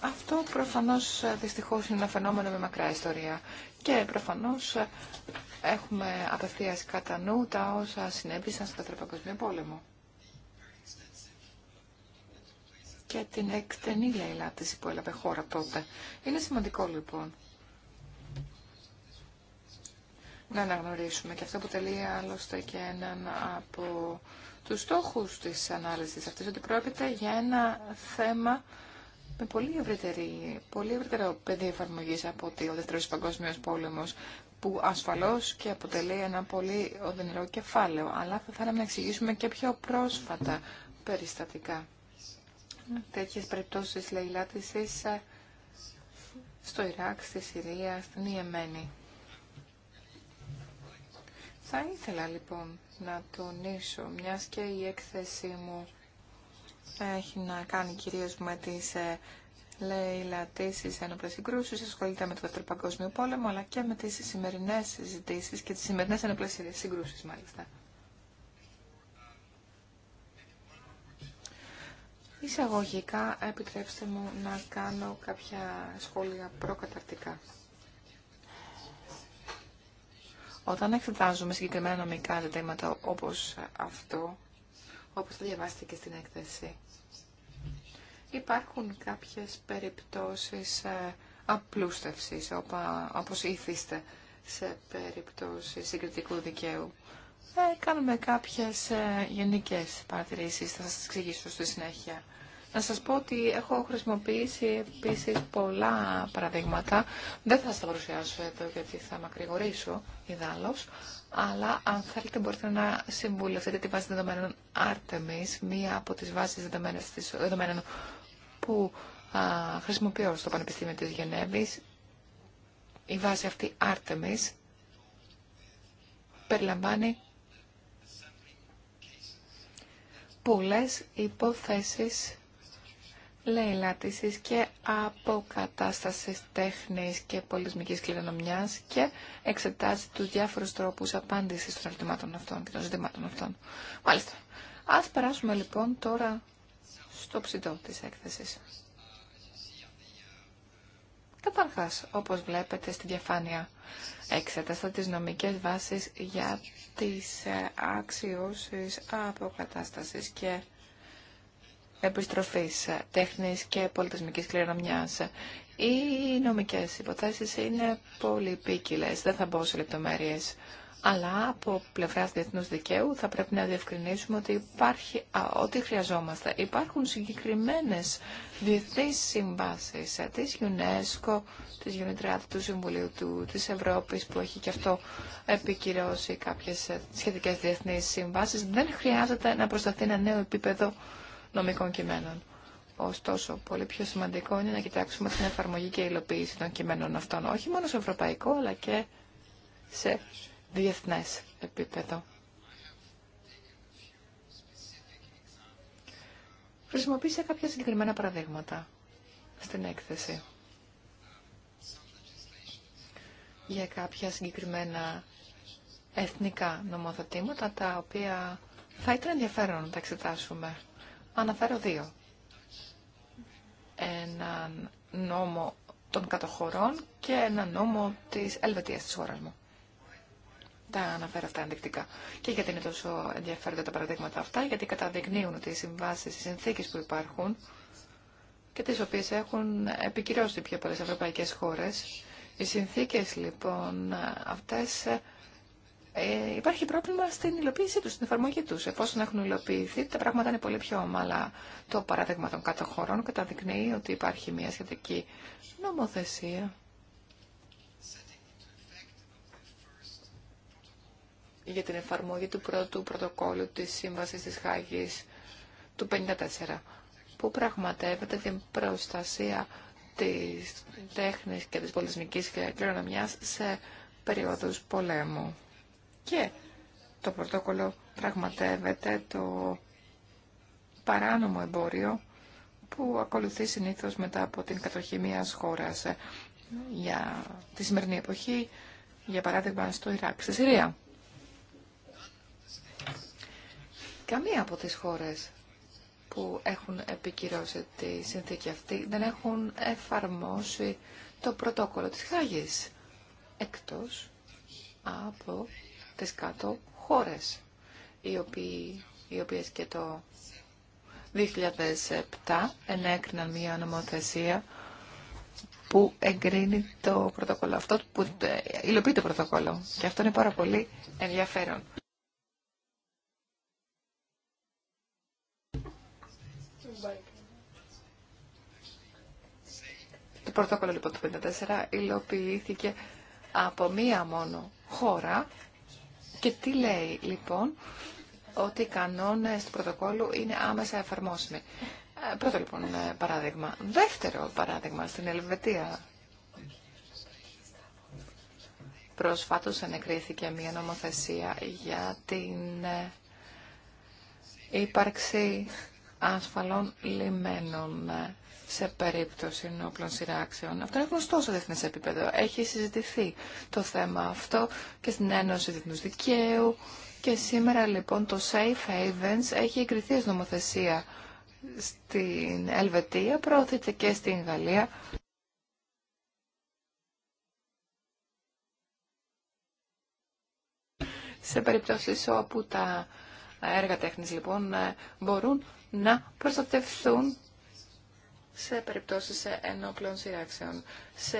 Αυτό προφανώς ε, δυστυχώς είναι ένα φαινόμενο με μακρά ιστορία και προφανώς ε, έχουμε απευθείας κατά νου τα όσα συνέβησαν στον Δεύτερο Πόλεμο και την εκτενή λαϊλάτηση που έλαβε χώρα τότε. Είναι σημαντικό λοιπόν να αναγνωρίσουμε και αυτό αποτελεί άλλωστε και έναν από τους στόχους της ανάλυσης αυτής, ότι πρόκειται για ένα θέμα με πολύ, ευρύτερη, πολύ ευρύτερο πεδίο εφαρμογή από ότι ο Δεύτερο Παγκόσμιο Πόλεμο, που ασφαλώ και αποτελεί ένα πολύ οδυνηρό κεφάλαιο. Αλλά θα θέλαμε να εξηγήσουμε και πιο πρόσφατα περιστατικά. Τέτοιε περιπτώσει λαϊλάτιση ε, στο Ιράκ, στη Συρία, στην Ιεμένη. Θα ήθελα λοιπόν να τονίσω, μιας και η έκθεσή μου έχει να κάνει κυρίως με τις ε, λαιλατήσεις ένοπλες συγκρούσεις, ασχολείται με το Δεύτερο Παγκόσμιο Πόλεμο, αλλά και με τις σημερινές συζητήσεις και τις σημερινές ένοπλες συγκρούσεις μάλιστα. Εισαγωγικά, επιτρέψτε μου να κάνω κάποια σχόλια προκαταρτικά. Όταν εξετάζουμε συγκεκριμένα νομικά ζητήματα όπως αυτό, όπως το διαβάσετε και στην έκθεση. Υπάρχουν κάποιες περιπτώσεις ε, απλούστευσης, όπως ήθιστε σε περιπτώσεις συγκριτικού δικαίου. Ε, κάνουμε κάποιες ε, γενικές παρατηρήσεις, θα σας εξηγήσω στη συνέχεια. Να σας πω ότι έχω χρησιμοποιήσει επίσης πολλά παραδείγματα. Δεν θα σας τα παρουσιάσω εδώ γιατί θα μακρηγορήσω ιδάλλως, αλλά αν θέλετε μπορείτε να συμβουλευτείτε τη βάση δεδομένων Artemis, μία από τις βάσεις δεδομένων που α, χρησιμοποιώ στο Πανεπιστήμιο της Γενέβης. Η βάση αυτή Artemis περιλαμβάνει πολλές υποθέσεις λαιλάτισης και αποκατάστασης τέχνης και πολιτισμικής κληρονομιάς και εξετάζει τους διάφορους τρόπους απάντησης των ερωτημάτων αυτών και των ζητημάτων αυτών. Μάλιστα. Ας περάσουμε λοιπόν τώρα στο ψητό της έκθεσης. Καταρχά, όπως βλέπετε στη διαφάνεια, εξέτασα τις νομικές βάσεις για τις ε, αξιώσεις αποκατάστασης και επιστροφής τέχνης και πολιτισμικής κληρονομιάς. Οι νομικές υποθέσεις είναι πολύ ποικιλές, δεν θα μπω σε λεπτομέρειες. Αλλά από πλευρά διεθνού δικαίου θα πρέπει να διευκρινίσουμε ότι υπάρχει ό,τι χρειαζόμαστε. Υπάρχουν συγκεκριμένε διεθνεί συμβάσει τη UNESCO, τη UNITRAD, του Συμβουλίου του, τη Ευρώπη που έχει και αυτό επικυρώσει κάποιε σχετικέ διεθνεί συμβάσει. Δεν χρειάζεται να προσταθεί ένα νέο επίπεδο νομικών κειμένων. Ωστόσο, πολύ πιο σημαντικό είναι να κοιτάξουμε την εφαρμογή και υλοποίηση των κειμένων αυτών, όχι μόνο σε ευρωπαϊκό, αλλά και σε διεθνές επίπεδο. Χρησιμοποίησα κάποια συγκεκριμένα παραδείγματα στην έκθεση για κάποια συγκεκριμένα εθνικά νομοθετήματα, τα οποία θα ήταν ενδιαφέρον να τα εξετάσουμε αναφέρω δύο. Ένα νόμο των κατοχωρών και ένα νόμο της Ελβετίας της χώρας μου. Τα αναφέρω αυτά ενδεικτικά. Και γιατί είναι τόσο ενδιαφέροντα τα παραδείγματα αυτά, γιατί καταδεικνύουν ότι οι συμβάσει, οι συνθήκε που υπάρχουν και τι οποίε έχουν επικυρώσει πιο πολλέ ευρωπαϊκέ χώρε. Οι συνθήκε λοιπόν αυτέ ε, υπάρχει πρόβλημα στην υλοποίησή του, στην εφαρμογή του. Εφόσον έχουν υλοποιηθεί, τα πράγματα είναι πολύ πιο ομαλά. Το παράδειγμα των κάτω χωρών καταδεικνύει ότι υπάρχει μια σχετική νομοθεσία. για την εφαρμογή του πρώτου πρωτοκόλλου της Σύμβασης της Χάγης του 1954, που πραγματεύεται την προστασία της τέχνης και της πολιτισμικής κληρονομιάς σε περίοδους πολέμου και το πρωτόκολλο πραγματεύεται το παράνομο εμπόριο που ακολουθεί συνήθως μετά από την κατοχή μιας χώρας ε, για τη σημερινή εποχή, για παράδειγμα στο Ιράκ, στη Συρία. Καμία από τις χώρες που έχουν επικυρώσει τη συνθήκη αυτή δεν έχουν εφαρμόσει το πρωτόκολλο της Χάγης, εκτός από τις κάτω χώρες, οι, οποίοι, οι οποίες και το 2007 ενέκριναν μια νομοθεσία που εγκρίνει το πρωτοκόλλο αυτό, που ε, υλοποιεί το πρωτοκόλλο. Και αυτό είναι πάρα πολύ ενδιαφέρον. Το πρωτόκολλο λοιπόν του 54 υλοποιήθηκε από μία μόνο χώρα και τι λέει λοιπόν, ότι οι κανόνες του πρωτοκόλλου είναι άμεσα εφαρμόσιμοι. Ε, πρώτο λοιπόν ε, παράδειγμα. Δεύτερο παράδειγμα στην Ελβετία. Προσφάτως ανεκρίθηκε μια νομοθεσία για την ε, ύπαρξη ασφαλών λιμένων σε περίπτωση ενόπλων σειράξεων. Αυτό είναι γνωστό σε διεθνέ επίπεδο. Έχει συζητηθεί το θέμα αυτό και στην Ένωση Διεθνού Δικαίου και σήμερα λοιπόν το Safe Havens έχει εγκριθεί ω νομοθεσία στην Ελβετία, προωθείται και στην Γαλλία. Σε περιπτώσεις όπου τα έργα τέχνης λοιπόν μπορούν να προστατευθούν σε περιπτώσεις ενόπλων σειράξεων, σε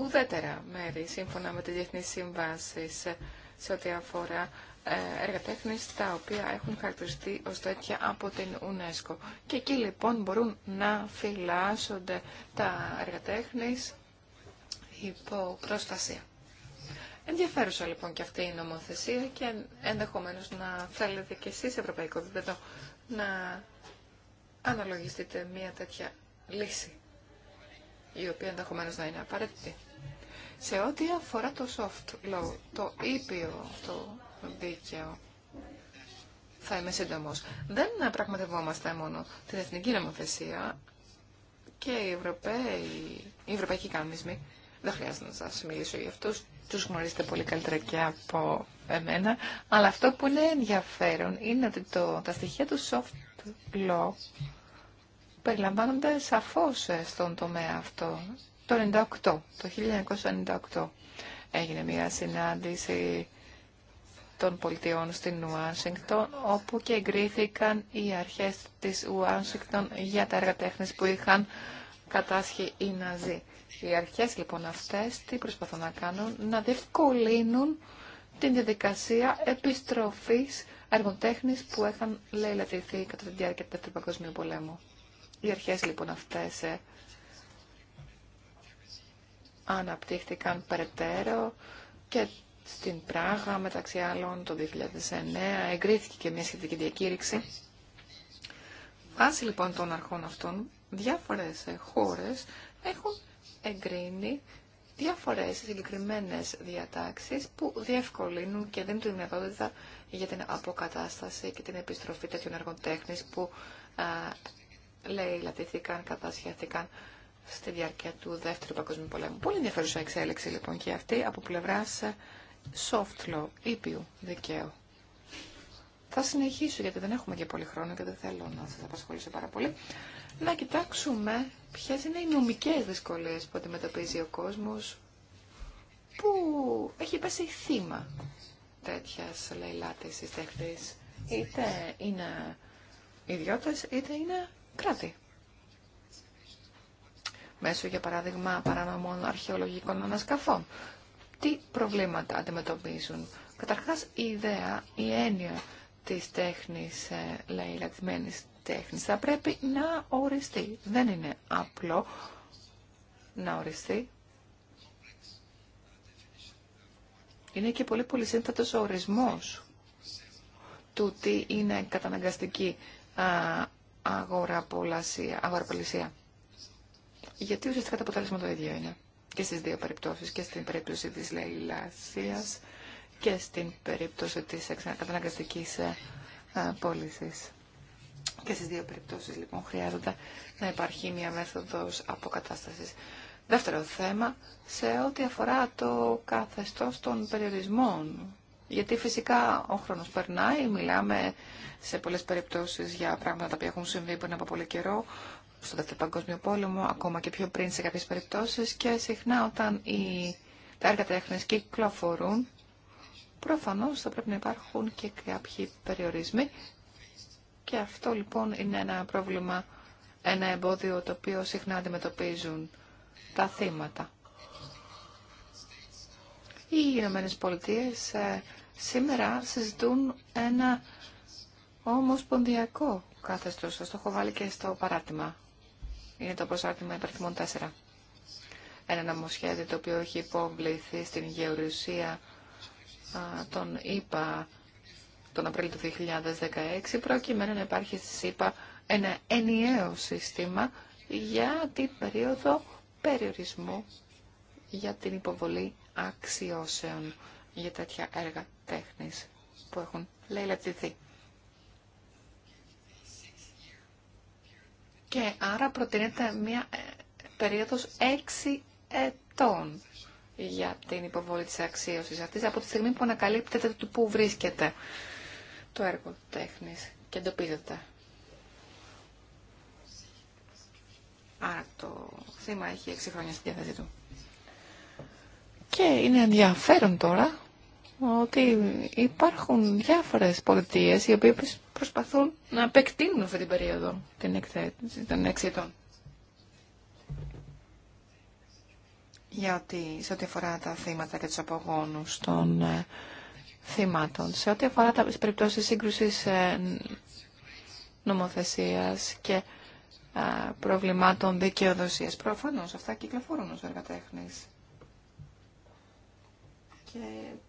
ουδέτερα μέρη, σύμφωνα με τη διεθνή συμβάσεις, σε, σε ό,τι αφορά ε, εργατέχνη τα οποία έχουν χαρακτηριστεί ως τέτοια από την UNESCO. Και εκεί λοιπόν μπορούν να φυλάσσονται τα εργατέχνη υπό προστασία. Ενδιαφέρουσα λοιπόν και αυτή η νομοθεσία και ενδεχομένως να θέλετε και εσείς ευρωπαϊκό επίπεδο να αναλογιστείτε μια τέτοια λύση, η οποία ενδεχομένω να είναι απαραίτητη. Σε ό,τι αφορά το soft law, το ήπιο το δίκαιο, θα είμαι σύντομο. Δεν πραγματευόμαστε μόνο την εθνική νομοθεσία και οι, Ευρωπαίοι, οι ευρωπαϊκοί κανονισμοί. Δεν χρειάζεται να σα μιλήσω για αυτού. Του γνωρίζετε πολύ καλύτερα και από εμένα. Αλλά αυτό που είναι ενδιαφέρον είναι ότι το, τα στοιχεία του soft law περιλαμβάνονται σαφώς στον τομέα αυτό. Το 1998, το 1998 έγινε μια συνάντηση των πολιτιών στην Ουάνσιγκτον, όπου και εγκρίθηκαν οι αρχές της Ουάσιγκτον για τα έργα τέχνης που είχαν κατάσχει οι Ναζί. Οι αρχές λοιπόν αυτές τι προσπαθούν να κάνουν, να διευκολύνουν την διαδικασία επιστροφής τέχνης που είχαν λαιλατηθεί κατά τη διάρκεια του Δεύτερου Παγκοσμίου Πολέμου. Οι αρχές λοιπόν αυτές ε, αναπτύχθηκαν περαιτέρω και στην Πράγα μεταξύ άλλων το 2009 εγκρίθηκε και μια σχετική διακήρυξη. Βάσει λοιπόν των αρχών αυτών διάφορες ε, χώρες έχουν εγκρίνει διάφορες συγκεκριμένες διατάξεις που διευκολύνουν και δίνουν τη δυνατότητα για την αποκατάσταση και την επιστροφή τέτοιων εργοτέχνης που λέει λατήθηκαν, κατασχέθηκαν στη διάρκεια του Δεύτερου Παγκοσμίου Πολέμου. Πολύ ενδιαφέρουσα εξέλιξη λοιπόν και αυτή από πλευρά ε, soft law, ήπιου δικαίου. Θα συνεχίσω γιατί δεν έχουμε και πολύ χρόνο και δεν θέλω να σα απασχολήσω πάρα πολύ. Να κοιτάξουμε ποιε είναι οι νομικέ δυσκολίε που αντιμετωπίζει ο κόσμο. που έχει πέσει θύμα τέτοια λαϊλάτηση τέχνη. Είτε είναι ιδιώτε, είτε είναι κράτη. Μέσω, για παράδειγμα, παράνομων αρχαιολογικών ανασκαφών. Τι προβλήματα αντιμετωπίζουν. Καταρχάς, η ιδέα, η έννοια της τέχνης, ε, λέει, λατημένης τέχνης, θα πρέπει να οριστεί. Δεν είναι απλό να οριστεί. Είναι και πολύ πολύ σύνθετος ο ορισμός του τι είναι καταναγκαστική α, αγοραπολισία. Γιατί ουσιαστικά το αποτέλεσμα το ίδιο είναι και στις δύο περιπτώσεις, και στην περίπτωση της λαϊλασίας και στην περίπτωση της καταναγκαστικής ε, ε, πώληση. Και στις δύο περιπτώσεις λοιπόν χρειάζεται να υπάρχει μια μέθοδος αποκατάστασης. Δεύτερο θέμα, σε ό,τι αφορά το καθεστώς των περιορισμών γιατί φυσικά ο χρόνος περνάει, μιλάμε σε πολλές περιπτώσεις για πράγματα που έχουν συμβεί πριν από πολύ καιρό, στο Δεύτερο Παγκόσμιο Πόλεμο, ακόμα και πιο πριν σε κάποιες περιπτώσεις και συχνά όταν οι, τα έργα τέχνης κυκλοφορούν, προφανώς θα πρέπει να υπάρχουν και κάποιοι περιορισμοί και αυτό λοιπόν είναι ένα πρόβλημα, ένα εμπόδιο το οποίο συχνά αντιμετωπίζουν τα θύματα. Οι Ηνωμένε Πολιτείε ε, σήμερα συζητούν ένα ομοσπονδιακό κάθεστος. Σα το έχω βάλει και στο παράρτημα. Είναι το προσάρτημα υπερθυμών 4. Ένα νομοσχέδιο το οποίο έχει υποβληθεί στην γεωρουσία των ΗΠΑ τον Απρίλιο του 2016 προκειμένου να υπάρχει στι ΗΠΑ ένα ενιαίο σύστημα για την περίοδο περιορισμού για την υποβολή αξιώσεων για τέτοια έργα τέχνης που έχουν λαϊλατηθεί. Και άρα προτείνεται μια ε, περίοδος έξι ετών για την υποβολή της αξίωσης αυτής από τη στιγμή που ανακαλύπτεται το που βρίσκεται το έργο τέχνης και εντοπίζεται. Άρα το θύμα έχει έξι χρόνια στη διάθεσή του. Και είναι ενδιαφέρον τώρα ότι υπάρχουν διάφορες πολιτείες οι οποίες προσπαθούν να επεκτείνουν αυτή την περίοδο την εκθέτηση των εξήτων. Για ότι, σε ό,τι αφορά τα θύματα και τους απογόνους των ε, θύματων, σε ό,τι αφορά τα περιπτώσεις σύγκρουσης ε, νομοθεσίας και ε, προβλημάτων δικαιοδοσίας. Προφανώς αυτά κυκλοφορούν ως εργατέχνης και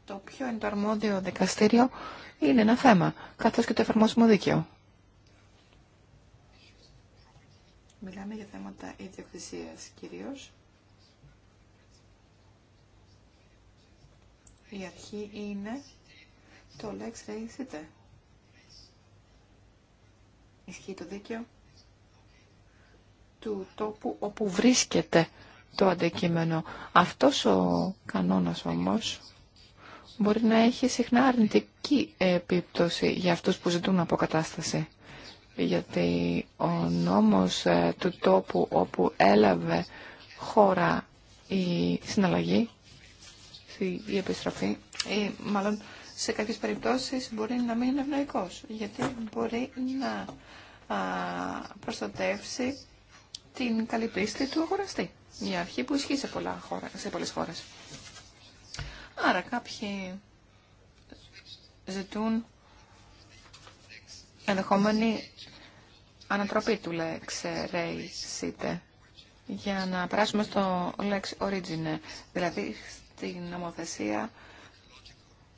το πιο είναι το αρμόδιο δικαστήριο είναι ένα θέμα, καθώς και το εφαρμόσιμο δίκαιο. Μιλάμε για θέματα ιδιοκτησίας κυρίως. Η αρχή είναι το lex reisite. Ισχύει το δίκαιο του τόπου όπου βρίσκεται το αντικείμενο. Αυτός ο κανόνας όμως μπορεί να έχει συχνά αρνητική επίπτωση για αυτούς που ζητούν αποκατάσταση. Γιατί ο νόμος ε, του τόπου όπου έλαβε χώρα η συναλλαγή, η επιστροφή, ή μάλλον σε κάποιες περιπτώσεις μπορεί να μην είναι ευνοϊκός, γιατί μπορεί να προστατεύσει την καλή πίστη του αγοραστή. Μια αρχή που ισχύει σε, πολλά χώρα, πολλές χώρες. Άρα κάποιοι ζητούν ενδεχόμενη ανατροπή του λέξε ρέισίτε για να περάσουμε στο λέξη Origine, δηλαδή στην νομοθεσία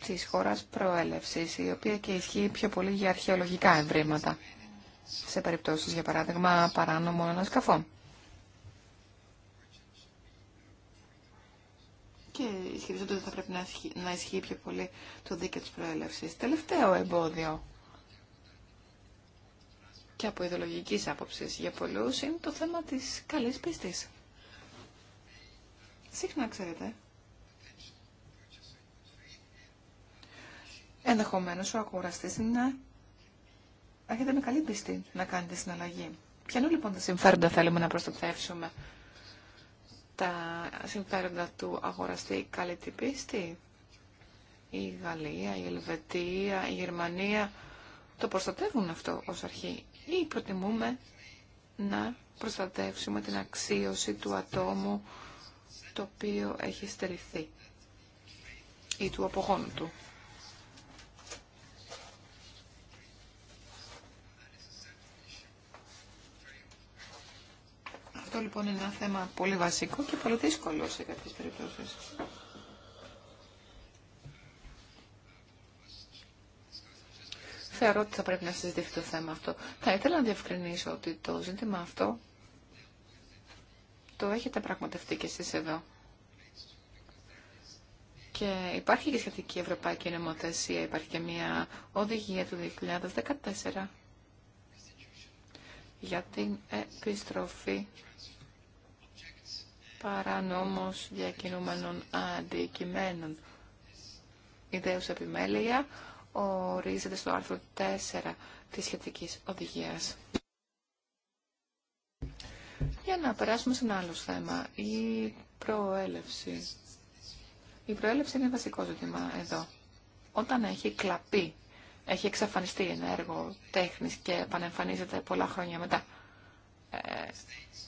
της χώρας προέλευσης, η οποία και ισχύει πιο πολύ για αρχαιολογικά ευρήματα, σε περιπτώσεις, για παράδειγμα, παράνομων ανασκαφών. και ισχυρίζονται ότι θα πρέπει να ισχύει, πιο πολύ το δίκαιο της προέλευσης. Τελευταίο εμπόδιο και από ιδεολογικής άποψης για πολλούς είναι το θέμα της καλής πίστης. Συχνά ξέρετε. Ενδεχομένως ο ακούραστης να έχετε με καλή πίστη να κάνετε συναλλαγή. Ποια είναι λοιπόν τα συμφέροντα θέλουμε να προστατεύσουμε τα συμφέροντα του αγοραστή καλή πίστη. Η Γαλλία, η Ελβετία, η Γερμανία το προστατεύουν αυτό ως αρχή ή προτιμούμε να προστατεύσουμε την αξίωση του ατόμου το οποίο έχει στερηθεί ή του απογόνου του. Αυτό λοιπόν είναι ένα θέμα πολύ βασικό και πολύ δύσκολο σε κάποιες περιπτώσεις. Θεωρώ ότι θα πρέπει να συζητηθεί το θέμα αυτό. Θα ήθελα να διευκρινίσω ότι το ζήτημα αυτό το έχετε πραγματευτεί και εσείς εδώ. Και υπάρχει και σχετική ευρωπαϊκή νομοθεσία, υπάρχει και μια οδηγία του 2014 για την επιστροφή νόμος διακινούμενων αντικειμένων. Ιδέως επιμέλεια ορίζεται στο άρθρο 4 της σχετικής οδηγίας. Για να περάσουμε σε ένα άλλο θέμα, η προέλευση. Η προέλευση είναι βασικό ζήτημα εδώ. Όταν έχει κλαπεί, έχει εξαφανιστεί ένα έργο τέχνης και επανεμφανίζεται πολλά χρόνια μετά. Ε,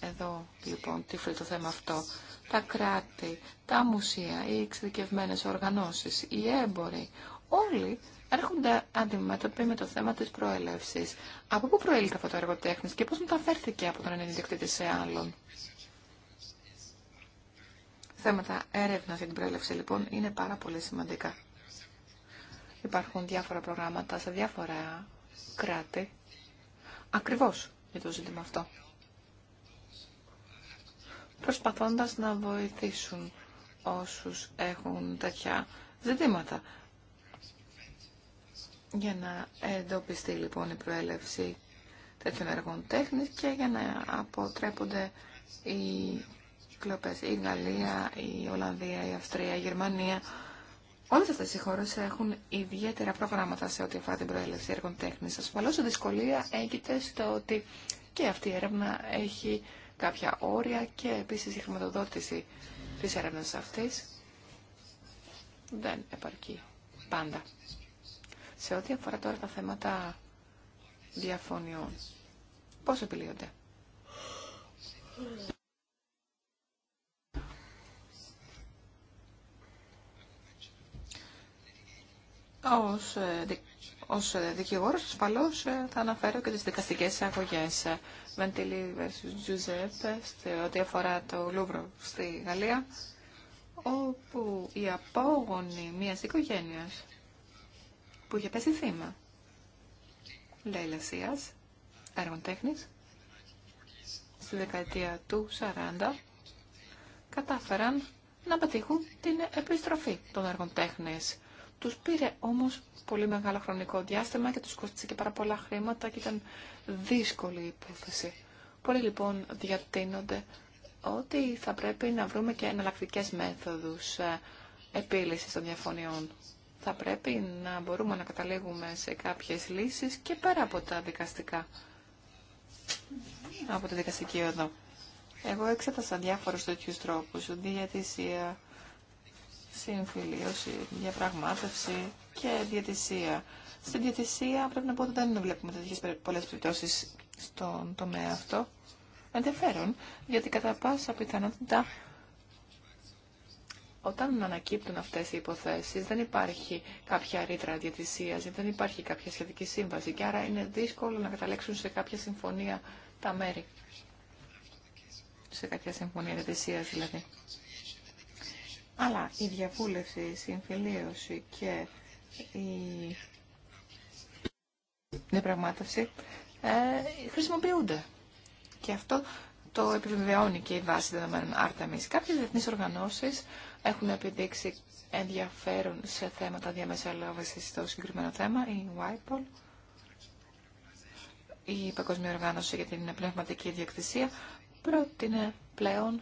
εδώ λοιπόν τύφλει το θέμα αυτό. Τα κράτη, τα μουσεία, οι εξειδικευμένε οργανώσεις, οι έμποροι, όλοι έρχονται αντιμέτωποι με το θέμα της προέλευσης. Από πού προήλθε αυτό το έργο τέχνης και πώς μεταφέρθηκε από τον ενδιακτήτη σε άλλον. Θέματα έρευνα για την προέλευση λοιπόν είναι πάρα πολύ σημαντικά. Υπάρχουν διάφορα προγράμματα σε διάφορα κράτη. Ακριβώς για το ζήτημα αυτό προσπαθώντας να βοηθήσουν όσους έχουν τέτοια ζητήματα. Για να εντοπιστεί λοιπόν η προέλευση τέτοιων εργών τέχνης και για να αποτρέπονται οι κλοπές. Η Γαλλία, η Ολλανδία, η Αυστρία, η Γερμανία. Όλες αυτές οι χώρες έχουν ιδιαίτερα προγράμματα σε ό,τι αφορά την προέλευση έργων τέχνης. Ασφαλώς η δυσκολία έγκυται στο ότι και αυτή η έρευνα έχει κάποια όρια και επίσης η χρηματοδότηση της έρευνας αυτής δεν επαρκεί πάντα. Σε ό,τι αφορά τώρα τα θέματα διαφωνιών, πώς επιλύονται. Ως ε, ως ε, δικηγόρος ασφαλώς ε, θα αναφέρω και τις δικαστικές αγωγές. Ε, Βεντιλή vs. Giuseppe, ό,τι αφορά το Λούβρο στη Γαλλία, όπου η απόγονη μιας οικογένειας που είχε πέσει θύμα λαϊλασία έργων τέχνης, στη δεκαετία του 40, κατάφεραν να πετύχουν την επιστροφή των έργων τέχνης τους πήρε όμως πολύ μεγάλο χρονικό διάστημα και τους κόστησε και πάρα πολλά χρήματα και ήταν δύσκολη η υπόθεση. Πολλοί λοιπόν διατείνονται ότι θα πρέπει να βρούμε και εναλλακτικέ μέθοδους ε, επίλυσης των διαφωνιών. Θα πρέπει να μπορούμε να καταλήγουμε σε κάποιες λύσεις και πέρα από τα δικαστικά, από το δικαστική οδό. Εγώ εξέτασα διάφορους τέτοιους τρόπους, διατησία, συμφιλίωση, διαπραγμάτευση και διατησία. Στην διατησία πρέπει να πω ότι δεν βλέπουμε τέτοιε πολλέ περιπτώσει στον τομέα αυτό. Ενδιαφέρον, γιατί κατά πάσα πιθανότητα όταν ανακύπτουν αυτέ οι υποθέσει, δεν υπάρχει κάποια ρήτρα διατησία, δεν υπάρχει κάποια σχετική σύμβαση και άρα είναι δύσκολο να καταλέξουν σε κάποια συμφωνία τα μέρη. Σε κάποια συμφωνία διατησία, δηλαδή. Αλλά η διαβούλευση, η συμφιλίωση και η διαπραγμάτευση ε, χρησιμοποιούνται. Και αυτό το επιβεβαιώνει και η βάση δεδομένων Artemis. Κάποιες διεθνείς οργανώσεις έχουν επιδείξει ενδιαφέρον σε θέματα διαμεσολάβησης στο συγκεκριμένο θέμα, η WIPOL, η Παγκοσμία Οργάνωση για την Πνευματική διακτησία, πρότεινε πλέον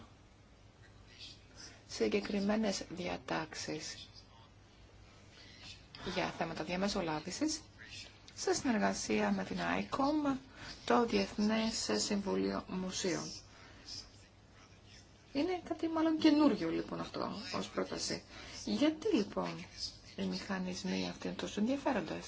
συγκεκριμένες διατάξεις για θέματα διαμεσολάβησης σε συνεργασία με την ICOM, το Διεθνές Συμβούλιο Μουσείων. Είναι κάτι μάλλον καινούριο λοιπόν αυτό ως πρόταση. Γιατί λοιπόν οι μηχανισμοί αυτοί είναι τόσο ενδιαφέροντες.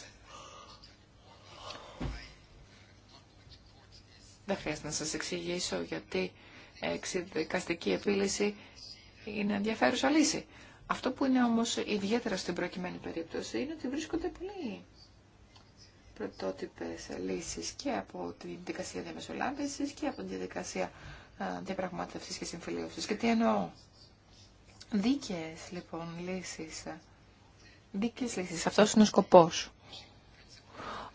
Δεν χρειάζεται να σας εξηγήσω γιατί εξειδικαστική επίλυση είναι ενδιαφέρουσα λύση. Αυτό που είναι όμως ιδιαίτερα στην προκειμένη περίπτωση είναι ότι βρίσκονται πολύ πρωτότυπες λύσεις και από τη δικασία διαμεσολάβησης και από τη διαδικασία ε, διαπραγμάτευσης και συμφιλίωσης. Και τι εννοώ. Δίκαιες λοιπόν λύσεις. Δίκαιες λύσεις. Αυτός είναι ο σκοπός.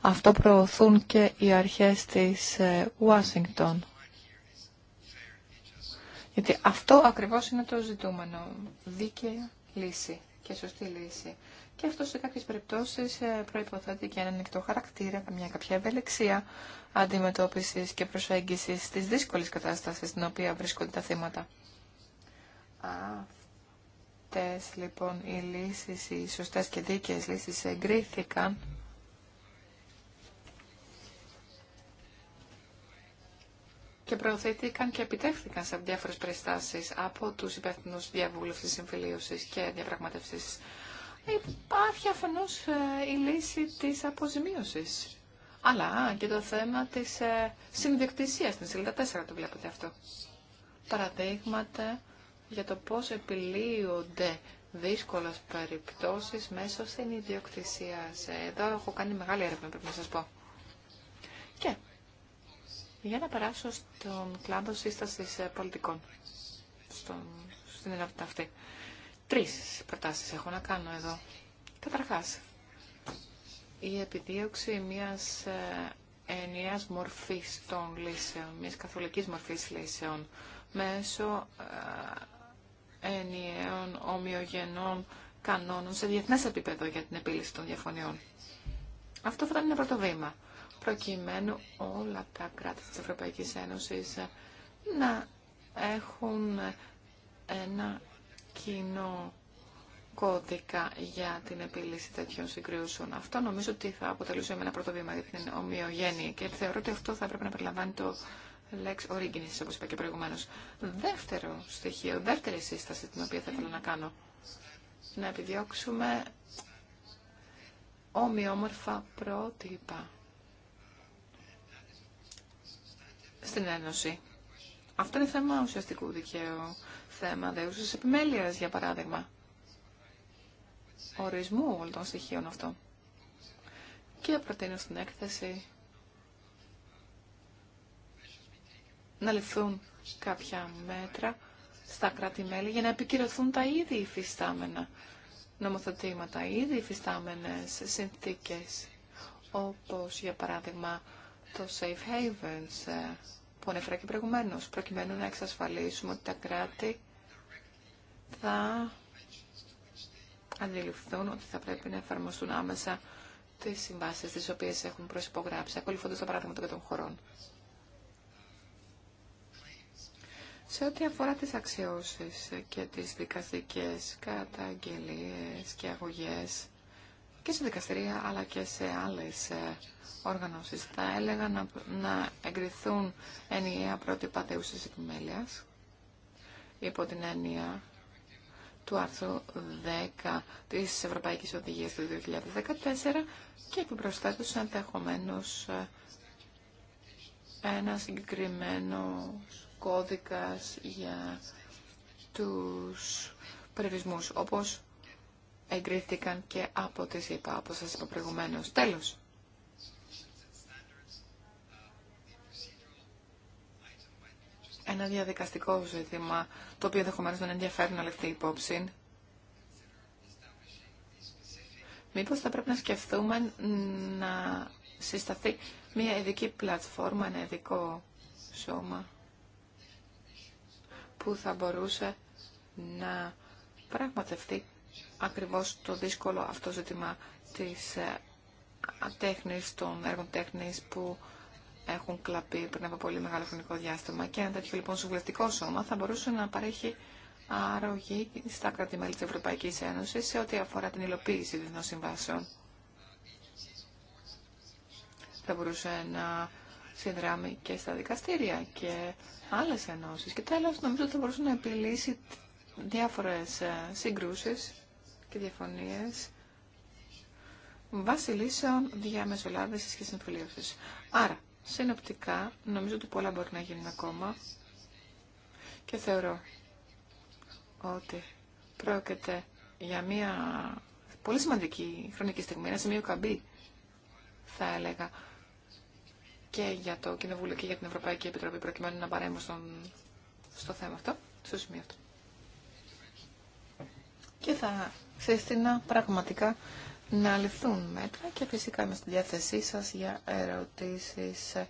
Αυτό προωθούν και οι αρχές της ε, Ουάσιγκτον. Γιατί αυτό ακριβώς είναι το ζητούμενο. Δίκαιη λύση και σωστή λύση. Και αυτό σε κάποιες περιπτώσεις ε, προϋποθέτει και ένα ανοιχτό χαρακτήρα, μια κάποια ευελεξία αντιμετώπισης και προσέγγισης της δύσκολης κατάστασης στην οποία βρίσκονται τα θύματα. Αυτές λοιπόν οι λύσεις, οι σωστές και δίκαιες λύσεις εγκρίθηκαν και προωθήθηκαν και επιτεύχθηκαν σε διάφορες περιστάσεις από τους υπεύθυνους διαβούλευσης, συμφιλίωσης και διαπραγματεύσεις. Υπάρχει αφενός ε, η λύση της αποζημίωσης. Αλλά και το θέμα της ε, συνδιοκτησίας, στην σελίδα 4 το βλέπετε αυτό. Παραδείγματα για το πώς επιλύονται δύσκολες περιπτώσεις μέσω συνδιοκτησίας. Εδώ έχω κάνει μεγάλη έρευνα, πρέπει να σας πω. Και για να περάσω στον κλάδο σύσταση ε, πολιτικών, στον, στην ενότητα αυτή. Τρεις προτάσεις έχω να κάνω εδώ. Καταρχά. η επιδίωξη μιας ε, ενιαίας μορφής των λύσεων, μιας καθολικής μορφής λύσεων, μέσω ε, ενιαίων ομοιογενών κανόνων σε διεθνές επίπεδο για την επίλυση των διαφωνιών. Αυτό θα ήταν ένα πρώτο βήμα προκειμένου όλα τα κράτη της Ευρωπαϊκής Ένωσης να έχουν ένα κοινό κώδικα για την επίλυση τέτοιων συγκρούσεων. Αυτό νομίζω ότι θα αποτελούσε με ένα πρώτο βήμα για την ομοιογένεια και θεωρώ ότι αυτό θα έπρεπε να περιλαμβάνει το Lex Originis, όπως είπα και προηγουμένως. Δεύτερο στοιχείο, δεύτερη σύσταση την οποία θα ήθελα να κάνω. Να επιδιώξουμε ομοιόμορφα πρότυπα στην Ένωση. Αυτό είναι θέμα ουσιαστικού δικαίου, θέμα δεούσης επιμέλειας, για παράδειγμα. Ορισμού όλων των στοιχείων αυτών. Και προτείνω στην έκθεση να ληφθούν κάποια μέτρα στα κράτη-μέλη για να επικυρωθούν τα ήδη υφιστάμενα νομοθετήματα, ήδη υφιστάμενες συνθήκες, όπως για παράδειγμα το safe havens ε, που ανέφερα και προηγουμένω, προκειμένου να εξασφαλίσουμε ότι τα κράτη θα αντιληφθούν ότι θα πρέπει να εφαρμοστούν άμεσα τι συμβάσει τι οποίε έχουν προσυπογράψει, ακολουθώντα τα παράδειγμα των χωρών. Σε ό,τι αφορά τις αξιώσεις και τις δικαστικές καταγγελίες και αγωγές, και σε δικαστηρία αλλά και σε άλλες ε, οργανώσεις. Θα έλεγα να, να εγκριθούν ενιαία πρότυπα θεούσης επιμέλειας υπό την έννοια του άρθρου 10 της Ευρωπαϊκής Οδηγίας του 2014 και επιπροσθέτως ενδεχομένω ε, ένα συγκεκριμένο κώδικας για τους περιορισμούς, όπως εγκρίθηκαν και από τις είπα, από σας είπα προηγουμένως. Τέλος. Ένα διαδικαστικό ζήτημα, το οποίο ενδεχομένω δεν ενδιαφέρει να λεφτεί υπόψη. Μήπως θα πρέπει να σκεφτούμε να συσταθεί μια ειδική πλατφόρμα, ένα ειδικό σώμα που θα μπορούσε να πραγματευτεί ακριβώς το δύσκολο αυτό ζήτημα της ε, τέχνης, των έργων τέχνης που έχουν κλαπεί πριν από πολύ μεγάλο χρονικό διάστημα. Και ένα τέτοιο λοιπόν συμβουλευτικό σώμα θα μπορούσε να παρέχει αρρωγή στα κράτη-μέλη της Ευρωπαϊκής Ένωσης σε ό,τι αφορά την υλοποίηση διεθνών συμβάσεων. Θα μπορούσε να συνδράμει και στα δικαστήρια και άλλες ενώσεις. Και τέλος, νομίζω ότι θα μπορούσε να επιλύσει διάφορες ε, συγκρούσεις και διαφωνίε βάσει λύσεων διαμεσολάβηση και συμφιλίωση. Άρα, συνοπτικά, νομίζω ότι πολλά μπορεί να γίνουν ακόμα και θεωρώ ότι πρόκειται για μια πολύ σημαντική χρονική στιγμή, ένα σημείο καμπή, θα έλεγα, και για το Κοινοβούλιο και για την Ευρωπαϊκή Επιτροπή, προκειμένου να παρέμβω στο θέμα αυτό, στο σημείο αυτό. Και θα Ξέστηνα πραγματικά να ληφθούν μέτρα και φυσικά είμαι στη διάθεσή σας για ερωτήσεις ε,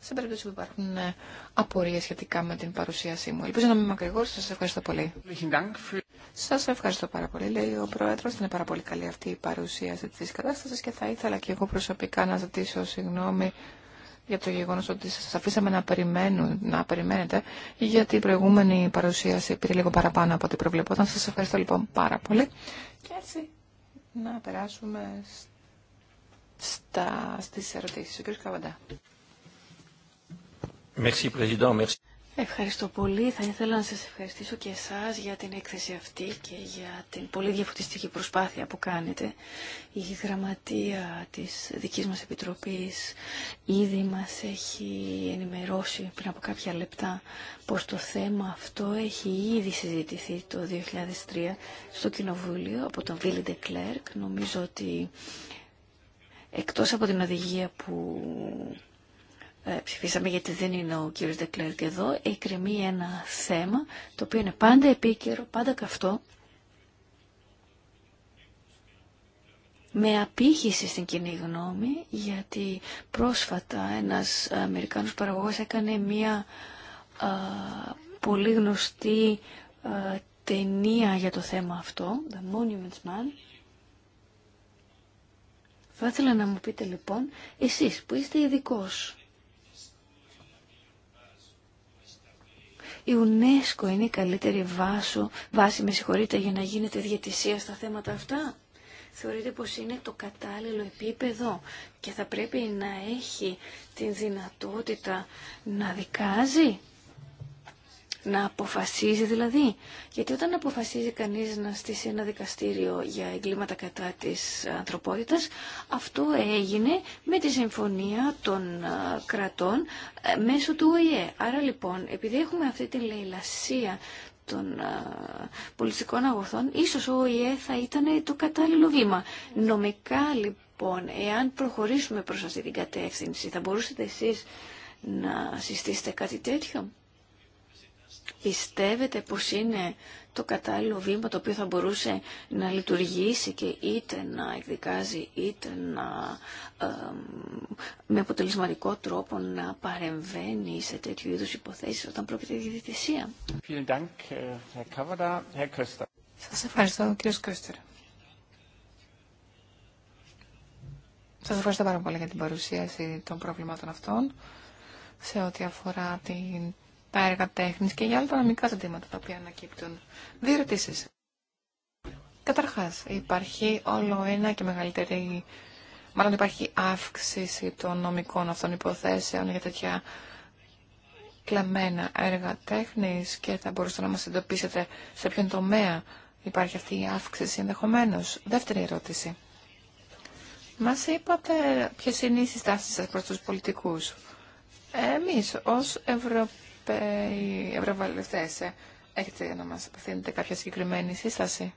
σε περίπτωση που υπάρχουν ε, απορίες σχετικά με την παρουσίασή μου. Ελπίζω να μην μακρηγόρω. Σας ευχαριστώ πολύ. Σας ευχαριστώ πάρα πολύ, λέει ο Πρόεδρος. Είναι πάρα πολύ καλή αυτή η παρουσίαση της κατάστασης και θα ήθελα και εγώ προσωπικά να ζητήσω συγγνώμη για το γεγονός ότι σας αφήσαμε να, περιμένουν, να περιμένετε, γιατί η προηγούμενη παρουσίαση πήρε λίγο παραπάνω από ό,τι προβλεπόταν. Σας ευχαριστώ λοιπόν πάρα πολύ. Και έτσι να περάσουμε στι ερωτήσει. Ο κ. Καβαντά. Merci, Président. Merci. Ευχαριστώ πολύ. Θα ήθελα να σας ευχαριστήσω και εσάς για την έκθεση αυτή και για την πολύ διαφωτιστική προσπάθεια που κάνετε. Η γραμματεία της δικής μας Επιτροπής ήδη μας έχει ενημερώσει πριν από κάποια λεπτά πως το θέμα αυτό έχει ήδη συζητηθεί το 2003 στο Κοινοβούλιο από τον Βίλι Κλέρκ. Νομίζω ότι εκτός από την οδηγία που ε, ψηφίσαμε γιατί δεν είναι ο κύριος Δεκλέρκ εδώ, εκκρεμεί ένα θέμα το οποίο είναι πάντα επίκαιρο, πάντα καυτό, με απήχηση στην κοινή γνώμη, γιατί πρόσφατα ένας Αμερικάνος παραγωγός έκανε μία πολύ γνωστή ταινία για το θέμα αυτό, The Monuments Man. Θα ήθελα να μου πείτε λοιπόν, εσείς που είστε ειδικός Η UNESCO είναι η καλύτερη βάσο, βάση με συγχωρείτε, για να γίνεται διαιτησία στα θέματα αυτά. Θεωρείτε πως είναι το κατάλληλο επίπεδο και θα πρέπει να έχει την δυνατότητα να δικάζει να αποφασίζει δηλαδή. Γιατί όταν αποφασίζει κανείς να στήσει ένα δικαστήριο για εγκλήματα κατά της ανθρωπότητας, αυτό έγινε με τη συμφωνία των ε, κρατών ε, μέσω του ΟΗΕ. Άρα λοιπόν, επειδή έχουμε αυτή τη λαιλασία των ε, πολιτικών αγωθών, ίσως ο ΟΗΕ θα ήταν το κατάλληλο βήμα. Νομικά λοιπόν, εάν προχωρήσουμε προς αυτή την κατεύθυνση, θα μπορούσατε εσείς να συστήσετε κάτι τέτοιο. Πιστεύετε πως είναι το κατάλληλο βήμα το οποίο θα μπορούσε να λειτουργήσει και είτε να εκδικάζει είτε να με αποτελεσματικό τρόπο να παρεμβαίνει σε τέτοιου είδους υποθέσεις όταν πρόκειται για διαιτησία. Ε, Σας ευχαριστώ κύριος Κρίστερ. Σας ευχαριστώ πάρα πολύ για την παρουσίαση των προβλημάτων αυτών σε ό,τι αφορά την τα έργα τέχνη και για άλλα τα νομικά ζητήματα τα οποία ανακύπτουν. Δύο ερωτήσει. Καταρχάς, υπάρχει όλο ένα και μεγαλύτερη, μάλλον υπάρχει αύξηση των νομικών αυτών υποθέσεων για τέτοια κλαμμένα έργα τέχνη και θα μπορούσατε να μας εντοπίσετε σε ποιον τομέα υπάρχει αυτή η αύξηση ενδεχομένω. Δεύτερη ερώτηση. Μα είπατε ποιε είναι οι συστάσει σα προ του πολιτικούς. Εμείς ως Ευρωπαίοι οι ευρωβουλευτέ. έχετε να μα απευθύνετε κάποια συγκεκριμένη σύσταση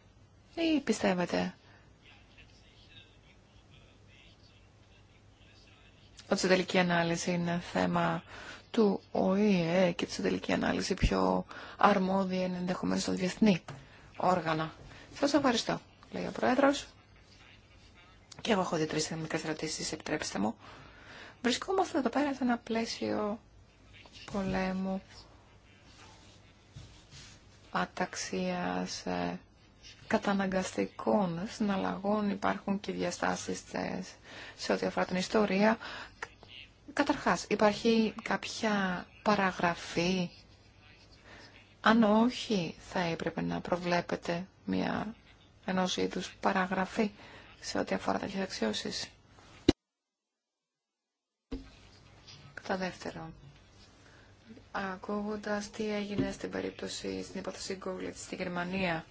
ή πιστεύετε ότι στην τελική ανάλυση είναι θέμα του ΟΗΕ και στην τελική ανάλυση πιο αρμόδια είναι ενδεχομένω στο διεθνή όργανα. Σα ευχαριστώ, λέει ο Πρόεδρος. Και εγώ έχω δει τρει ερωτήσει, επιτρέψτε μου. Βρισκόμαστε εδώ πέρα σε ένα πλαίσιο πολέμου, αταξίας, ε, καταναγκαστικών συναλλαγών υπάρχουν και διαστάσεις σε ό,τι αφορά την ιστορία. Καταρχάς, υπάρχει κάποια παραγραφή. Αν όχι, θα έπρεπε να προβλέπετε μια ενός είδους παραγραφή σε ό,τι αφορά τα αξιώσεις. Κατά δεύτερον, ακούγοντας τι έγινε στην περίπτωση, στην υπόθεση Google στη Γερμανία.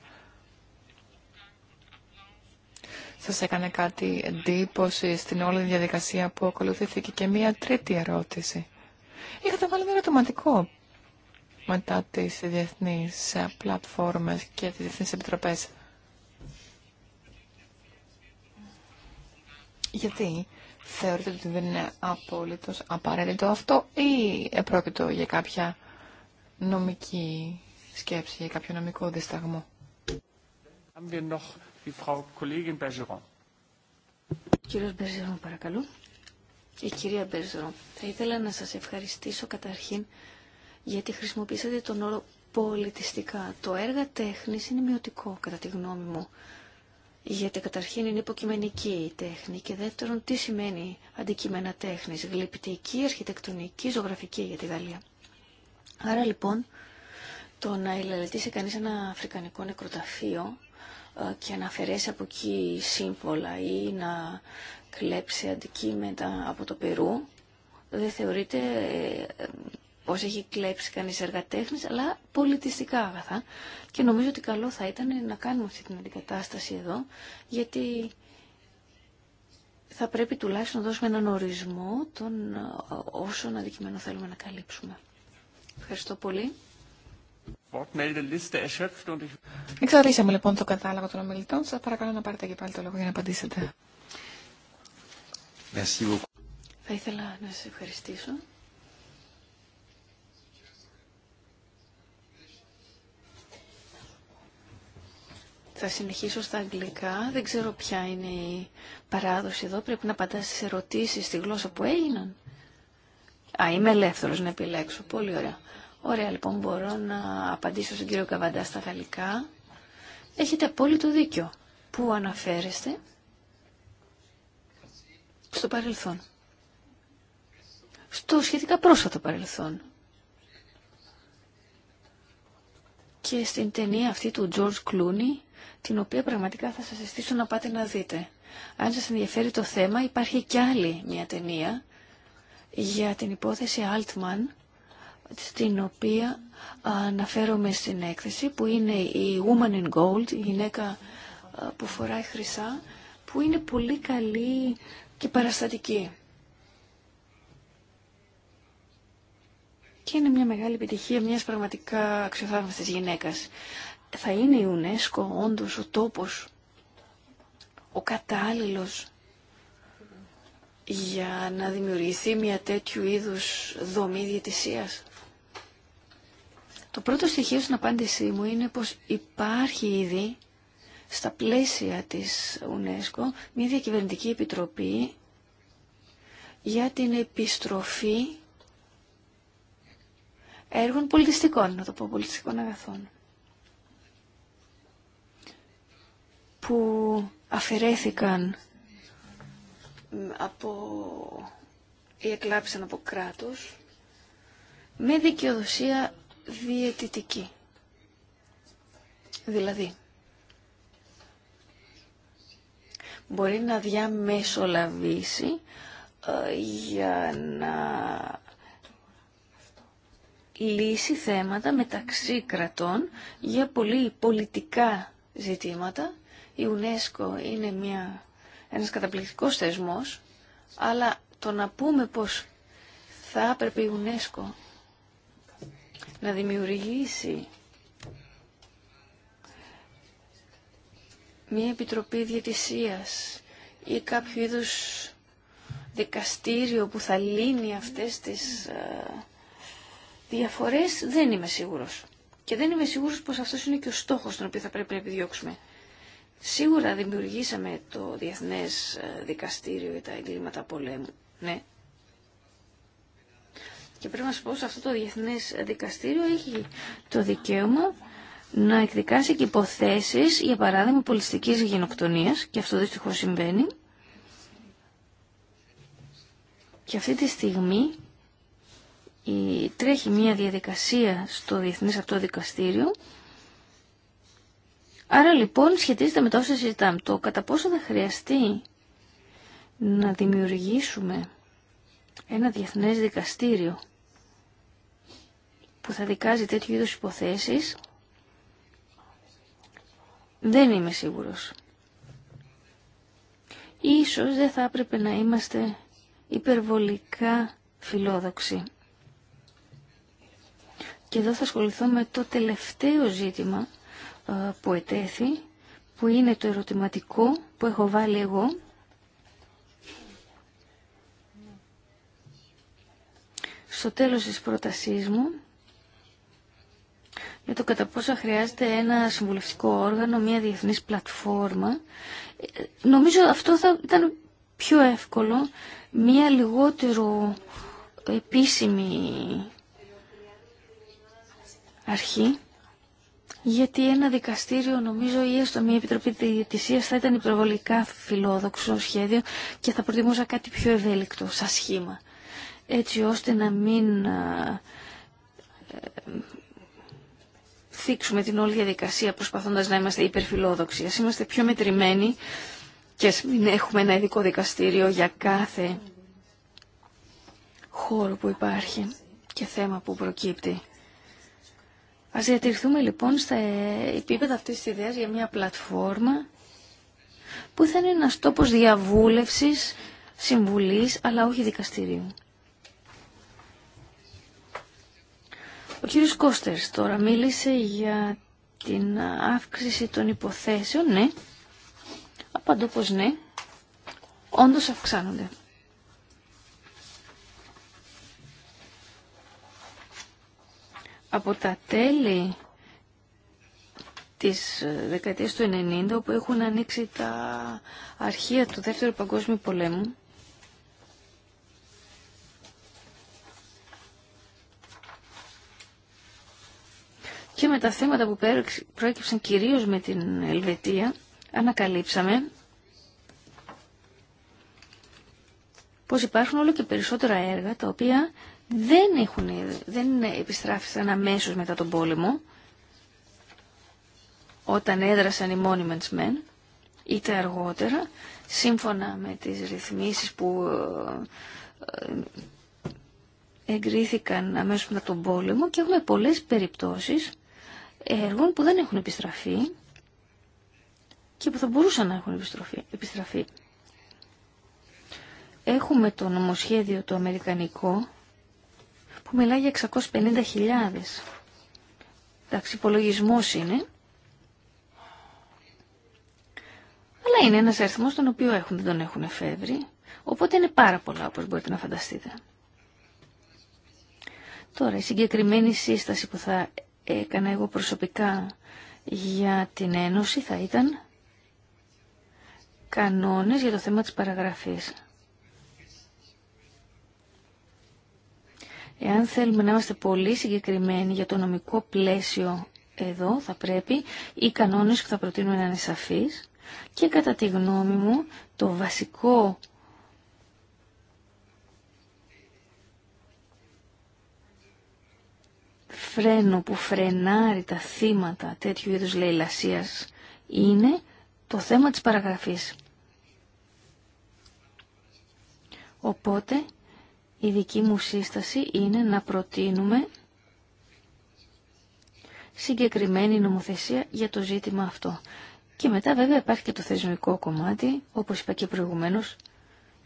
Σας έκανε κάτι εντύπωση στην όλη διαδικασία που ακολουθήθηκε και μία τρίτη ερώτηση. Είχατε βάλει ένα ερωτηματικό μετά τις διεθνείς πλατφόρμες και τι διεθνείς επιτροπές. Γιατί Θεωρείτε ότι δεν είναι απολύτως απαραίτητο αυτό απόλυτο νομική σκέψη, για κάποιο νομικό δισταγμό. Κύριος Μπερζερόν, παρακαλώ. Η κυρία Μπερζερόν, θα ήθελα να σας ευχαριστήσω καταρχήν γιατί χρησιμοποίησατε τον όρο πολιτιστικά. Το έργα τέχνης είναι μειωτικό, κατά τη γνώμη μου γιατί καταρχήν είναι υποκειμενική η τέχνη και δεύτερον τι σημαίνει αντικείμενα τέχνης, γλυπτική, αρχιτεκτονική, ζωγραφική για τη Γαλλία. Άρα λοιπόν το να ελελετήσει κανείς ένα αφρικανικό νεκροταφείο ε, και να αφαιρέσει από εκεί σύμβολα ή να κλέψει αντικείμενα από το Περού δεν θεωρείται ε, ε, πώς έχει κλέψει κανείς εργατέχνης, αλλά πολιτιστικά αγαθά. Και νομίζω ότι καλό θα ήταν να κάνουμε αυτή την αντικατάσταση εδώ, γιατί θα πρέπει τουλάχιστον να δώσουμε έναν ορισμό των ε, όσων αντικειμένων θέλουμε να καλύψουμε. Ευχαριστώ πολύ. Εξαρτήσαμε λοιπόν το κατάλογο των ομιλητών. Σας παρακαλώ να πάρετε και πάλι το λόγο για να απαντήσετε. θα ήθελα να σας ευχαριστήσω Θα συνεχίσω στα αγγλικά. Δεν ξέρω ποια είναι η παράδοση εδώ. Πρέπει να απαντάς στις ερωτήσεις στη γλώσσα που έγιναν. Α, είμαι ελεύθερος να επιλέξω. Πολύ ωραία. Ωραία, λοιπόν, μπορώ να απαντήσω στον κύριο Καβαντά στα γαλλικά. Έχετε απόλυτο δίκιο. Πού αναφέρεστε στο παρελθόν. Στο σχετικά πρόσφατο παρελθόν. Και στην ταινία αυτή του George Clooney την οποία πραγματικά θα σας αισθήσω να πάτε να δείτε. Αν σας ενδιαφέρει το θέμα, υπάρχει κι άλλη μια ταινία για την υπόθεση Altman, στην οποία αναφέρομαι στην έκθεση, που είναι η Woman in Gold, η γυναίκα που φοράει χρυσά, που είναι πολύ καλή και παραστατική. Και είναι μια μεγάλη επιτυχία μιας πραγματικά αξιοθαύμαστης γυναίκας θα είναι η UNESCO όντως ο τόπος, ο κατάλληλος για να δημιουργηθεί μια τέτοιου είδους δομή διετησίας. Το πρώτο στοιχείο στην απάντησή μου είναι πως υπάρχει ήδη στα πλαίσια της UNESCO μια διακυβερνητική επιτροπή για την επιστροφή έργων πολιτιστικών, να το πω πολιτιστικών αγαθών. που αφαιρέθηκαν από ή εκλάψαν από κράτος με δικαιοδοσία διαιτητική. Δηλαδή, μπορεί να διαμεσολαβήσει ε, για να λύσει θέματα μεταξύ κρατών για πολύ πολιτικά ζητήματα η UNESCO είναι μια, ένας καταπληκτικός θεσμός, αλλά το να πούμε πως θα έπρεπε η UNESCO να δημιουργήσει μια επιτροπή διαιτησίας ή κάποιο είδους δικαστήριο που θα λύνει αυτές τις ε, διαφορές, δεν είμαι σίγουρος. Και δεν είμαι σίγουρος πως αυτός είναι και ο στόχος τον οποίο θα πρέπει να επιδιώξουμε. Σίγουρα δημιουργήσαμε το Διεθνές ε, Δικαστήριο για τα Εγκλήματα Πολέμου. Ναι. Και πρέπει να σου πω ότι αυτό το Διεθνές Δικαστήριο έχει το δικαίωμα να εκδικάσει και υποθέσεις, για παράδειγμα, πολιστικής γενοκτονίας, και αυτό δυστυχώς συμβαίνει. Και αυτή τη στιγμή η, τρέχει μια διαδικασία στο Διεθνές Αυτό Δικαστήριο, Άρα λοιπόν σχετίζεται με το όσο συζητάμε. Το κατά πόσο θα χρειαστεί να δημιουργήσουμε ένα διεθνές δικαστήριο που θα δικάζει τέτοιου είδους υποθέσεις δεν είμαι σίγουρος. Ίσως δεν θα έπρεπε να είμαστε υπερβολικά φιλόδοξοι. Και εδώ θα ασχοληθώ με το τελευταίο ζήτημα που ετέθη, που είναι το ερωτηματικό που έχω βάλει εγώ. Στο τέλος της πρότασής μου, για το κατά πόσο χρειάζεται ένα συμβουλευτικό όργανο, μια διεθνής πλατφόρμα. Νομίζω αυτό θα ήταν πιο εύκολο, μια λιγότερο επίσημη αρχή γιατί ένα δικαστήριο νομίζω ή έστω μια επιτροπή διαιτησία θα ήταν υπερβολικά φιλόδοξο σχέδιο και θα προτιμούσα κάτι πιο ευέλικτο σαν σχήμα. Έτσι ώστε να μην ε, θίξουμε την όλη διαδικασία προσπαθώντας να είμαστε υπερφιλόδοξοι. Α είμαστε πιο μετρημένοι και μην έχουμε ένα ειδικό δικαστήριο για κάθε χώρο που υπάρχει και θέμα που προκύπτει. Ας διατηρηθούμε λοιπόν στα επίπεδα αυτής της ιδέας για μια πλατφόρμα που θα είναι ένας τόπος διαβούλευσης, συμβουλής, αλλά όχι δικαστηρίου. Ο κύριος Κώστερς τώρα μίλησε για την αύξηση των υποθέσεων, ναι. Απαντώ πως ναι. Όντως αυξάνονται. από τα τέλη της δεκαετίας του 90 όπου έχουν ανοίξει τα αρχεία του Δεύτερου Παγκόσμιου Πολέμου και με τα θέματα που προέκυψαν κυρίως με την Ελβετία ανακαλύψαμε πως υπάρχουν όλο και περισσότερα έργα τα οποία δεν, έχουν, δεν επιστράφησαν αμέσως μετά τον πόλεμο, όταν έδρασαν οι Monuments Men, είτε αργότερα, σύμφωνα με τις ρυθμίσεις που ε, εγκρίθηκαν αμέσως μετά τον πόλεμο και έχουμε πολλές περιπτώσεις έργων που δεν έχουν επιστραφεί και που θα μπορούσαν να έχουν επιστραφεί. Έχουμε το νομοσχέδιο το αμερικανικό που μιλάει για 650.000. Εντάξει, υπολογισμό είναι. Αλλά είναι ένας αριθμός τον οποίο έχουν, δεν τον έχουν εφεύρει. Οπότε είναι πάρα πολλά, όπως μπορείτε να φανταστείτε. Τώρα, η συγκεκριμένη σύσταση που θα έκανα εγώ προσωπικά για την Ένωση θα ήταν κανόνες για το θέμα της παραγραφής. Εάν θέλουμε να είμαστε πολύ συγκεκριμένοι για το νομικό πλαίσιο εδώ, θα πρέπει οι κανόνες που θα προτείνουμε να είναι σαφείς και κατά τη γνώμη μου το βασικό φρένο που φρενάρει τα θύματα τέτοιου είδους λαιλασίας είναι το θέμα της παραγραφής. Οπότε η δική μου σύσταση είναι να προτείνουμε συγκεκριμένη νομοθεσία για το ζήτημα αυτό. Και μετά βέβαια υπάρχει και το θεσμικό κομμάτι, όπως είπα και προηγουμένως,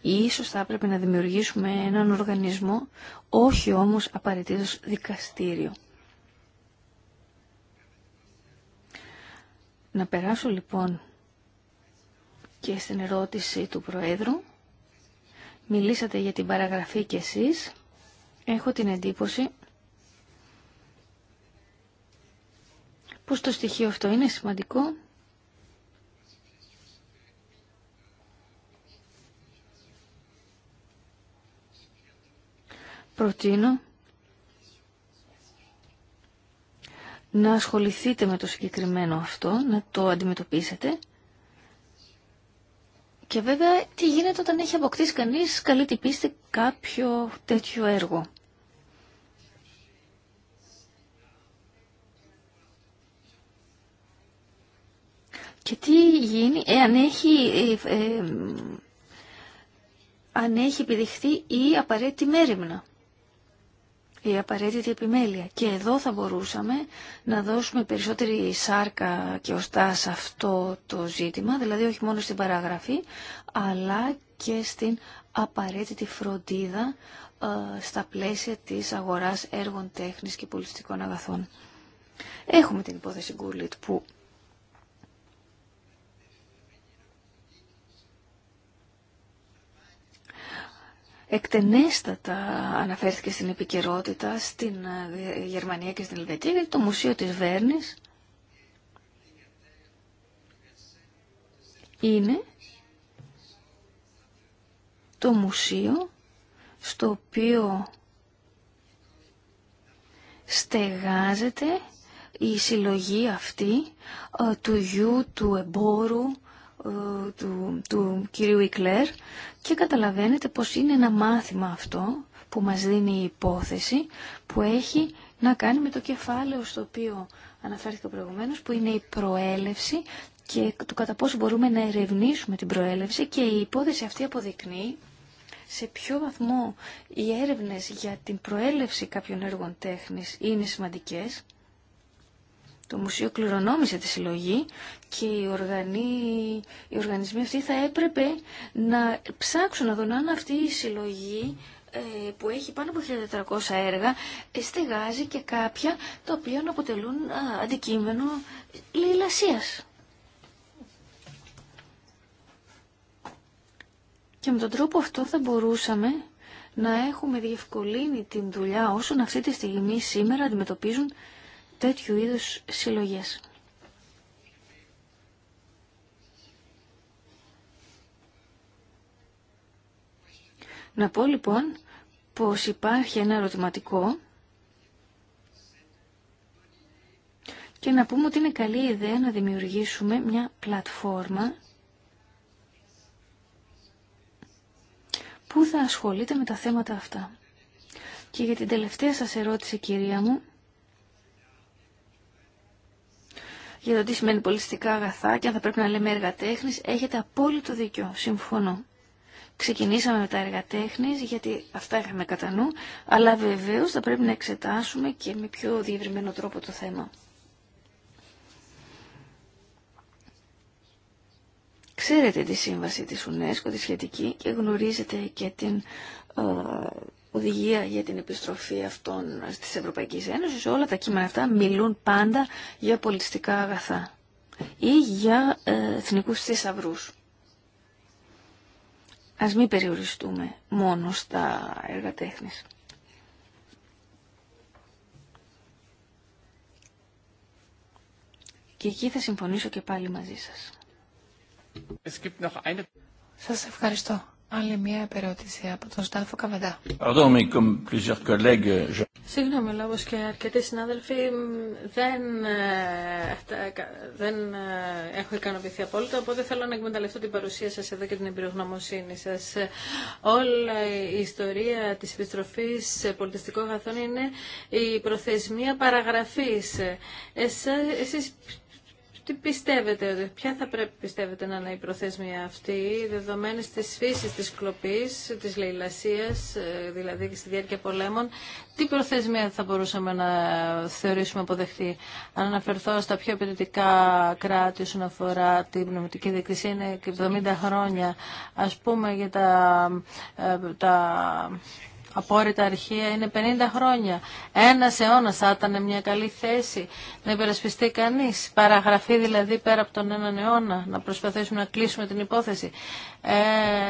ίσως θα έπρεπε να δημιουργήσουμε έναν οργανισμό, όχι όμως απαραίτητος δικαστήριο. Να περάσω λοιπόν και στην ερώτηση του Προέδρου μιλήσατε για την παραγραφή κι εσείς, έχω την εντύπωση πως το στοιχείο αυτό είναι σημαντικό προτείνω να ασχοληθείτε με το συγκεκριμένο αυτό, να το αντιμετωπίσετε και βέβαια τι γίνεται όταν έχει αποκτήσει κανεί καλή την πίστη κάποιο τέτοιο έργο. Και τι γίνει ε, αν έχει, ε, ε, αν έχει επιδειχθεί η απαραίτητη μέρημνα η απαραίτητη επιμέλεια. Και εδώ θα μπορούσαμε να δώσουμε περισσότερη σάρκα και οστά σε αυτό το ζήτημα, δηλαδή όχι μόνο στην παράγραφη, αλλά και στην απαραίτητη φροντίδα ε, στα πλαίσια της αγοράς έργων τέχνης και πολιτιστικών αγαθών. Έχουμε την υπόθεση Γκούλιτ που εκτενέστατα αναφέρθηκε στην επικαιρότητα στην ε, Γερμανία και στην Ελβετία, γιατί το Μουσείο της Βέρνης είναι το μουσείο στο οποίο στεγάζεται η συλλογή αυτή ε, του γιου του εμπόρου ε, του, κυρίου Ικλέρ και καταλαβαίνετε πως είναι ένα μάθημα αυτό που μας δίνει η υπόθεση που έχει να κάνει με το κεφάλαιο στο οποίο το προηγουμένως που είναι η προέλευση και το κατά πόσο μπορούμε να ερευνήσουμε την προέλευση και η υπόθεση αυτή αποδεικνύει σε ποιο βαθμό οι έρευνες για την προέλευση κάποιων έργων τέχνης είναι σημαντικές το μουσείο κληρονόμησε τη συλλογή και οι, οργανισμοί αυτοί θα έπρεπε να ψάξουν να δουν αν αυτή η συλλογή ε, που έχει πάνω από 1.400 έργα ε, στεγάζει και κάποια τα οποία αποτελούν αντικείμενο λαιλασίας. Και με τον τρόπο αυτό θα μπορούσαμε να έχουμε διευκολύνει την δουλειά όσων αυτή τη στιγμή σήμερα αντιμετωπίζουν τέτοιου είδους συλλογές. Να πω λοιπόν πως υπάρχει ένα ερωτηματικό και να πούμε ότι είναι καλή ιδέα να δημιουργήσουμε μια πλατφόρμα που θα ασχολείται με τα θέματα αυτά. Και για την τελευταία σας ερώτηση κυρία μου, για το τι σημαίνει πολιτιστικά αγαθά και αν θα πρέπει να λέμε εργατέχνης, έχετε απόλυτο δίκιο. Συμφωνώ. Ξεκινήσαμε με τα εργατέχνης γιατί αυτά είχαμε κατά νου, αλλά βεβαίω θα πρέπει να εξετάσουμε και με πιο διευρυμένο τρόπο το θέμα. Ξέρετε τη σύμβαση της UNESCO, τη σχετική, και γνωρίζετε και την ε, οδηγία για την επιστροφή αυτών της Ευρωπαϊκής Ένωση. όλα τα κείμενα αυτά μιλούν πάντα για πολιτιστικά αγαθά ή για ε, εθνικού θησαυρού. Ας μην περιοριστούμε μόνο στα έργα τέχνης. Και εκεί θα συμφωνήσω και πάλι μαζί σας. Σας ευχαριστώ. Άλλη μια επερώτηση από τον Στάνφο Καβαντά. Συγγνώμη, αλλά όπως και αρκετοί συνάδελφοι δεν, ε, δεν ε, έχω ικανοποιηθεί απόλυτα, οπότε θέλω να εκμεταλλευτώ την παρουσία σας εδώ και την εμπειρογνωμοσύνη σας. Όλη η ιστορία της επιστροφής πολιτιστικών αγαθών είναι η προθεσμία παραγραφής. εσείς τι πιστεύετε, ποια θα πρέπει πιστεύετε να είναι η προθέσμια αυτή, δεδομένης της φύσης της κλοπής, της λαιλασίας, ε, δηλαδή και στη διάρκεια πολέμων, τι προθέσμια θα μπορούσαμε να θεωρήσουμε αποδεχτή. Αν αναφερθώ στα πιο επενδυτικά κράτη όσον αφορά την πνευματική διεκτησία, είναι και 70 χρόνια, ας πούμε για τα, ε, τα απόρριτα αρχεία είναι 50 χρόνια. Ένα αιώνα θα ήταν μια καλή θέση να υπερασπιστεί κανεί. Παραγραφή δηλαδή πέρα από τον έναν αιώνα, να προσπαθήσουμε να κλείσουμε την υπόθεση.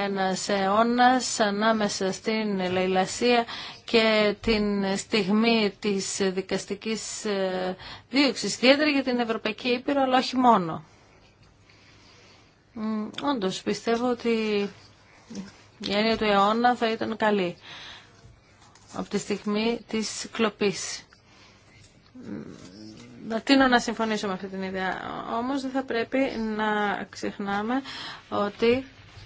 Ένα αιώνα ανάμεσα στην λαϊλασία και την στιγμή τη δικαστική ε, δίωξη. ιδιαίτερα για την Ευρωπαϊκή Ήπειρο, αλλά όχι μόνο. Όντω, πιστεύω ότι η έννοια του αιώνα θα ήταν καλή από τη στιγμή της κλοπής. Τίνω να συμφωνήσω με αυτή την ιδέα. Όμως δεν θα πρέπει να ξεχνάμε ότι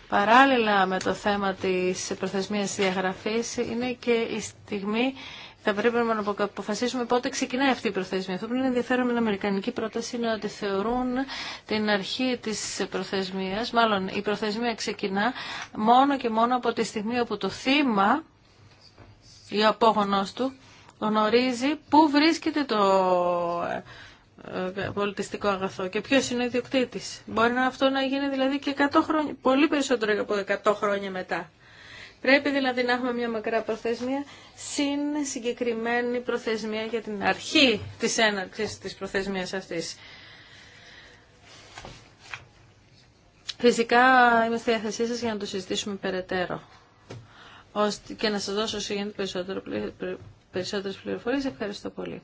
παράλληλα με το θέμα της προθεσμίας διαγραφής είναι και η στιγμή θα πρέπει να αποφασίσουμε πότε ξεκινάει αυτή η προθεσμία. Αυτό που είναι ενδιαφέρον με την Αμερικανική πρόταση είναι ότι θεωρούν την αρχή τη προθεσμία, μάλλον η προθεσμία ξεκινά μόνο και μόνο από τη στιγμή όπου το θύμα ή ο απόγονός του γνωρίζει πού βρίσκεται το ε, ε, πολιτιστικό αγαθό και ποιος είναι ο ιδιοκτήτης. Μπορεί να αυτό να γίνει δηλαδή και 100 χρόνια, πολύ περισσότερο από 100 χρόνια μετά. Πρέπει δηλαδή να έχουμε μια μακρά προθεσμία συν συγκεκριμένη προθεσμία για την αρχή της έναρξης της προθεσμίας αυτής. Φυσικά είμαι στη διάθεσή σας για να το συζητήσουμε περαιτέρω και να σας δώσω όσο γίνεται περισσότερες πληροφορίες. Ευχαριστώ πολύ.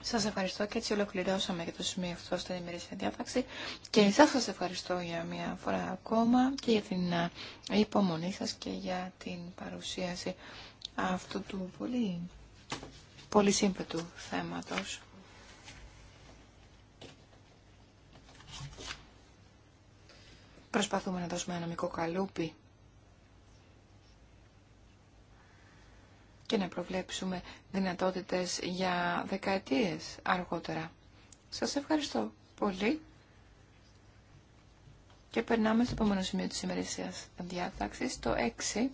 Σας ευχαριστώ και έτσι ολοκληρώσαμε για το σημείο αυτό στην ημερήσια διάταξη και σα σας ευχαριστώ για μια φορά ακόμα και για την ε, υπομονή σας και για την παρουσίαση αυτού του πολύ, πολύ σύμφετου θέματος. Προσπαθούμε να δώσουμε ένα μικρό καλούπι και να προβλέψουμε δυνατότητες για δεκαετίες αργότερα. Σας ευχαριστώ πολύ και περνάμε στο επόμενο σημείο της ημερήσιας διάταξης, το 6,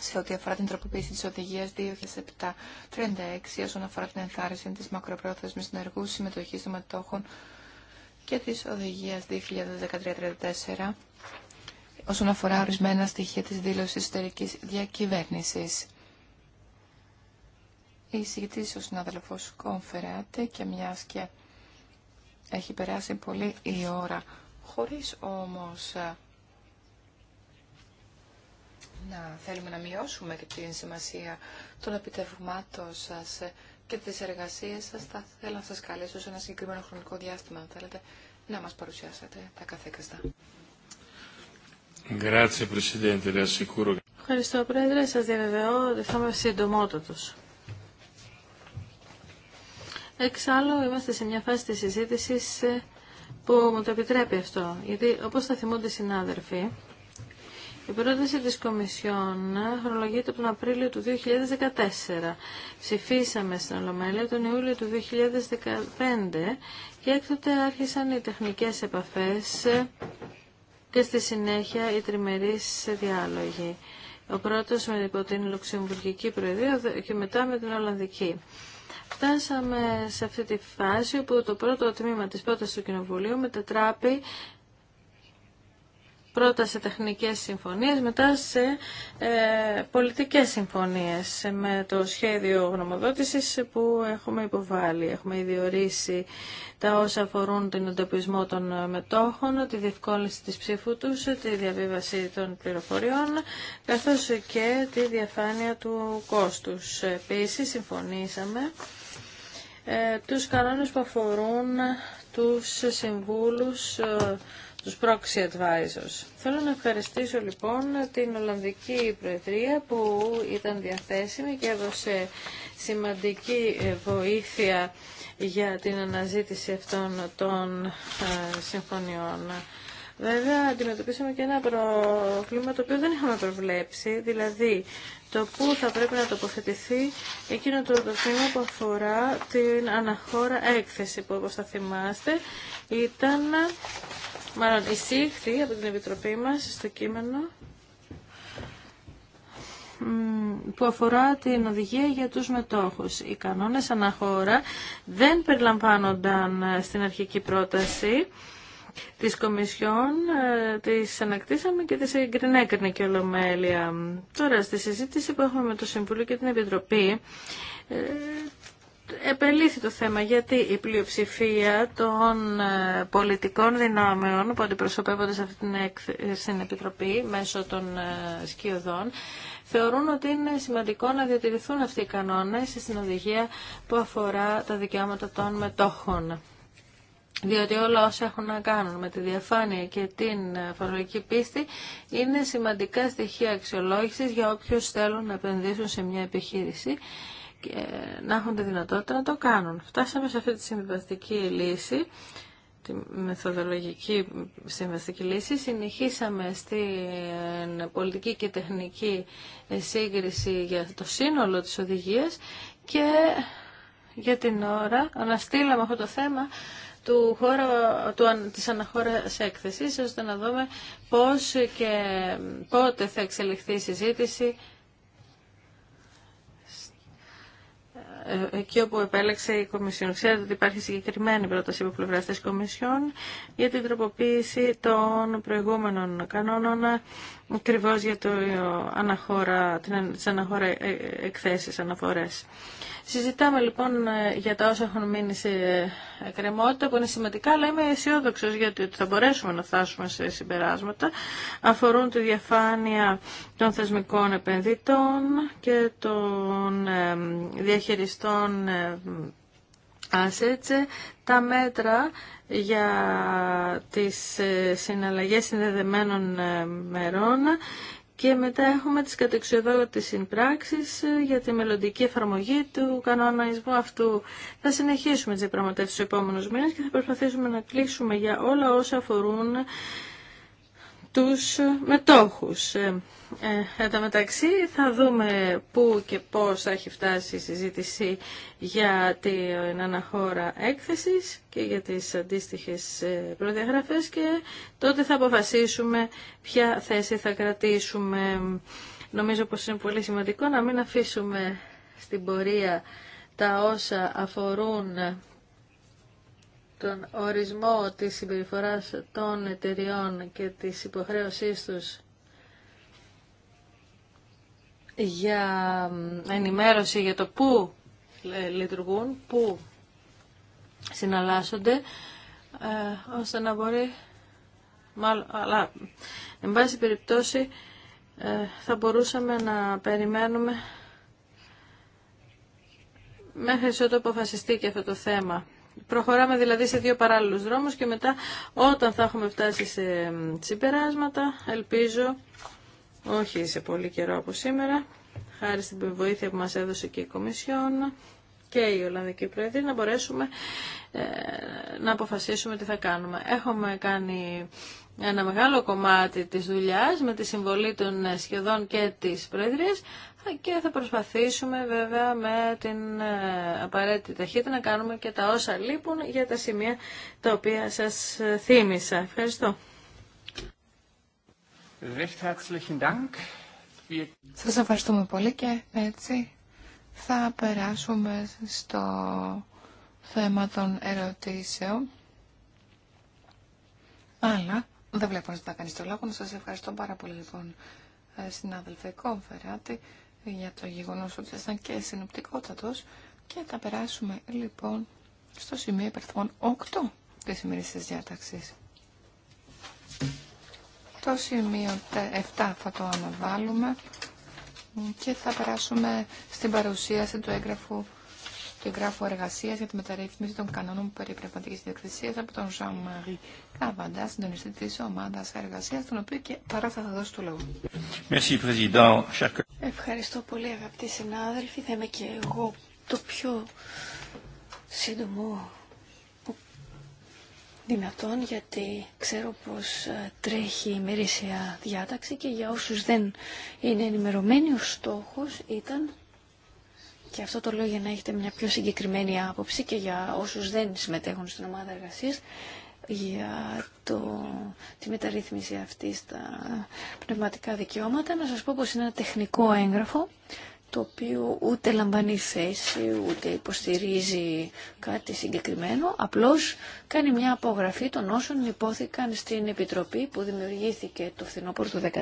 σε ό,τι αφορά την τροποποίηση της οδηγιας 2736, όσον αφορά την ενθάρρυνση της μακροπρόθεσμης συνεργού συμμετοχής των μετόχων και της Οδηγίας 2013-34 όσον αφορά ορισμένα στοιχεία της δήλωσης εσωτερικής διακυβέρνησης. Η συζητήση, ο συνάδελφος Κόμφεράτε και μιας και έχει περάσει πολύ η ώρα, χωρίς όμως ε, να θέλουμε να μειώσουμε και την σημασία των επιτευγμάτων σας ε, και τις εργασίες σας, θα θέλω να σας καλέσω σε ένα συγκεκριμένο χρονικό διάστημα, αν θέλετε, να μας παρουσιάσετε τα καθέκαστα. Ευχαριστώ, Πρόεδρε. Σας διαβεβαιώ ότι θα είμαι συντομότατος. Εξάλλου, είμαστε σε μια φάση της συζήτησης ε, που μου το επιτρέπει αυτό. Γιατί, όπως θα θυμούνται οι συνάδελφοι, η πρόταση της Κομισιόν χρονολογείται τον Απρίλιο του 2014. Ψηφίσαμε στην Ολομέλεια τον Ιούλιο του 2015 και έκτοτε άρχισαν οι τεχνικές επαφές και στη συνέχεια οι τριμερείς διάλογοι. Ο πρώτος με την Λουξεμβουργική Προεδρία και μετά με την Ολλανδική. Φτάσαμε σε αυτή τη φάση όπου το πρώτο τμήμα της πρότασης του Κοινοβουλίου μετατράπει πρώτα σε τεχνικές συμφωνίες, μετά σε ε, πολιτικές συμφωνίες με το σχέδιο γνωμοδότησης που έχουμε υποβάλει. Έχουμε ιδιορίσει τα όσα αφορούν τον εντοπισμό των μετόχων, τη διευκόλυνση της ψήφου τους, τη διαβίβαση των πληροφοριών, καθώς και τη διαφάνεια του κόστους. Επίσης, συμφωνήσαμε ε, τους κανόνες που αφορούν τους συμβούλους ε, τους proxy advisors. Θέλω να ευχαριστήσω λοιπόν την Ολλανδική Προεδρία που ήταν διαθέσιμη και έδωσε σημαντική ε, βοήθεια για την αναζήτηση αυτών των ε, συμφωνιών. Βέβαια, αντιμετωπίσαμε και ένα πρόβλημα το οποίο δεν είχαμε προβλέψει, δηλαδή το πού θα πρέπει να τοποθετηθεί εκείνο το θέμα που αφορά την αναχώρα έκθεση που όπως θα θυμάστε ήταν, μάλλον ερωτήμα που από την Επιτροπή μας στο κείμενο που αφορά την οδηγία για τους μετόχους. Οι κανόνες αναχώρα δεν περιλαμβάνονταν στην αρχική πρόταση της Κομισιόν ε, τις ανακτήσαμε και τις εγκρινέκρινε και ολομέλεια. Τώρα, στη συζήτηση που έχουμε με το Συμβούλιο και την Επιτροπή, ε, επελήθη το θέμα γιατί η πλειοψηφία των ε, πολιτικών δυνάμεων που αντιπροσωπεύονται σε αυτή την στην Επιτροπή μέσω των σκιωδών θεωρούν ότι είναι σημαντικό να διατηρηθούν αυτοί οι κανόνες στην οδηγία που αφορά τα δικαιώματα των μετόχων διότι όλα όσα έχουν να κάνουν με τη διαφάνεια και την φορολογική πίστη είναι σημαντικά στοιχεία αξιολόγησης για όποιους θέλουν να επενδύσουν σε μια επιχείρηση και να έχουν τη δυνατότητα να το κάνουν. Φτάσαμε σε αυτή τη συμβαστική λύση, τη μεθοδολογική συμβαστική λύση. Συνεχίσαμε στην πολιτική και τεχνική σύγκριση για το σύνολο της οδηγίας και για την ώρα αναστήλαμε αυτό το θέμα του χώρου του, της αναχώρας έκθεσης, ώστε να δούμε πώς και πότε θα εξελιχθεί η συζήτηση εκεί όπου επέλεξε η Κομισιόν. Ξέρετε ότι υπάρχει συγκεκριμένη πρόταση από πλευρά τη Κομισιόν για την τροποποίηση των προηγούμενων κανόνων ακριβώ για το ε, αναχώρα, τις αναχώρα ε, ε, εκθέσεις, αναφορές. Συζητάμε λοιπόν για τα όσα έχουν μείνει σε κρεμότητα που είναι σημαντικά, αλλά είμαι αισιόδοξο γιατί θα μπορέσουμε να φτάσουμε σε συμπεράσματα. Αφορούν τη διαφάνεια των θεσμικών επενδυτών και των διαχειριστών assets, τα μέτρα για τις ε, συναλλαγές συνδεδεμένων ε, μερών και μετά έχουμε τις κατεξιοδότητες συμπράξεις ε, για τη μελλοντική εφαρμογή του κανονισμού αυτού. Θα συνεχίσουμε τις διαπραγματεύσεις στους επόμενους μήνες και θα προσπαθήσουμε να κλείσουμε για όλα όσα αφορούν τους μετόχους. Ε, ε, εν τω μεταξύ θα δούμε πού και πώς έχει φτάσει η συζήτηση για την αναχώρα έκθεσης και για τις αντίστοιχες ε, προδιαγραφές και τότε θα αποφασίσουμε ποια θέση θα κρατήσουμε. Νομίζω πως είναι πολύ σημαντικό να μην αφήσουμε στην πορεία τα όσα αφορούν τον ορισμό της συμπεριφοράς των εταιριών και της υποχρέωσής τους για ενημέρωση για το πού λειτουργούν, πού συναλλάσσονται, ε, ώστε να μπορεί, αλλά, εν πάση περιπτώσει, ε, θα μπορούσαμε να περιμένουμε μέχρι ότου αποφασιστεί και αυτό το θέμα. Προχωράμε δηλαδή σε δύο παράλληλους δρόμους και μετά όταν θα έχουμε φτάσει σε συμπεράσματα, ελπίζω, όχι σε πολύ καιρό από σήμερα, χάρη στην βοήθεια που μας έδωσε και η Κομισιόν και η Ολλανδική Προεδρία, να μπορέσουμε ε, να αποφασίσουμε τι θα κάνουμε. Έχουμε κάνει ένα μεγάλο κομμάτι της δουλειάς με τη συμβολή των ε, σχεδόν και της Προεδρίας, ε, και θα προσπαθήσουμε βέβαια με την ε, απαραίτητη ταχύτητα να κάνουμε και τα όσα λείπουν για τα σημεία τα οποία σας ε, θύμισα. Ευχαριστώ. Σας ευχαριστούμε πολύ και έτσι θα περάσουμε στο θέμα των ερωτήσεων. Αλλά δεν βλέπω να τα κανείς το λόγο. Σας ευχαριστώ πάρα πολύ λοιπόν συνάδελφε Κόμφεράτη για το γεγονός ότι ήταν και συνοπτικότατος και θα περάσουμε λοιπόν στο σημείο υπερθμών 8 της ημερήσιας διάταξης. Το σημείο 7 θα το αναβάλουμε και θα περάσουμε στην παρουσίαση του έγγραφου του γράφω εργασία για τη μεταρρύθμιση των κανόνων περί πνευματική από τον Ζαν Καβαντά, συντονιστή τη ομάδα εργασία, τον οποίο και παρά θα δώσω το λόγο. Ευχαριστώ πολύ, αγαπητοί συνάδελφοι. Θα είμαι και εγώ το πιο σύντομο δυνατόν γιατί ξέρω πως ε, τρέχει η ημερήσια διάταξη και για όσους δεν είναι ενημερωμένοι ο στόχος ήταν και αυτό το λέω για να έχετε μια πιο συγκεκριμένη άποψη και για όσους δεν συμμετέχουν στην ομάδα εργασίας για το, τη μεταρρύθμιση αυτή στα πνευματικά δικαιώματα. Να σας πω πως είναι ένα τεχνικό έγγραφο το οποίο ούτε λαμβάνει θέση, ούτε υποστηρίζει κάτι συγκεκριμένο, απλώς κάνει μια απογραφή των όσων υπόθηκαν στην Επιτροπή που δημιουργήθηκε το φθινόπωρο του 2014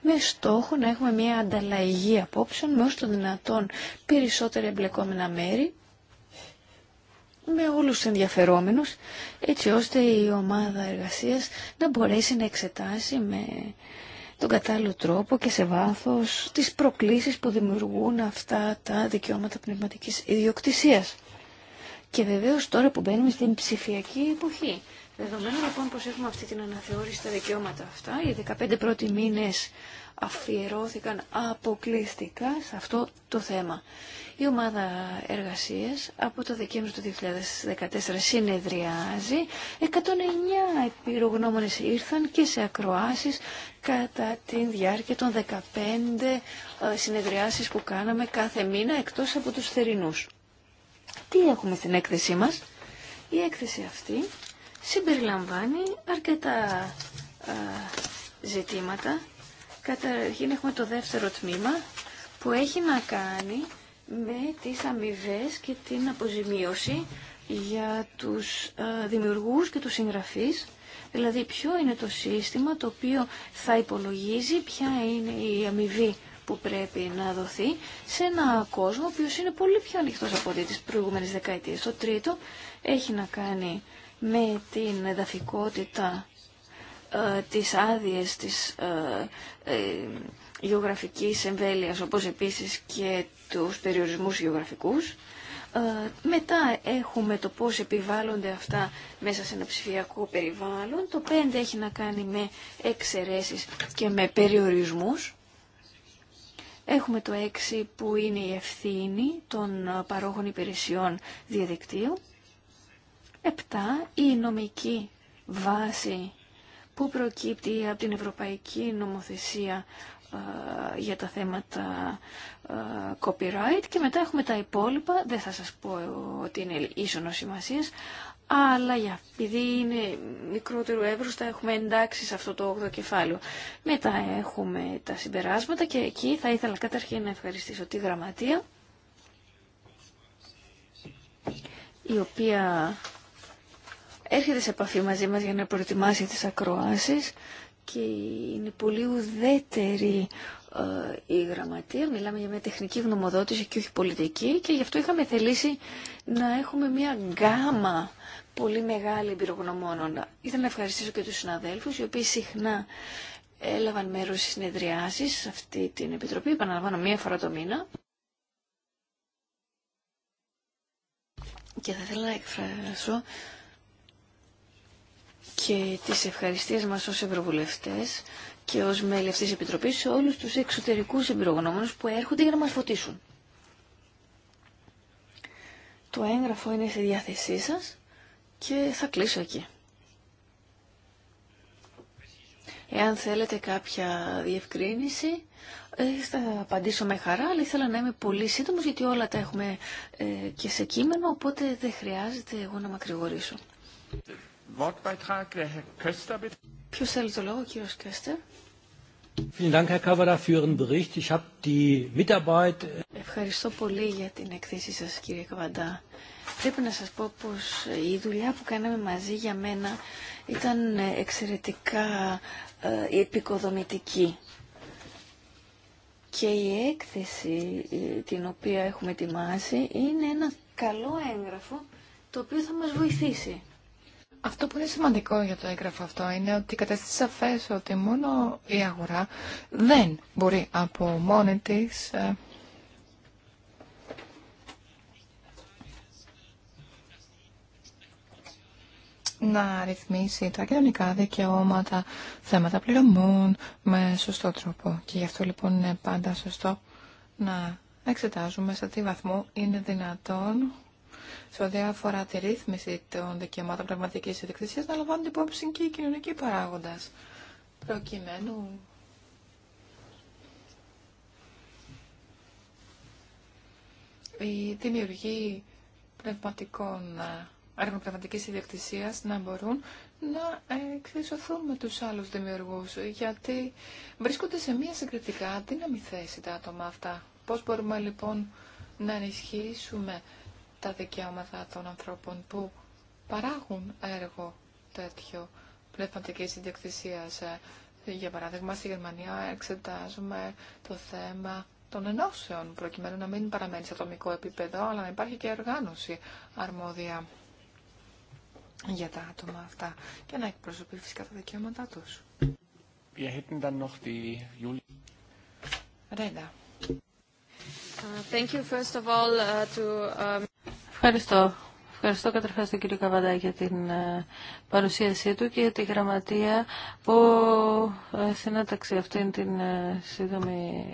με στόχο να έχουμε μια ανταλλαγή απόψεων με όσο το δυνατόν περισσότερα εμπλεκόμενα μέρη με όλους τους ενδιαφερόμενους έτσι ώστε η ομάδα εργασίας να μπορέσει να εξετάσει με τον κατάλληλο τρόπο και σε βάθος τις προκλήσεις που δημιουργούν αυτά τα δικαιώματα πνευματικής ιδιοκτησίας. Και βεβαίως τώρα που μπαίνουμε στην ψηφιακή εποχή. Δεδομένου λοιπόν πως έχουμε αυτή την αναθεώρηση στα δικαιώματα αυτά, οι 15 πρώτοι μήνες αφιερώθηκαν αποκλειστικά σε αυτό το θέμα. Η ομάδα εργασίες από το Δεκέμβριο του 2014 συνεδριάζει. 109 επιρρογνώμονες ήρθαν και σε ακροάσεις κατά τη διάρκεια των 15 ε, συνεδριάσεις που κάναμε κάθε μήνα εκτός από τους θερινούς. Τι έχουμε στην έκθεσή μας. Η έκθεση αυτή συμπεριλαμβάνει αρκετά ε, ζητήματα Καταρχήν έχουμε το δεύτερο τμήμα που έχει να κάνει με τις αμοιβέ και την αποζημίωση για τους ε, δημιουργούς και τους συγγραφείς. Δηλαδή ποιο είναι το σύστημα το οποίο θα υπολογίζει ποια είναι η αμοιβή που πρέπει να δοθεί σε ένα κόσμο ο είναι πολύ πιο ανοιχτός από ό,τι τις προηγούμενες δεκαετίες. Το τρίτο έχει να κάνει με την εδαφικότητα ε, τις άδειες της ε, ε, γεωγραφικής εμβέλειας, όπως επίσης και τους περιορισμούς γεωγραφικούς. Μετά έχουμε το πώς επιβάλλονται αυτά μέσα σε ένα ψηφιακό περιβάλλον. Το 5 έχει να κάνει με εξαιρέσεις και με περιορισμούς. Έχουμε το 6 που είναι η ευθύνη των παρόχων υπηρεσιών διαδικτύου. 7 η νομική βάση που προκύπτει από την Ευρωπαϊκή Νομοθεσία ε, για τα θέματα ε, copyright και μετά έχουμε τα υπόλοιπα, δεν θα σας πω ότι είναι ίσονο σημασία. αλλά για, επειδή είναι μικρότερο εύρος τα έχουμε εντάξει σε αυτό το 8ο κεφάλαιο. Μετά έχουμε τα συμπεράσματα και εκεί θα ήθελα καταρχήν να ευχαριστήσω τη γραμματεία η οποία έρχεται σε επαφή μαζί μας για να προετοιμάσει τις ακροάσεις και είναι πολύ ουδέτερη ε, η γραμματεία. Μιλάμε για μια τεχνική γνωμοδότηση και όχι πολιτική και γι' αυτό είχαμε θελήσει να έχουμε μια γκάμα πολύ μεγάλη εμπειρογνωμόνων. Ήθελα να ευχαριστήσω και τους συναδέλφους, οι οποίοι συχνά έλαβαν μέρος στις συνεδριάσεις σε αυτή την Επιτροπή, επαναλαμβάνω μία φορά το μήνα. Και θα ήθελα να εκφράσω και τις ευχαριστίες μας ως Ευρωβουλευτές και ως μέλη αυτής Επιτροπής σε όλους τους εξωτερικούς εμπειρογνώμονες που έρχονται για να μας φωτίσουν. Το έγγραφο είναι στη διάθεσή σας και θα κλείσω εκεί. Εάν θέλετε κάποια διευκρίνηση, ε, θα απαντήσω με χαρά, αλλά ήθελα να είμαι πολύ σύντομο γιατί όλα τα έχουμε ε, και σε κείμενο, οπότε δεν χρειάζεται εγώ να μακρηγορήσω. Ποιο θέλει το λόγο, κύριος Κέστερ. Äh, Ευχαριστώ πολύ για την εκθέση σα, κύριε Καβαντά. Πρέπει να σα πω πω η δουλειά που κάναμε μαζί για μένα ήταν ε, εξαιρετικά ε, επικοδομητική. Και η έκθεση ε, την οποία έχουμε ετοιμάσει είναι ένα καλό έγγραφο το οποίο θα μας βοηθήσει. Αυτό που είναι σημαντικό για το έγγραφο αυτό είναι ότι καταστήσει σαφές ότι μόνο η αγορά δεν μπορεί από μόνη της ε, να ρυθμίσει τα κοινωνικά δικαιώματα, θέματα πληρωμών με σωστό τρόπο. Και γι' αυτό λοιπόν είναι πάντα σωστό να εξετάζουμε σε τι βαθμό είναι δυνατόν σε ό,τι αφορά τη ρύθμιση των δικαιωμάτων πραγματική ιδιοκτησία, να την υπόψη και οι κοινωνικοί παράγοντε. Προκειμένου οι δημιουργοί πνευματικών ε, έργων πνευματική ιδιοκτησία να μπορούν να εξισωθούν με τους άλλους δημιουργού. γιατί βρίσκονται σε μια συγκριτικά δύναμη θέση τα άτομα αυτά. Πώ μπορούμε λοιπόν να ενισχύσουμε τα δικαιώματα των ανθρώπων που παράγουν έργο τέτοιο πνευματικής ιδιοκτησίας. Ε, για παράδειγμα, στη Γερμανία εξετάζουμε το θέμα των ενώσεων, προκειμένου να μην παραμένει σε ατομικό επίπεδο, αλλά να υπάρχει και οργάνωση αρμόδια για τα άτομα αυτά και να εκπροσωπεί φυσικά τα δικαιώματά τους. Wir Uh, um, Ευχαριστώ. Ευχαριστώ καταρχάς τον κύριο Καβαντά για την ε, παρουσίασή του και για τη γραμματεία που ε, συνέταξε αυτήν την ε, σύντομη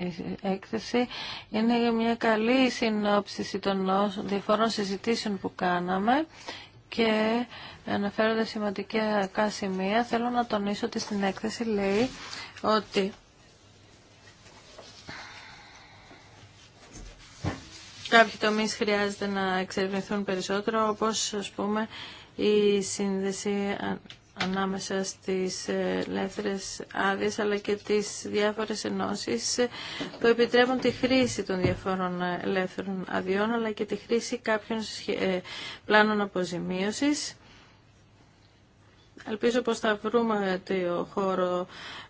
έκθεση. Είναι μια καλή συνόψηση των διαφορών συζητήσεων που κάναμε και αναφέροντας σημαντικά σημεία θέλω να τονίσω ότι στην έκθεση λέει ότι Κάποιοι τομείς χρειάζεται να εξερευνηθούν περισσότερο, όπως α πούμε η σύνδεση ανάμεσα στις ε, ελεύθερε άδειες αλλά και τις διάφορες ενώσεις ε, που επιτρέπουν τη χρήση των διαφόρων ε, ελεύθερων αδειών αλλά και τη χρήση κάποιων πλάνων αποζημίωσης Ελπίζω πως θα βρούμε το χώρο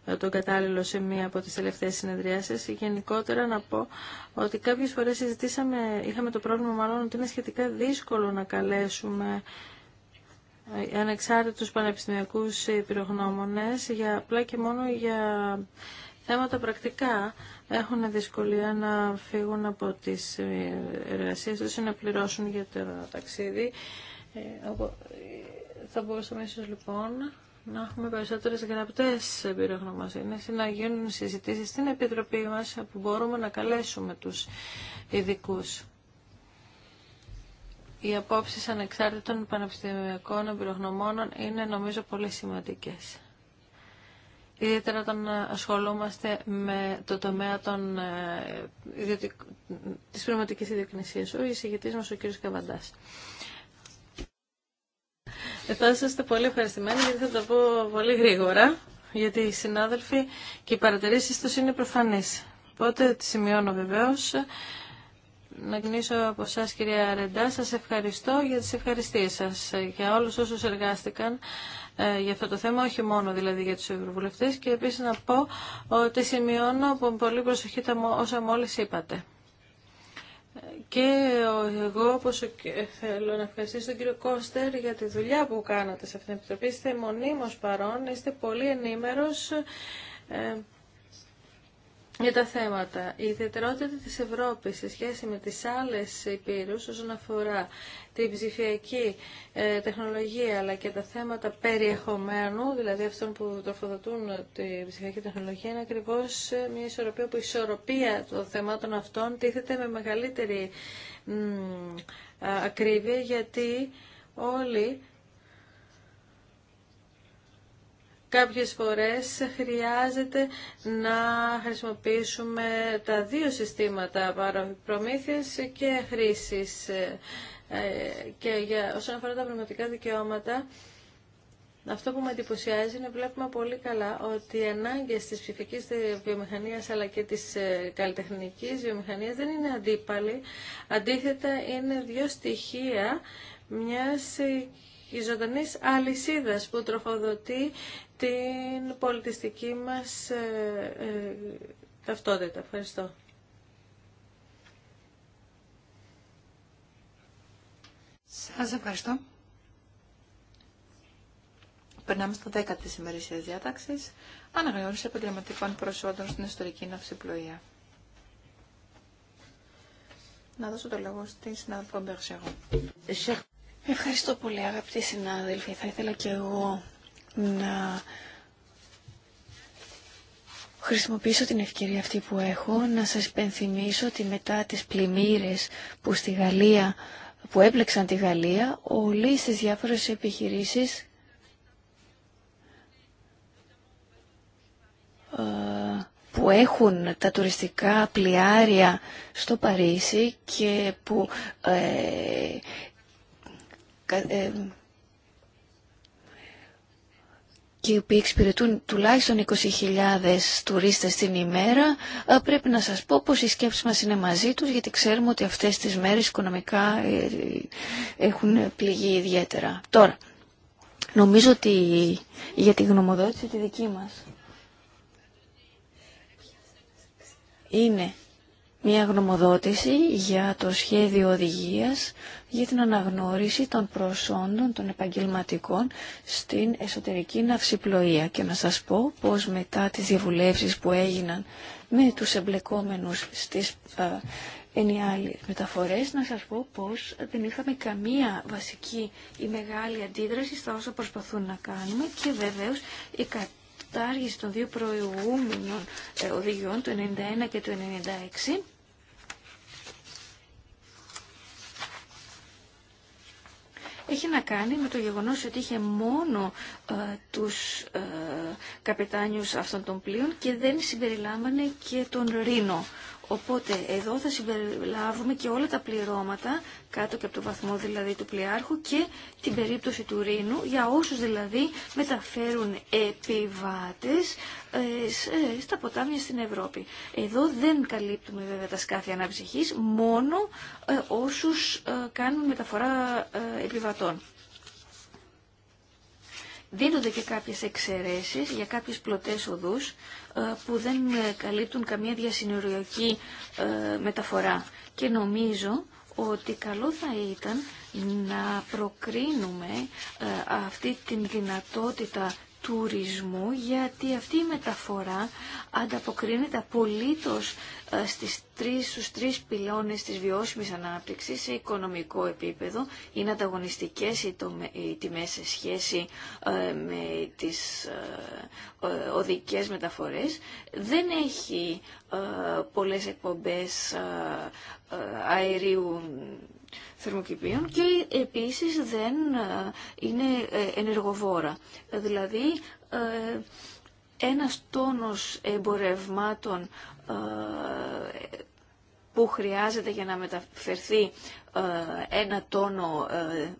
ε, τον κατάλληλο σε μία από τις τελευταίες συνεδριάσεις. Γενικότερα να πω ότι κάποιες φορές συζητήσαμε, είχαμε το πρόβλημα μάλλον ότι είναι σχετικά δύσκολο να καλέσουμε ε, ανεξάρτητους πανεπιστημιακούς πυρογνώμονες για, απλά και μόνο για θέματα πρακτικά έχουν δυσκολία να φύγουν από τις ε, εργασίες τους ή να πληρώσουν για το ταξίδι θα μπορούσαμε ίσως λοιπόν να έχουμε περισσότερες γραπτές εμπειρογνωμοσύνες ή να γίνουν συζητήσεις στην Επιτροπή μας που μπορούμε να καλέσουμε τους ειδικού. Οι απόψεις ανεξάρτητων πανεπιστημιακών εμπειρογνωμόνων είναι νομίζω πολύ σημαντικές. Ιδιαίτερα όταν ασχολούμαστε με το τομέα των, ε, ιδιωτικ... της πνευματικής Ο εισηγητής μας ο κ. Καβαντάς θα είστε πολύ ευχαριστημένοι γιατί θα το πω πολύ γρήγορα, γιατί οι συνάδελφοι και οι παρατηρήσει του είναι προφανεί. Οπότε τη σημειώνω βεβαίω Να κλείσω από εσά, κυρία Ρεντά. Σα ευχαριστώ για τι ευχαριστίε σα, για όλου όσου εργάστηκαν ε, για αυτό το θέμα, όχι μόνο δηλαδή για του ευρωβουλευτέ. Και επίση να πω ότι σημειώνω από πολύ προσοχή όσα μόλι είπατε. Και εγώ όπως θέλω να ευχαριστήσω τον κύριο Κώστερ για τη δουλειά που κάνατε σε αυτήν την επιτροπή. Είστε μονίμως παρόν, είστε πολύ ενήμερος. Ε, για τα θέματα. Η ιδιαιτερότητα της Ευρώπης σε σχέση με τις άλλες υπήρους όσον αφορά την ψηφιακή ε, τεχνολογία αλλά και τα θέματα περιεχομένου, δηλαδή αυτών που τροφοδοτούν τη ψηφιακή τεχνολογία, είναι ακριβώς ε, μια ισορροπία που η ισορροπία των θεμάτων αυτών τίθεται με μεγαλύτερη ακρίβεια γιατί όλοι Κάποιες φορές χρειάζεται να χρησιμοποιήσουμε τα δύο συστήματα προμήθειας και χρήσης. Ε, και για, όσον αφορά τα πνευματικά δικαιώματα, αυτό που με εντυπωσιάζει είναι βλέπουμε πολύ καλά ότι οι ανάγκε τη ψηφικής βιομηχανία αλλά και της ε, καλλιτεχνική βιομηχανία δεν είναι αντίπαλοι. Αντίθετα, είναι δύο στοιχεία μιας η ζωντανή αλυσίδα που τροφοδοτεί την πολιτιστική μας ε, ε, ταυτότητα. Ευχαριστώ. Σας ευχαριστώ. Περνάμε στο 10 της ημερησίας διάταξης. Αναγνώριση επαγγελματικών προσόντων στην ιστορική ναυσιπλοεία. Να δώσω το λόγο στην συνάδελφο Μπερσέγο. Ευχαριστώ πολύ αγαπητοί συνάδελφοι. Θα ήθελα και εγώ να χρησιμοποιήσω την ευκαιρία αυτή που έχω να σας υπενθυμίσω ότι μετά τις πλημμύρες που στη Γαλλία που έπλεξαν τη Γαλλία, όλοι στις διάφορες επιχειρήσεις ε, που έχουν τα τουριστικά πλοιάρια στο Παρίσι και που ε, ε, και οι οποίοι εξυπηρετούν τουλάχιστον 20.000 τουρίστες την ημέρα, ε, πρέπει να σας πω πως η σκέψη μας είναι μαζί τους, γιατί ξέρουμε ότι αυτές τις μέρες οικονομικά ε, έχουν πληγεί ιδιαίτερα. Τώρα, νομίζω ότι για τη γνωμοδότηση τη δική μας είναι μια γνωμοδότηση για το σχέδιο οδηγίας για την αναγνώριση των προσόντων των επαγγελματικών στην εσωτερική ναυσιπλοεία και να σας πω πως μετά τις διαβουλεύσεις που έγιναν με τους εμπλεκόμενους στις ενιάλειες μεταφορές να σας πω πως δεν είχαμε καμία βασική ή μεγάλη αντίδραση στα όσα προσπαθούν να κάνουμε και βεβαίως η μεγαλη αντιδραση στα οσα προσπαθουν να κανουμε και βεβαιως η κατάργηση των δύο προηγούμενων ε, οδηγιών, του 91 και του 96, έχει να κάνει με το γεγονός ότι είχε μόνο ε, τους ε, καπετάνιους αυτών των πλοίων και δεν συμπεριλάμβανε και τον Ρήνο. Οπότε εδώ θα συμπεριλάβουμε και όλα τα πληρώματα, κάτω και από το βαθμό δηλαδή του πλειάρχου και την περίπτωση του ρήνου, για όσους δηλαδή μεταφέρουν επιβάτες ε, στα ποτάμια στην Ευρώπη. Εδώ δεν καλύπτουμε βέβαια τα σκάφη αναψυχής, μόνο ε, όσους ε, κάνουν μεταφορά επιβατών. Δίνονται και κάποιες εξαιρέσεις για κάποιες πλωτές οδούς ε, που δεν ε, καλύπτουν καμία διασυνοριακή ε, μεταφορά. Και νομίζω ότι καλό θα ήταν να προκρίνουμε αυτή την δυνατότητα τουρισμού γιατί αυτή η μεταφορά ανταποκρίνεται απολύτως ε, στις τρεις, στους τρεις πυλώνες της βιώσιμης ανάπτυξης σε οικονομικό επίπεδο. Είναι ανταγωνιστικές οι, τιμές σε σχέση ε, με τις ε, οδικές μεταφορές. Δεν έχει πολλές εκπομπές αερίου θερμοκηπίων και επίσης δεν ε, είναι ε, ενεργοβόρα. Δηλαδή ε, ένας τόνος εμπορευμάτων που χρειάζεται για να μεταφερθεί ένα τόνο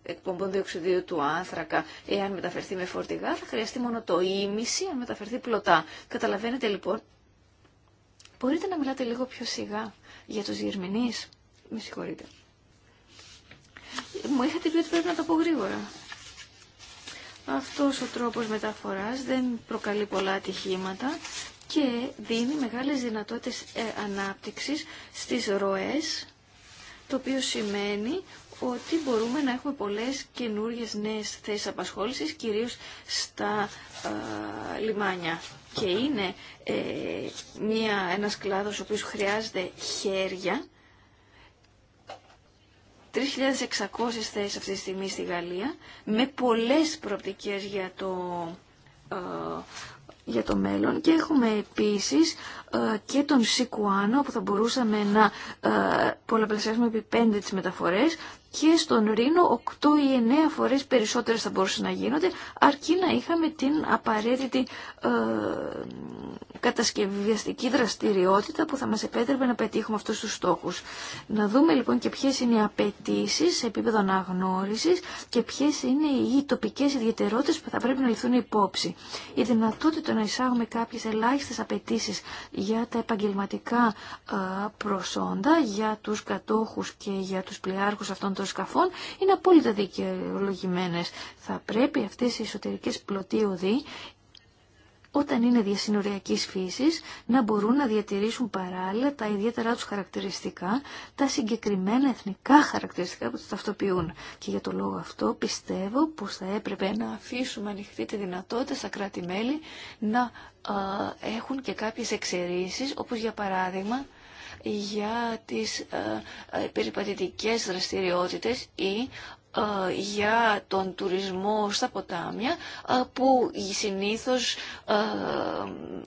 εκπομπών διοξιδίου του άνθρακα, εάν μεταφερθεί με φορτηγά, θα χρειαστεί μόνο το ίμιση αν μεταφερθεί πλωτά. Καταλαβαίνετε λοιπόν, μπορείτε να μιλάτε λίγο πιο σιγά για τους γερμηνείς Με συγχωρείτε μου είχατε πει ότι πρέπει να το πω γρήγορα. Αυτός ο τρόπος μεταφοράς δεν προκαλεί πολλά ατυχήματα και δίνει μεγάλες δυνατότητες ε, ανάπτυξης στις ροές, το οποίο σημαίνει ότι μπορούμε να έχουμε πολλές καινούργιες νέες θέσεις απασχόλησης, κυρίως στα ε, λιμάνια. Και είναι ε, μια, ένας κλάδος ο οποίος χρειάζεται χέρια, 3.600 θέσεις αυτή τη στιγμή στη Γαλλία, με πολλές προοπτικές για το, ε, για το μέλλον και έχουμε επίσης ε, και τον Σικουάνο που θα μπορούσαμε να ε, πολλαπλασιάσουμε επί πέντε τις μεταφορές και στον Ρήνο 8 ή 9 φορές περισσότερες θα μπορούσαν να γίνονται αρκεί να είχαμε την απαραίτητη ε, κατασκευαστική δραστηριότητα που θα μας επέτρεπε να πετύχουμε αυτούς τους στόχους. Να δούμε λοιπόν και ποιες είναι οι απαιτήσει σε επίπεδο αναγνώριση και ποιες είναι οι τοπικές ιδιαιτερότητες που θα πρέπει να ληφθούν υπόψη. Η δυνατότητα να εισάγουμε κάποιες ελάχιστες απαιτήσει για τα επαγγελματικά ε, προσόντα, για τους κατόχους και για τους πλειάρχους αυτών των σκαφών είναι απόλυτα δικαιολογημένες. Θα πρέπει αυτές οι εσωτερικές πλωτοί όταν είναι διασυνοριακής φύσης, να μπορούν να διατηρήσουν παράλληλα τα ιδιαίτερά του χαρακτηριστικά, τα συγκεκριμένα εθνικά χαρακτηριστικά που του ταυτοποιούν. Και για το λόγο αυτό πιστεύω πως θα έπρεπε να αφήσουμε ανοιχτή τη δυνατότητα στα κράτη-μέλη να έχουν και κάποιες εξαιρήσει, όπως για παράδειγμα για τις ε, ε, περιπατητικές δραστηριότητες ή ε, για τον τουρισμό στα ποτάμια ε, που συνήθως ε,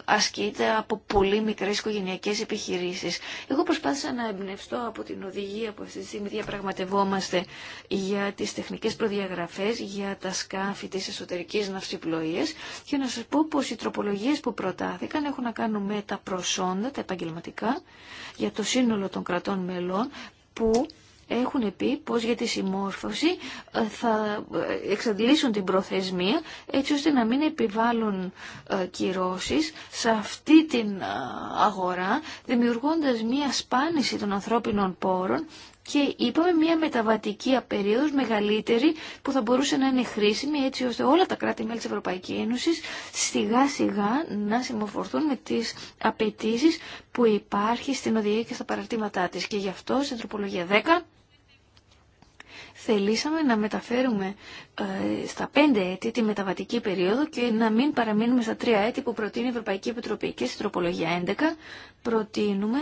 ασκείται από πολύ μικρές οικογενειακές επιχειρήσεις. Εγώ προσπάθησα να εμπνευστώ από την οδηγία που αυτή τη στιγμή διαπραγματευόμαστε για τις τεχνικές προδιαγραφές για τα σκάφη της εσωτερικής ναυσιπλοείας και να σας πω πως οι τροπολογίες που προτάθηκαν έχουν να κάνουν με τα προσόντα, τα επαγγελματικά, για το σύνολο των κρατών μελών που έχουν πει πως για τη συμμόρφωση ε, θα ε, εξαντλήσουν την προθεσμία έτσι ώστε να μην επιβάλλουν ε, κυρώσεις σε αυτή την αγορά δημιουργώντας μία σπάνιση των ανθρώπινων πόρων και είπαμε μια μεταβατική απερίοδος μεγαλύτερη που θα μπορούσε να είναι χρήσιμη έτσι ώστε όλα τα κράτη-μέλη της Ευρωπαϊκής Ένωσης σιγά σιγά να συμμορφωθούν με τις απαιτήσει που υπάρχει στην οδηγία και στα παραρτήματά της. Και γι' αυτό στην τροπολογία 10 θελήσαμε να μεταφέρουμε ε, στα πέντε έτη τη μεταβατική περίοδο και να μην παραμείνουμε στα τρία έτη που προτείνει η Ευρωπαϊκή Επιτροπή. Και στην τροπολογία 11 προτείνουμε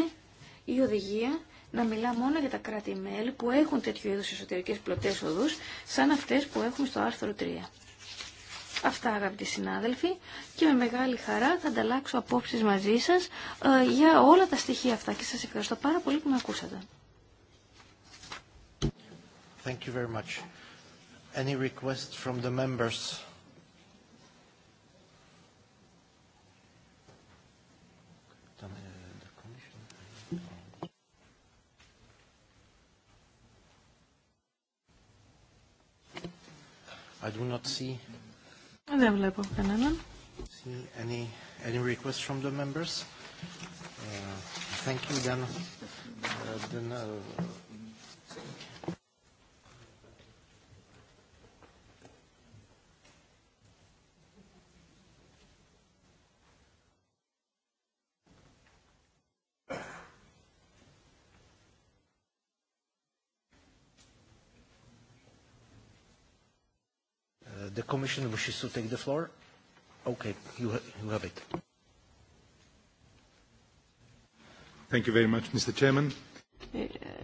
η οδηγία να μιλά μόνο για τα κράτη-μέλη που έχουν τέτοιου είδους εσωτερικές πλωτές οδούς, σαν αυτές που έχουμε στο άρθρο 3. Αυτά αγαπητοί συνάδελφοι και με μεγάλη χαρά θα ανταλλάξω απόψεις μαζί σας ε, για όλα τα στοιχεία αυτά και σας ευχαριστώ πάρα πολύ που με ακούσατε. Thank you very much. Any I do not see... Δεν βλέπω κανέναν. See any, any requests from the members? Uh, thank you, then. Uh, then uh, Uh, the Commission wishes to take the floor. Okay, you, you have it. Thank you very much, Mr. Chairman.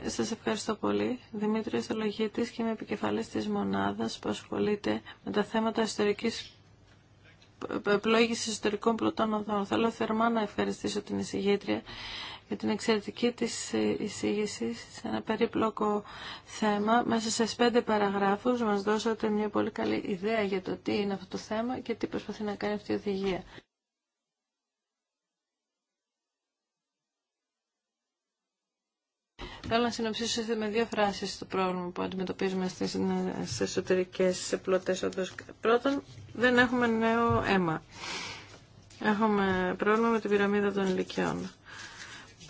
Ε, σας ευχαριστώ πολύ. Δημήτρη Ιστολογίτης και είμαι επικεφαλής της μονάδας που ασχολείται με τα θέματα ιστορικής πλόγησης ιστορικών πλωτών οδών. Θέλω θερμά να ευχαριστήσω την εισηγήτρια για την εξαιρετική της εισήγηση σε ένα περίπλοκο θέμα. Μέσα σε πέντε παραγράφους μας δώσατε μια πολύ καλή ιδέα για το τι είναι αυτό το θέμα και τι προσπαθεί να κάνει αυτή η οδηγία. Θέλω να συνοψίσω με δύο φράσεις το πρόβλημα που αντιμετωπίζουμε στις εσωτερικές πλωτές Πρώτον, δεν έχουμε νέο αίμα. Έχουμε πρόβλημα με την πυραμίδα των ηλικιών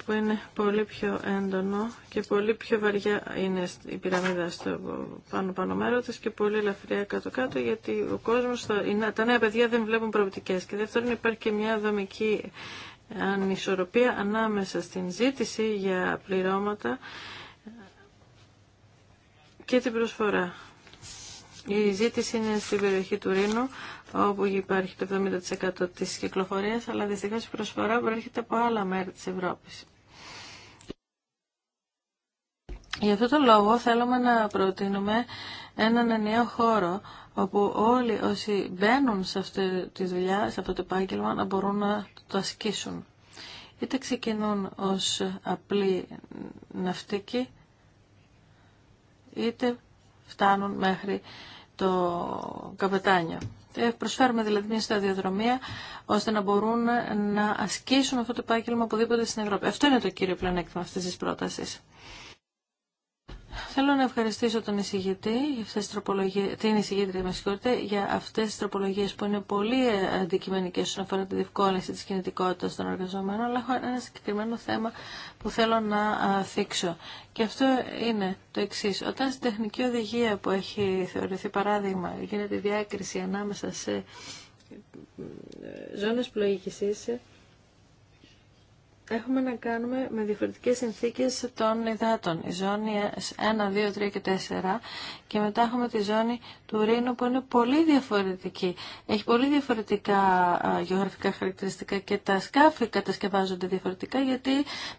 που είναι πολύ πιο έντονο και πολύ πιο βαριά είναι η πυραμίδα στο πάνω-πάνω μέρο της και πολύ ελαφριά κάτω-κάτω γιατί ο κόσμος, τα νέα παιδιά δεν βλέπουν προοπτικές και δεύτερον υπάρχει και μια δομική ανισορροπία ανάμεσα στην ζήτηση για πληρώματα και την προσφορά. Η ζήτηση είναι στην περιοχή του Ρήνου, όπου υπάρχει το 70% της κυκλοφορίας, αλλά δυστυχώς η προσφορά προέρχεται από άλλα μέρη της Ευρώπης. Γι' αυτό τον λόγο θέλουμε να προτείνουμε έναν ενιαίο χώρο όπου όλοι όσοι μπαίνουν σε αυτή τη δουλειά, σε αυτό το επάγγελμα, να μπορούν να το ασκήσουν. Είτε ξεκινούν ως απλοί ναυτικοί, είτε φτάνουν μέχρι το καπετάνιο. Ε, προσφέρουμε δηλαδή μια σταδιοδρομία ώστε να μπορούν να ασκήσουν αυτό το επάγγελμα οπουδήποτε στην Ευρώπη. Αυτό είναι το κύριο πλανέκτημα αυτής της πρότασης. Θέλω να ευχαριστήσω τον εισηγητή, αυτές την εισηγήτρια με συγχωρείτε, για αυτές τις τροπολογίες που είναι πολύ αντικειμενικές όσον αφορά τη διευκόλυνση της κινητικότητας των εργαζομένων, αλλά έχω ένα συγκεκριμένο θέμα που θέλω να θίξω. Και αυτό είναι το εξή. Όταν στην τεχνική οδηγία που έχει θεωρηθεί παράδειγμα γίνεται διάκριση ανάμεσα σε ε, ζώνες πλοήγησης, έχουμε να κάνουμε με διαφορετικές συνθήκες των υδάτων. Η ζώνη 1, 2, 3 και 4 και μετά έχουμε τη ζώνη του Ρήνου που είναι πολύ διαφορετική. Έχει πολύ διαφορετικά γεωγραφικά χαρακτηριστικά και τα σκάφη κατασκευάζονται διαφορετικά γιατί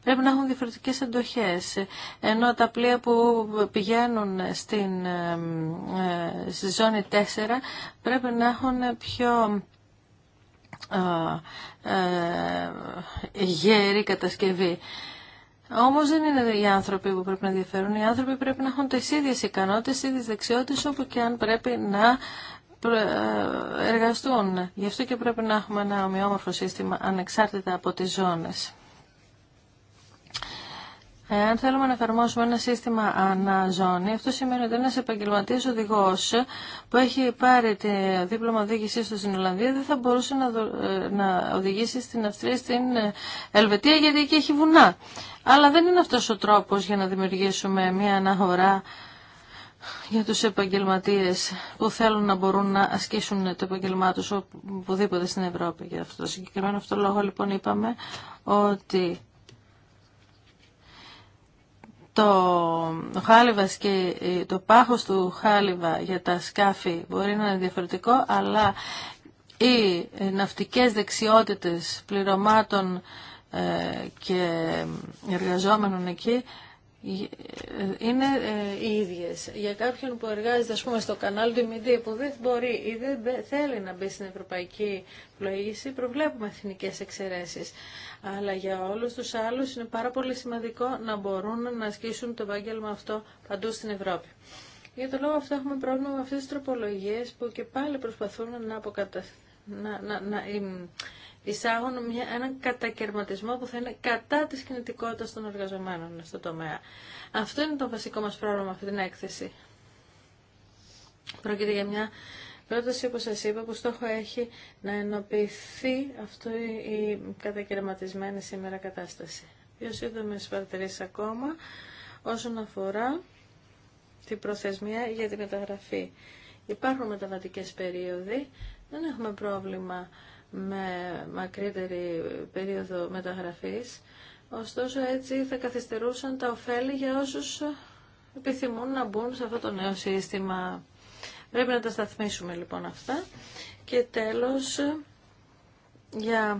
πρέπει να έχουν διαφορετικές αντοχές. Ενώ τα πλοία που πηγαίνουν στην, ε, στη ζώνη 4 πρέπει να έχουν πιο ε, γέρη κατασκευή. όμως δεν είναι οι άνθρωποι που πρέπει να ενδιαφέρουν. Οι άνθρωποι πρέπει να έχουν τις ίδιες ικανότητες τι ίδιες δεξιότητε, όπου και αν πρέπει να ε, εργαστούν. Γι' αυτό και πρέπει να έχουμε ένα ομοιόμορφο σύστημα ανεξάρτητα από τις ζώνες. Εάν θέλουμε να εφαρμόσουμε ένα σύστημα αναζώνη, αυτό σημαίνει ότι ένα επαγγελματία οδηγό που έχει πάρει τη δίπλωμα οδήγησή του στην Ολλανδία δεν θα μπορούσε να, ε, να οδηγήσει στην Αυστρία, στην ε, Ελβετία, γιατί εκεί έχει βουνά. Αλλά δεν είναι αυτό ο τρόπο για να δημιουργήσουμε μια αναγορά για τους επαγγελματίες που θέλουν να μπορούν να ασκήσουν το επαγγελμά τους οπουδήποτε στην Ευρώπη. Για αυτό το συγκεκριμένο αυτό λόγο λοιπόν είπαμε ότι το χάλιβας και το πάχος του χάλιβα για τα σκάφη μπορεί να είναι διαφορετικό, αλλά οι ναυτικές δεξιότητες πληρωμάτων ε, και εργαζόμενων εκεί είναι ε, οι ίδιες. Για κάποιον που εργάζεται ας πούμε, στο κανάλι του ΜΙΔΙ που δεν μπορεί ή δεν θέλει να μπει στην ευρωπαϊκή πλοήγηση, προβλέπουμε εθνικέ εξαιρέσει. Αλλά για όλους τους άλλους είναι πάρα πολύ σημαντικό να μπορούν να ασκήσουν το επάγγελμα αυτό παντού στην Ευρώπη. Για το λόγο αυτό έχουμε πρόβλημα με αυτές τις τροπολογίες που και πάλι προσπαθούν να, αποκαταστήσουν να, να, να εισάγουν μια, έναν κατακαιρματισμό που θα είναι κατά της κινητικότητας των εργαζομένων στο τομέα. Αυτό είναι το βασικό μας πρόβλημα αυτή την έκθεση. Πρόκειται για μια πρόταση, όπως σας είπα, που στόχο έχει να ενοποιηθεί αυτή η κατακαιρματισμένη σήμερα κατάσταση. Δύο σύντομες παρατηρήσεις ακόμα όσον αφορά την προθεσμία για τη μεταγραφή. Υπάρχουν μεταβατικές περίοδοι, δεν έχουμε πρόβλημα με μακρύτερη περίοδο μεταγραφής. Ωστόσο έτσι θα καθυστερούσαν τα ωφέλη για όσους επιθυμούν να μπουν σε αυτό το νέο σύστημα. Πρέπει να τα σταθμίσουμε λοιπόν αυτά. Και τέλος, για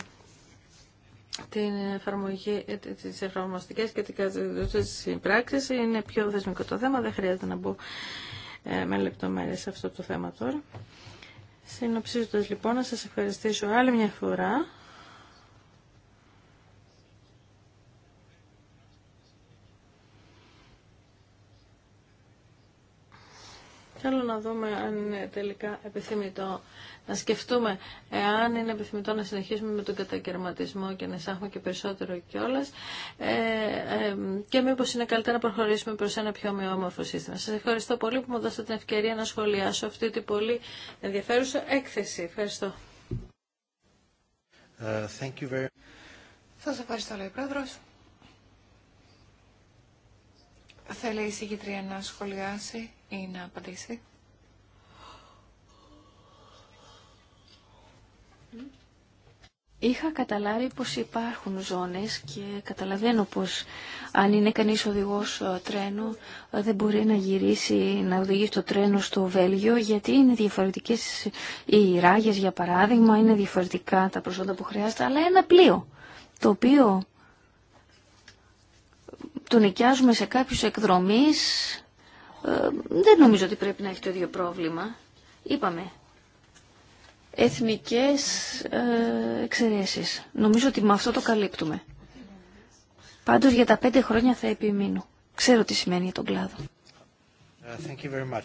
την εφαρμογή, της εφαρμοστικές και τις συμπράξεις είναι πιο θεσμικό το θέμα, δεν χρειάζεται να μπω ε, με λεπτομέρειες σε αυτό το θέμα τώρα. Συνοψίζοντας λοιπόν να σας ευχαριστήσω άλλη μια φορά Θέλω να δούμε αν είναι τελικά επιθυμητό να σκεφτούμε εάν είναι επιθυμητό να συνεχίσουμε με τον κατακαιρματισμό και να εισάγουμε και περισσότερο κιόλα. Ε, ε, και μήπω είναι καλύτερα να προχωρήσουμε προ ένα πιο ομοιόμορφο σύστημα. Σα ευχαριστώ πολύ που μου δώσατε την ευκαιρία να σχολιάσω αυτή την πολύ ενδιαφέρουσα έκθεση. Ευχαριστώ. Ε, very... ευχαριστώ, λέει πρόεδρο. Θέλει η συγκεκριμένη να σχολιάσει ή να Είχα καταλάβει πως υπάρχουν ζώνες και καταλαβαίνω πως αν είναι κανείς οδηγός ε, τρένου ε, δεν μπορεί να γυρίσει να οδηγεί το τρένο στο Βέλγιο γιατί είναι διαφορετικές οι ράγες για παράδειγμα, είναι διαφορετικά τα προσόντα που χρειάζεται αλλά ένα πλοίο το οποίο το νοικιάζουμε σε κάποιους εκδρομείς ε, δεν νομίζω ότι πρέπει να έχει το ίδιο πρόβλημα. Είπαμε, εθνικές ε, εξαιρέσεις. Νομίζω ότι με αυτό το καλύπτουμε. Πάντως για τα πέντε χρόνια θα επιμείνω. Ξέρω τι σημαίνει για τον κλάδο. Ε, thank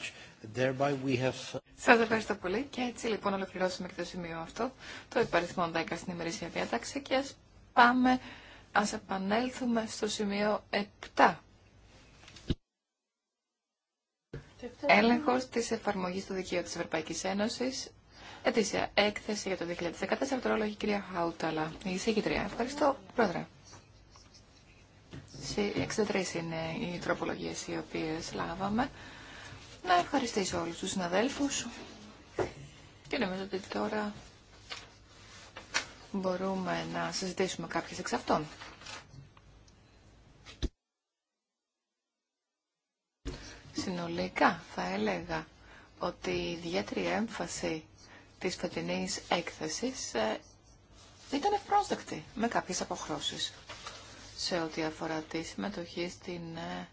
Σας ευχαριστώ πολύ και έτσι λοιπόν ολοκληρώσουμε και το σημείο αυτό, το υπαριθμό 10 στην ημερήσια διάταξη και ας πάμε, ας επανέλθουμε στο σημείο 7 Έλεγχος της εφαρμογής του δικαίου τη Ευρωπαϊκή Ένωσης. Ετήσια έκθεση για το 2014. Τώρα η κυρία Χάουταλα, η εισηγητρία. Ευχαριστώ, πρόεδρε. 63 είναι οι τροπολογίε οι οποίε λάβαμε. Να ευχαριστήσω όλους τους συναδέλφου Και νομίζω ότι τώρα μπορούμε να συζητήσουμε κάποιες εξ αυτών. Συνολικά θα έλεγα ότι η ιδιαίτερη έμφαση της φετινής έκθεσης ε, ήταν ευπρόσδεκτη με κάποιες αποχρώσεις σε ό,τι αφορά τη συμμετοχή στην ε,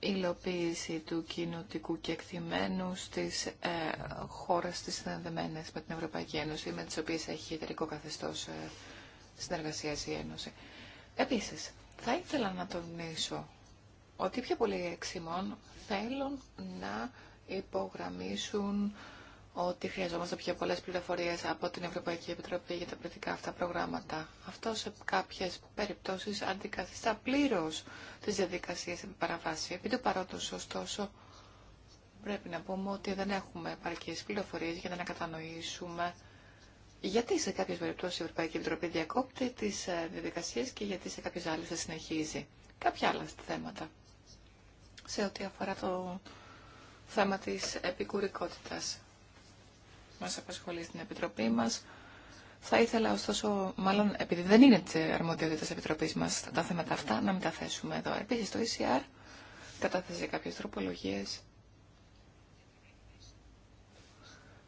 υλοποίηση του κοινοτικού κεκτημένου στις ε, χώρες της συνδεδεμένες με την Ευρωπαϊκή Ένωση, με τις οποίες έχει εταιρικό καθεστώς ε, συνεργασίας η Ένωση. Επίσης, θα ήθελα να τονίσω ότι πιο πολλοί εξημών θέλουν να υπογραμμίσουν ότι χρειαζόμαστε πιο πολλές πληροφορίες από την Ευρωπαϊκή Επιτροπή για τα πρακτικά αυτά προγράμματα. Αυτό σε κάποιες περιπτώσεις αντικαθιστά πλήρω τις διαδικασίες επί παραβάση. Επί του παρόντος, ωστόσο, πρέπει να πούμε ότι δεν έχουμε επαρκείς πληροφορίε για να κατανοήσουμε γιατί σε κάποιε περιπτώσει η Ευρωπαϊκή Επιτροπή διακόπτει τι ε, διαδικασίε και γιατί σε κάποιε άλλε θα συνεχίζει. Κάποια άλλα θέματα σε ό,τι αφορά το θέμα της επικουρικότητας. Μας απασχολεί στην Επιτροπή μας. Θα ήθελα ωστόσο, μάλλον επειδή δεν είναι τη αρμοδιότητα τη Επιτροπή μα τα θέματα αυτά, να μην τα θέσουμε εδώ. Επίσης, το ECR κατάθεσε κάποιε τροπολογίε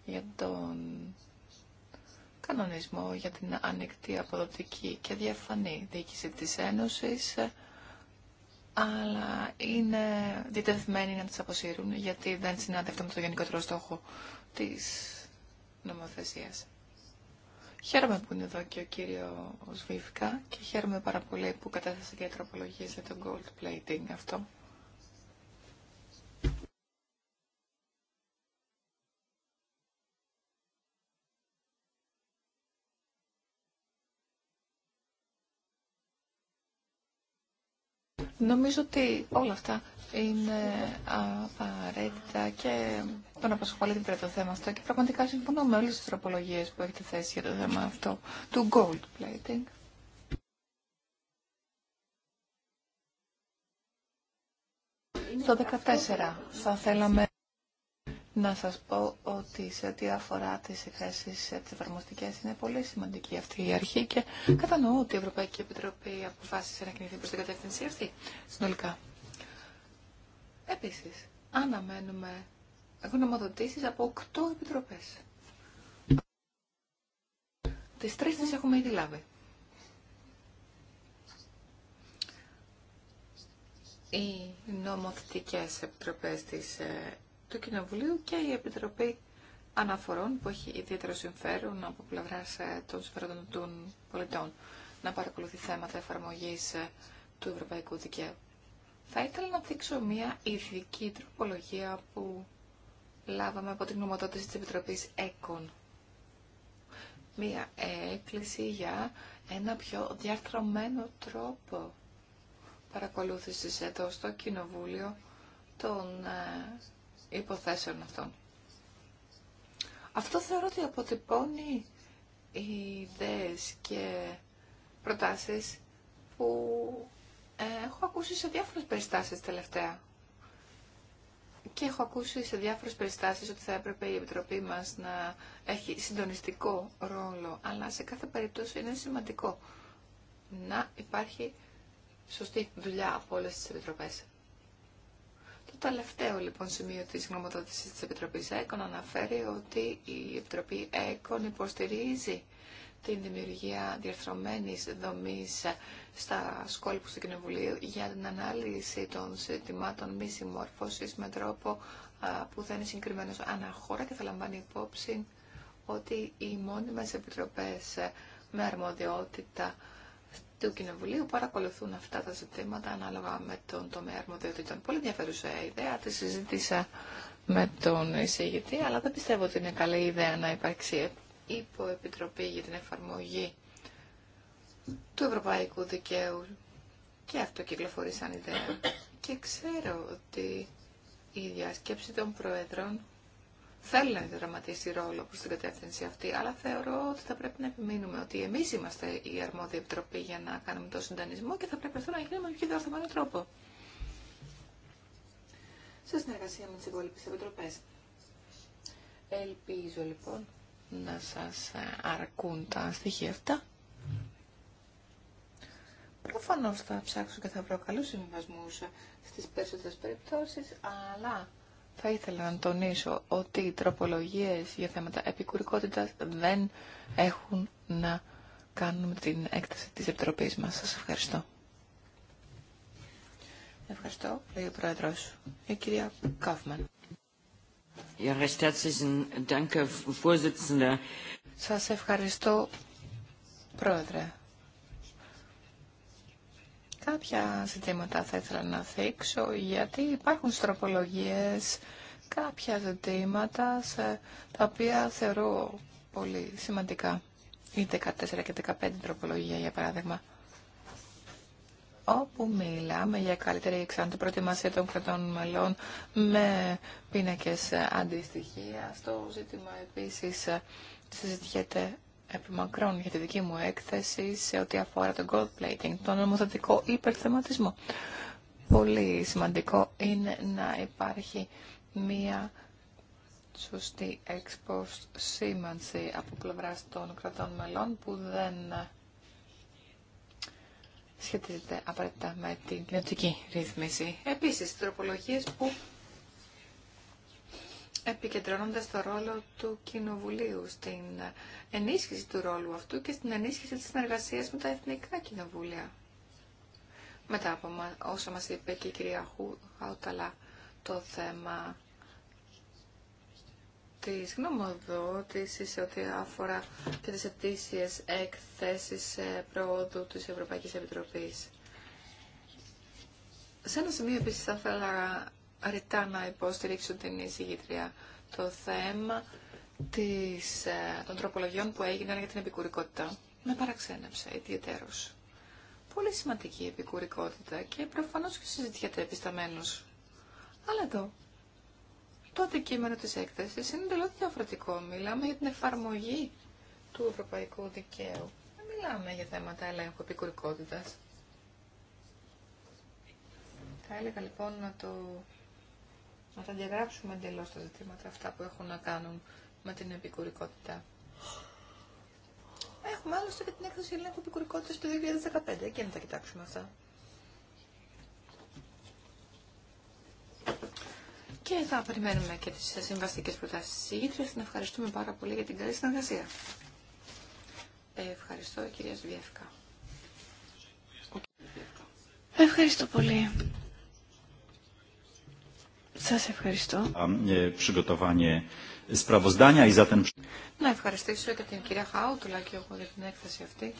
για τον κανονισμό για την ανοιχτή, αποδοτική και διαφανή διοίκηση της Ένωσης αλλά είναι διτεθμένοι να τις αποσύρουν, γιατί δεν συνάδευτε με το γενικότερο στόχο της νομοθεσίας. Χαίρομαι που είναι εδώ και ο κύριο Σβίφκα και χαίρομαι πάρα πολύ που κατέθεσε και τροπολογία για το gold plating αυτό. Νομίζω ότι όλα αυτά είναι απαραίτητα και τον απασχολείται το θέμα αυτό και πραγματικά συμφωνώ με όλες τις τροπολογίες που έχετε θέσει για το θέμα αυτό του gold plating. Το 14 θα θέλαμε να σας πω ότι σε ό,τι αφορά τις εκθέσεις τις εφαρμοστικές είναι πολύ σημαντική αυτή η αρχή και κατανοώ ότι η Ευρωπαϊκή Επιτροπή αποφάσισε να κινηθεί προς την κατεύθυνση αυτή συνολικά. Επίσης, αναμένουμε γνωμοδοτήσεις από 8 επιτροπές. Τις τρεις τις έχουμε ήδη λάβει. Οι νομοθετικές επιτροπές της ε, του Κοινοβουλίου και η Επιτροπή Αναφορών που έχει ιδιαίτερο συμφέρον από πλευρά ε, των συμφέροντων των πολιτών να παρακολουθεί θέματα εφαρμογή ε, του ευρωπαϊκού δικαίου. Θα ήθελα να δείξω μια ειδική τροπολογία που λάβαμε από την νομοδότηση της Επιτροπής ΕΚΟΝ. Μια έκκληση για ένα πιο διαρθρωμένο τρόπο παρακολούθησης εδώ στο Κοινοβούλιο των ε, υποθέσεων αυτών. Αυτό θεωρώ ότι αποτυπώνει ιδέες και προτάσεις που ε, έχω ακούσει σε διάφορες περιστάσεις τελευταία. Και έχω ακούσει σε διάφορες περιστάσεις ότι θα έπρεπε η Επιτροπή μας να έχει συντονιστικό ρόλο, αλλά σε κάθε περίπτωση είναι σημαντικό να υπάρχει σωστή δουλειά από όλες τις Επιτροπές τελευταίο λοιπόν σημείο της γνωμοδότησης της Επιτροπής ΕΚΟΝ αναφέρει ότι η Επιτροπή ΕΚΟΝ υποστηρίζει την δημιουργία διαρθρωμένης δομής στα σκόλπους του Κοινοβουλίου για την ανάλυση των ζητημάτων μη συμμόρφωσης με τρόπο που θα είναι συγκεκριμένος αναχώρα και θα λαμβάνει υπόψη ότι οι μόνιμες επιτροπές με αρμοδιότητα του Κοινοβουλίου παρακολουθούν αυτά τα ζητήματα ανάλογα με τον τομέα αρμοδιοτήτων. Πολύ ενδιαφέρουσα ιδέα, τη συζήτησα με τον εισηγητή, αλλά δεν πιστεύω ότι είναι καλή ιδέα να υπάρξει υποεπιτροπή για την εφαρμογή του ευρωπαϊκού δικαίου και αυτό κυκλοφορεί σαν ιδέα. Και ξέρω ότι η διάσκεψη των Προέδρων Θέλω να δραματίσει ρόλο προς την κατεύθυνση αυτή, αλλά θεωρώ ότι θα πρέπει να επιμείνουμε ότι εμείς είμαστε η αρμόδια επιτροπή για να κάνουμε το συντανισμό και θα πρέπει αυτό να γίνει με πιο τρόπο. Σε συνεργασία με τις υπόλοιπες επιτροπές. Ελπίζω λοιπόν να σας ε, αρκούν τα στοιχεία αυτά. Προφανώς θα ψάξω και θα βρω καλούς συμβασμούς ε, στις περισσότερες περιπτώσεις, αλλά θα ήθελα να τονίσω ότι οι τροπολογίες για θέματα επικουρικότητας δεν έχουν να κάνουν με την έκταση της Επιτροπής μας. Σας ευχαριστώ. Ευχαριστώ, λέει ο Πρόεδρος. Η κυρία Κάφμαν. Σας ευχαριστώ, Πρόεδρε. Κάποια ζητήματα θα ήθελα να θίξω, γιατί υπάρχουν στροπολογίες, κάποια ζητήματα σε, τα οποία θεωρώ πολύ σημαντικά. Η 14 και 15 τροπολογία, για παράδειγμα όπου μιλάμε για καλύτερη εξάντου προετοιμασία των κρατών μελών με πίνακες αντιστοιχεία. Στο ζήτημα επίσης ε, συζητιέται επιμακρών για τη δική μου έκθεση σε ό,τι αφορά το gold plating, τον νομοθετικό υπερθεματισμό. Πολύ σημαντικό είναι να υπάρχει μία σωστή έξπος σήμανση από πλευρά των κρατών μελών που δεν σχετίζεται απαραίτητα με την κοινωτική ρύθμιση. Επίσης, τροπολογίες που επικεντρώνοντας το ρόλο του Κοινοβουλίου, στην ενίσχυση του ρόλου αυτού και στην ενίσχυση της συνεργασίας με τα Εθνικά Κοινοβούλια. Μετά από όσα μας είπε και η κυρία το θέμα της γνωμοδότησης σε ό,τι αφορά και τις ετήσιες εκθέσεις προόδου της Ευρωπαϊκής Επιτροπής. Σε ένα σημείο επίσης θα ήθελα ρητά να υποστηρίξουν την εισηγήτρια το θέμα της, ε, των τροπολογιών που έγιναν για την επικουρικότητα. Με παραξένεψε ιδιαίτερος. Πολύ σημαντική η επικουρικότητα και προφανώς και συζητιέται επισταμένως. Αλλά εδώ, το αντικείμενο της έκθεσης είναι τελείως διαφορετικό. Μιλάμε για την εφαρμογή του ευρωπαϊκού δικαίου. Δεν μιλάμε για θέματα ελέγχου επικουρικότητας. Θα έλεγα λοιπόν να το να τα διαγράψουμε εντελώ τα ζητήματα αυτά που έχουν να κάνουν με την επικουρικότητα. Έχουμε άλλωστε και την έκθεση ελέγχου επικουρικότητα του 2015 και να τα κοιτάξουμε αυτά. Και θα περιμένουμε και τις συμβαστικέ προτάσεις τη ηγήτριας. Την ευχαριστούμε πάρα πολύ για την καλή συνεργασία. Ε, ευχαριστώ, κυρία Σβιεύκα. Ευχαριστώ πολύ. Σας ευχαριστώ. Ε, να ευχαριστήσω και την κυρία Χάουτουλα και εγώ για την έκθεση αυτή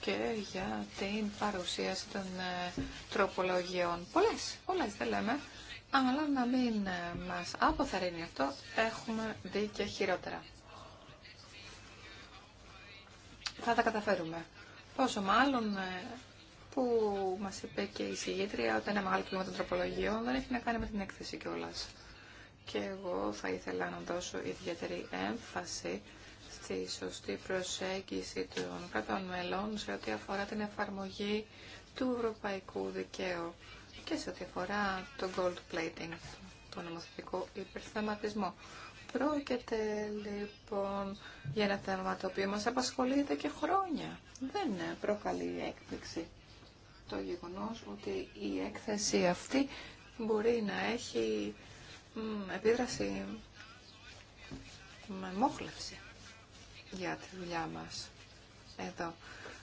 και για την παρουσίαση των ε, τροπολογιών. Πολλέ, πολλέ, δεν λέμε, αλλά να μην ε, μα αποθαρρύνει αυτό, έχουμε δει και χειρότερα. Θα τα καταφέρουμε. Πόσο μάλλον που μα είπε και η συγγήτρια ότι ένα μεγάλο κύμα των τροπολογιών δεν έχει να κάνει με την έκθεση κιόλα. Και εγώ θα ήθελα να δώσω ιδιαίτερη έμφαση στη σωστή προσέγγιση των κρατών μελών σε ό,τι αφορά την εφαρμογή του ευρωπαϊκού δικαίου και σε ό,τι αφορά το gold plating, το νομοθετικό υπερθεματισμό. Πρόκειται λοιπόν για ένα θέμα το οποίο μας απασχολείται και χρόνια. Δεν προκαλεί έκπληξη το γεγονός ότι η έκθεση αυτή μπορεί να έχει επίδραση με μόχλευση για τη δουλειά μας εδώ.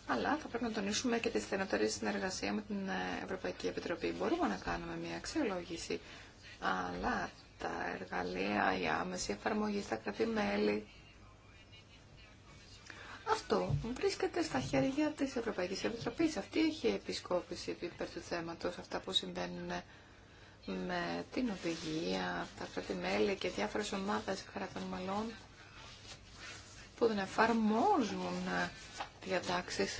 Αλλά θα πρέπει να τονίσουμε και τη στενότερη συνεργασία με την Ευρωπαϊκή Επιτροπή. Μπορούμε να κάνουμε μια αξιολόγηση, αλλά τα εργαλεία, η άμεση εφαρμογή στα κρατή μέλη, αυτό βρίσκεται στα χέρια της Ευρωπαϊκής Επιτροπής. Αυτή έχει επισκόπηση υπέρ του θέματος, αυτά που συμβαίνουν με την οδηγία, τα κρατη και διάφορες ομάδες κρατών που δεν εφαρμόζουν διατάξεις.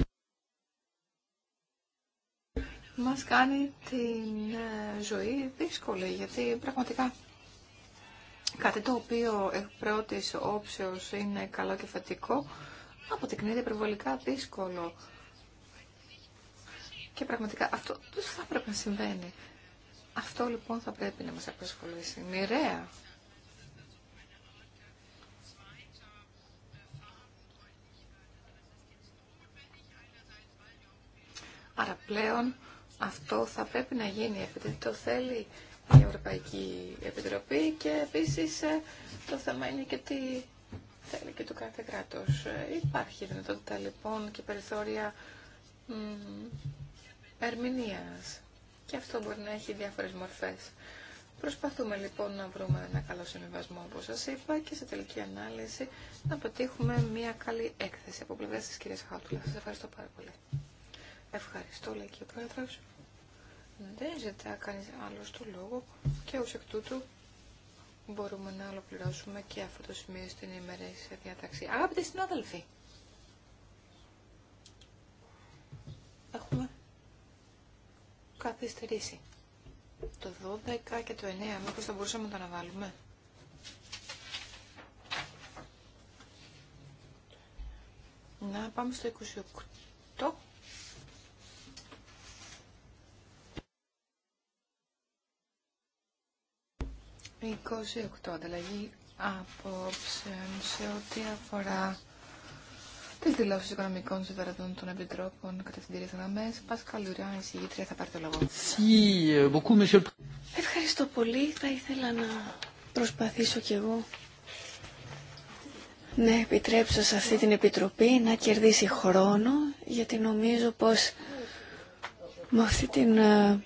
Μας κάνει την ε, ζωή δύσκολη, γιατί πραγματικά κάτι το οποίο εκ πρώτης όψεως είναι καλό και φατικό, αποδεικνύεται υπερβολικά δύσκολο. Και πραγματικά αυτό δεν θα πρέπει να συμβαίνει. Αυτό λοιπόν θα πρέπει να μας απασχολήσει. Μοιραία. Άρα πλέον αυτό θα πρέπει να γίνει επειδή το θέλει η Ευρωπαϊκή Επιτροπή και επίσης ε, το θέμα είναι και τι θέλει και κάθε κράτος. Ε, υπάρχει δυνατότητα λοιπόν και περιθώρια ερμηνείας και αυτό μπορεί να έχει διάφορες μορφές. Προσπαθούμε λοιπόν να βρούμε ένα καλό συμβιβασμό όπως σας είπα και σε τελική ανάλυση να πετύχουμε μια καλή έκθεση από πλευρά της κυρίας Χάουτουλα. Σας ευχαριστώ πάρα πολύ. Ευχαριστώ λέει και ο πρόεδρος. Δεν ζητά κανείς άλλος το λόγο και ως εκ τούτου μπορούμε να ολοκληρώσουμε και αυτό το σημείο στην ημερήσια διάταξη. Αγαπητοί συνάδελφοι, έχουμε καθυστερήσει το 12 και το 9. Μήπως θα μπορούσαμε να το αναβάλουμε. Να πάμε στο 28. 28. Ανταλλαγή δηλαδή απόψε σε ό,τι αφορά τι δηλώσει οικονομικών συμφερόντων των επιτρόπων κατά την κυρία Θαναμέ. Πασκαλουριά, εισηγήτρια, θα πάρει το λόγο. Ευχαριστώ πολύ. Θα ήθελα να προσπαθήσω κι εγώ να επιτρέψω σε αυτή την επιτροπή να κερδίσει χρόνο, γιατί νομίζω πως με αυτή την ε,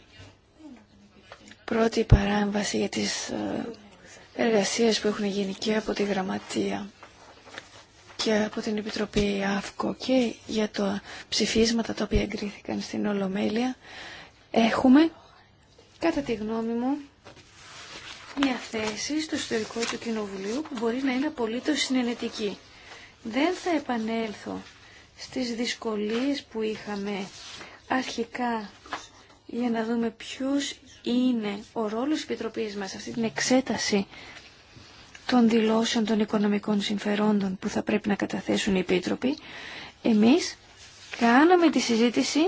πρώτη παράμβαση για τις ε, εργασίες που έχουν γίνει και από τη Γραμματεία και από την Επιτροπή ΑΦΚΟ και για τα ψηφίσματα τα οποία εγκρίθηκαν στην Ολομέλεια έχουμε κατά τη γνώμη μου μια θέση στο ιστορικό του Κοινοβουλίου που μπορεί να είναι απολύτως συνενετική. Δεν θα επανέλθω στις δυσκολίες που είχαμε αρχικά για να δούμε ποιους είναι ο ρόλος της Επιτροπής μας, αυτή την εξέταση των δηλώσεων των οικονομικών συμφερόντων που θα πρέπει να καταθέσουν οι Επίτροποι, εμείς κάναμε τη συζήτηση,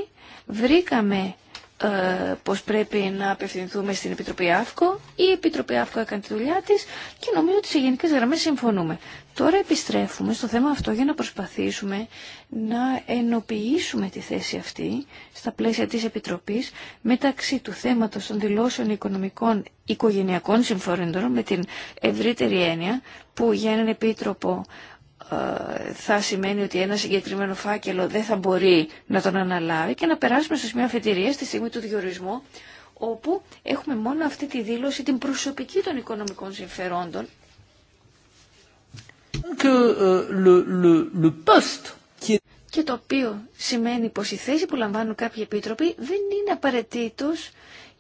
βρήκαμε ε, πως πρέπει να απευθυνθούμε στην Επιτροπή ΑΦΚΟ. Η Επιτροπή ΑΦΚΟ έκανε τη δουλειά της και νομίζω ότι σε γενικές γραμμές συμφωνούμε. Τώρα επιστρέφουμε στο θέμα αυτό για να προσπαθήσουμε να ενοποιήσουμε τη θέση αυτή στα πλαίσια της Επιτροπής μεταξύ του θέματος των δηλώσεων οικονομικών οικογενειακών συμφορέντων με την ευρύτερη έννοια που για έναν επίτροπο ε, θα σημαίνει ότι ένα συγκεκριμένο φάκελο δεν θα μπορεί να τον αναλάβει και να περάσουμε σε μια αφετηρία στη στιγμή του διορισμού όπου έχουμε μόνο αυτή τη δήλωση την προσωπική των οικονομικών συμφερόντων Euh, Και το οποίο σημαίνει πως η θέση που λαμβάνουν κάποιοι επίτροποι δεν είναι απαραίτητο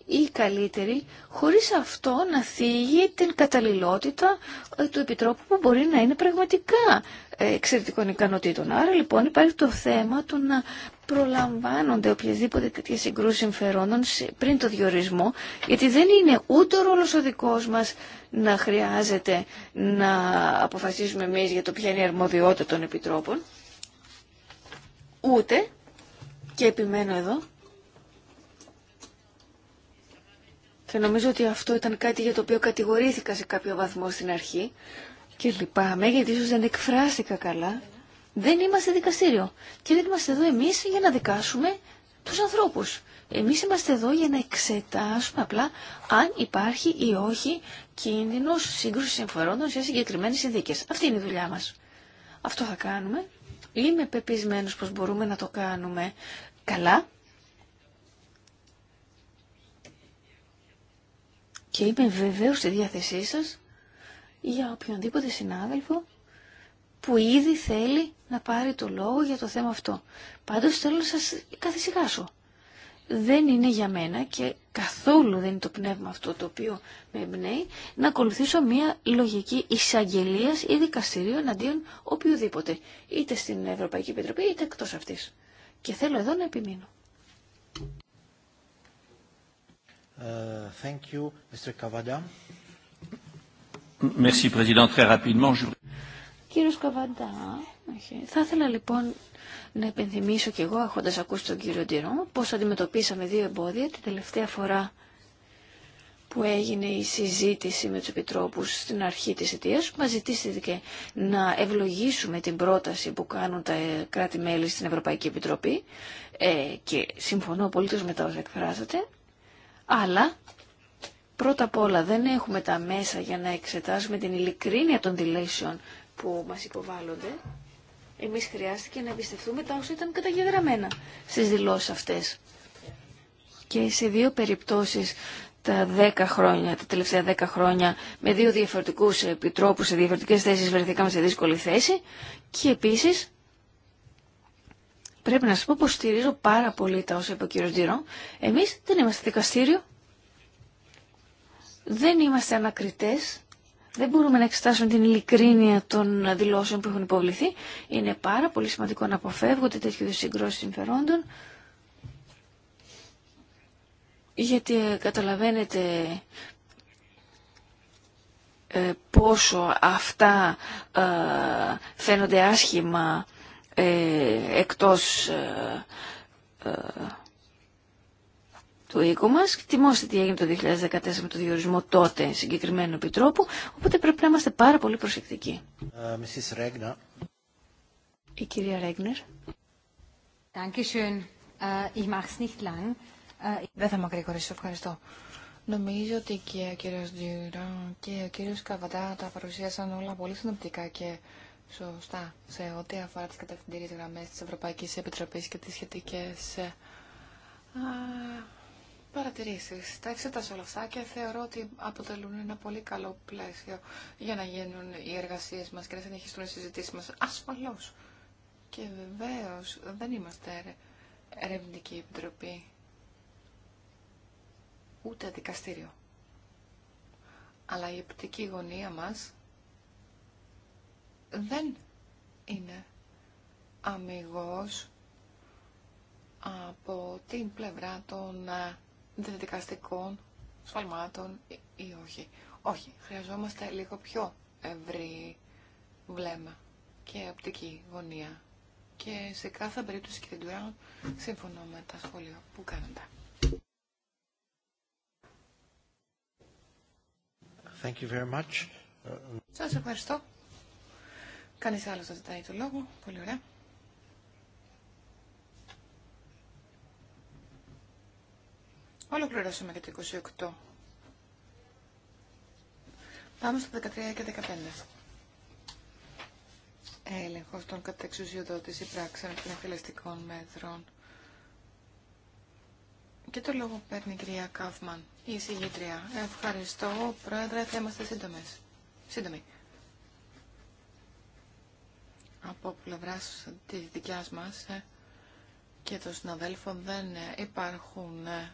ή καλύτερη, χωρίς αυτό να θίγει την καταλληλότητα ε, του επιτρόπου που μπορεί να είναι πραγματικά ε, εξαιρετικών ικανοτήτων. Άρα λοιπόν υπάρχει το θέμα του να προλαμβάνονται οποιαδήποτε τέτοια συγκρούσει συμφερόντων πριν το διορισμό, γιατί δεν είναι ούτε ο ρόλο ο δικό μα να χρειάζεται να αποφασίσουμε εμείς για το ποια είναι η αρμοδιότητα των επιτρόπων, ούτε, και επιμένω εδώ, και νομίζω ότι αυτό ήταν κάτι για το οποίο κατηγορήθηκα σε κάποιο βαθμό στην αρχή και λυπάμαι γιατί ίσως δεν εκφράστηκα καλά. Δεν είμαστε δικαστήριο και δεν είμαστε εδώ εμείς για να δικάσουμε τους ανθρώπους. Εμείς είμαστε εδώ για να εξετάσουμε απλά αν υπάρχει ή όχι κίνδυνος σύγκρουσης εμφορώντων σε συγκεκριμένες συνθήκες. Αυτή είναι η δουλειά μας. Αυτό θα κάνουμε. Είμαι πεπισμένος πως μπορούμε να το κάνουμε καλά. Και είμαι βεβαίως στη διάθεσή σας για οποιονδήποτε συνάδελφο που ήδη θέλει να πάρει το λόγο για το θέμα αυτό. Πάντως θέλω να σας καθησυχάσω δεν είναι για μένα και καθόλου δεν είναι το πνεύμα αυτό το οποίο με εμπνέει να ακολουθήσω μια λογική εισαγγελία ή δικαστηρίου εναντίον οποιοδήποτε, είτε στην Ευρωπαϊκή Επιτροπή είτε εκτό αυτή. Και θέλω εδώ να επιμείνω. Ε, thank you, Mr. Merci, Président. Très rapidement, je... Κύριος Okay. Θα ήθελα λοιπόν να επενθυμίσω κι εγώ, έχοντας ακούσει τον κύριο Ντυρό, πώς αντιμετωπίσαμε δύο εμπόδια την τελευταία φορά που έγινε η συζήτηση με τους επιτρόπους στην αρχή της αιτίας, μας ζητήθηκε να ευλογήσουμε την πρόταση που κάνουν τα κράτη-μέλη στην Ευρωπαϊκή Επιτροπή ε, και συμφωνώ απολύτως με τα όσα εκφράζατε, αλλά πρώτα απ' όλα δεν έχουμε τα μέσα για να εξετάσουμε την ειλικρίνεια των δηλέσεων που μας υποβάλλονται εμείς χρειάστηκε να εμπιστευτούμε τα όσα ήταν καταγεγραμμένα στις δηλώσεις αυτές. Και σε δύο περιπτώσεις τα 10 χρόνια, τα τελευταία δέκα χρόνια με δύο διαφορετικούς επιτρόπους σε διαφορετικές θέσεις βρεθήκαμε σε δύσκολη θέση και επίσης πρέπει να σας πω πως στηρίζω πάρα πολύ τα όσα είπε ο κύριος Ντυρό. Εμείς δεν είμαστε δικαστήριο, δεν είμαστε ανακριτές δεν μπορούμε να εξετάσουμε την ειλικρίνεια των δηλώσεων που έχουν υποβληθεί. Είναι πάρα πολύ σημαντικό να αποφεύγονται τέτοιου είδου συγκρότηση συμφερόντων. Γιατί ε, καταλαβαίνετε ε, πόσο αυτά ε, φαίνονται άσχημα εκτός του οίκου μα. Θυμόστε τι έγινε το 2014 με το διορισμό τότε συγκεκριμένου επιτρόπου. Οπότε πρέπει να είμαστε πάρα πολύ προσεκτικοί. Uh, Η κυρία Ρέγνερ. Ε, ε, Δεν θα μακρηγορήσω, ευχαριστώ. Νομίζω ότι και ο κύριο Ντυρό και ο κύριο Καβαντά τα παρουσίασαν όλα πολύ συνοπτικά και σωστά σε ό,τι αφορά τι κατευθυντήριες γραμμέ τη Ευρωπαϊκή Επιτροπή και τι σχετικέ. Παρατηρήσει. Τα εξέτασα όλα αυτά και θεωρώ ότι αποτελούν ένα πολύ καλό πλαίσιο για να γίνουν οι εργασίες μας και να συνεχιστούν οι συζητήσεις μας. Ασφαλώ. Και βεβαίω δεν είμαστε ερευνητική επιτροπή. Ούτε δικαστήριο. Αλλά η επιτική γωνία μας δεν είναι αμυγός από την πλευρά των ε, διεδικαστικών σφαλμάτων ή όχι. Όχι, χρειαζόμαστε λίγο πιο ευρύ βλέμμα και οπτική γωνία. Και σε κάθε περίπτωση, κύριε Ντουράν, σύμφωνα με τα σχόλια που κάνατε. Thank you very much. Σας ευχαριστώ. Κανείς άλλος δεν ζητάει το λόγο. Πολύ ωραία. Ολοκληρώσαμε και το 28. Πάμε στο 13 και 15. Έλεγχο των κατεξουσιοδότηση πράξεων των εκτελεστικών μέτρων. Και το λόγο παίρνει η κυρία Κάφμαν, η εισηγήτρια. Ευχαριστώ, Πρόεδρε, θα είμαστε σύντομες. Σύντομοι. Από πλευρά τη δικιά μα ε, και των συναδέλφων δεν ε, υπάρχουν ε,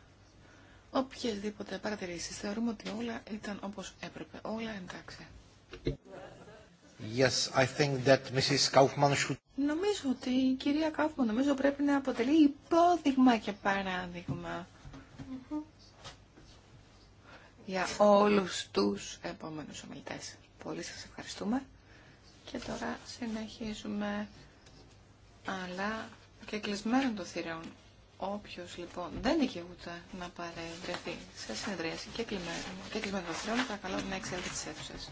οποιασδήποτε παρατηρήσει. Θεωρούμε ότι όλα ήταν όπως έπρεπε. Όλα εντάξει. Yes, I think that Mrs. Kaufman should... Νομίζω ότι η κυρία Κάφμαν νομίζω πρέπει να αποτελεί υπόδειγμα και παράδειγμα για όλους τους επόμενους ομιλητές. Πολύ σας ευχαριστούμε και τώρα συνεχίζουμε αλλά και κλεισμένον το θηρεών. Όποιος λοιπόν δεν δικαιούται να παρευρεθεί σε συνεδρίαση και κλεισμένο βαθρών, παρακαλώ να εξέλθει τις αίθουσες.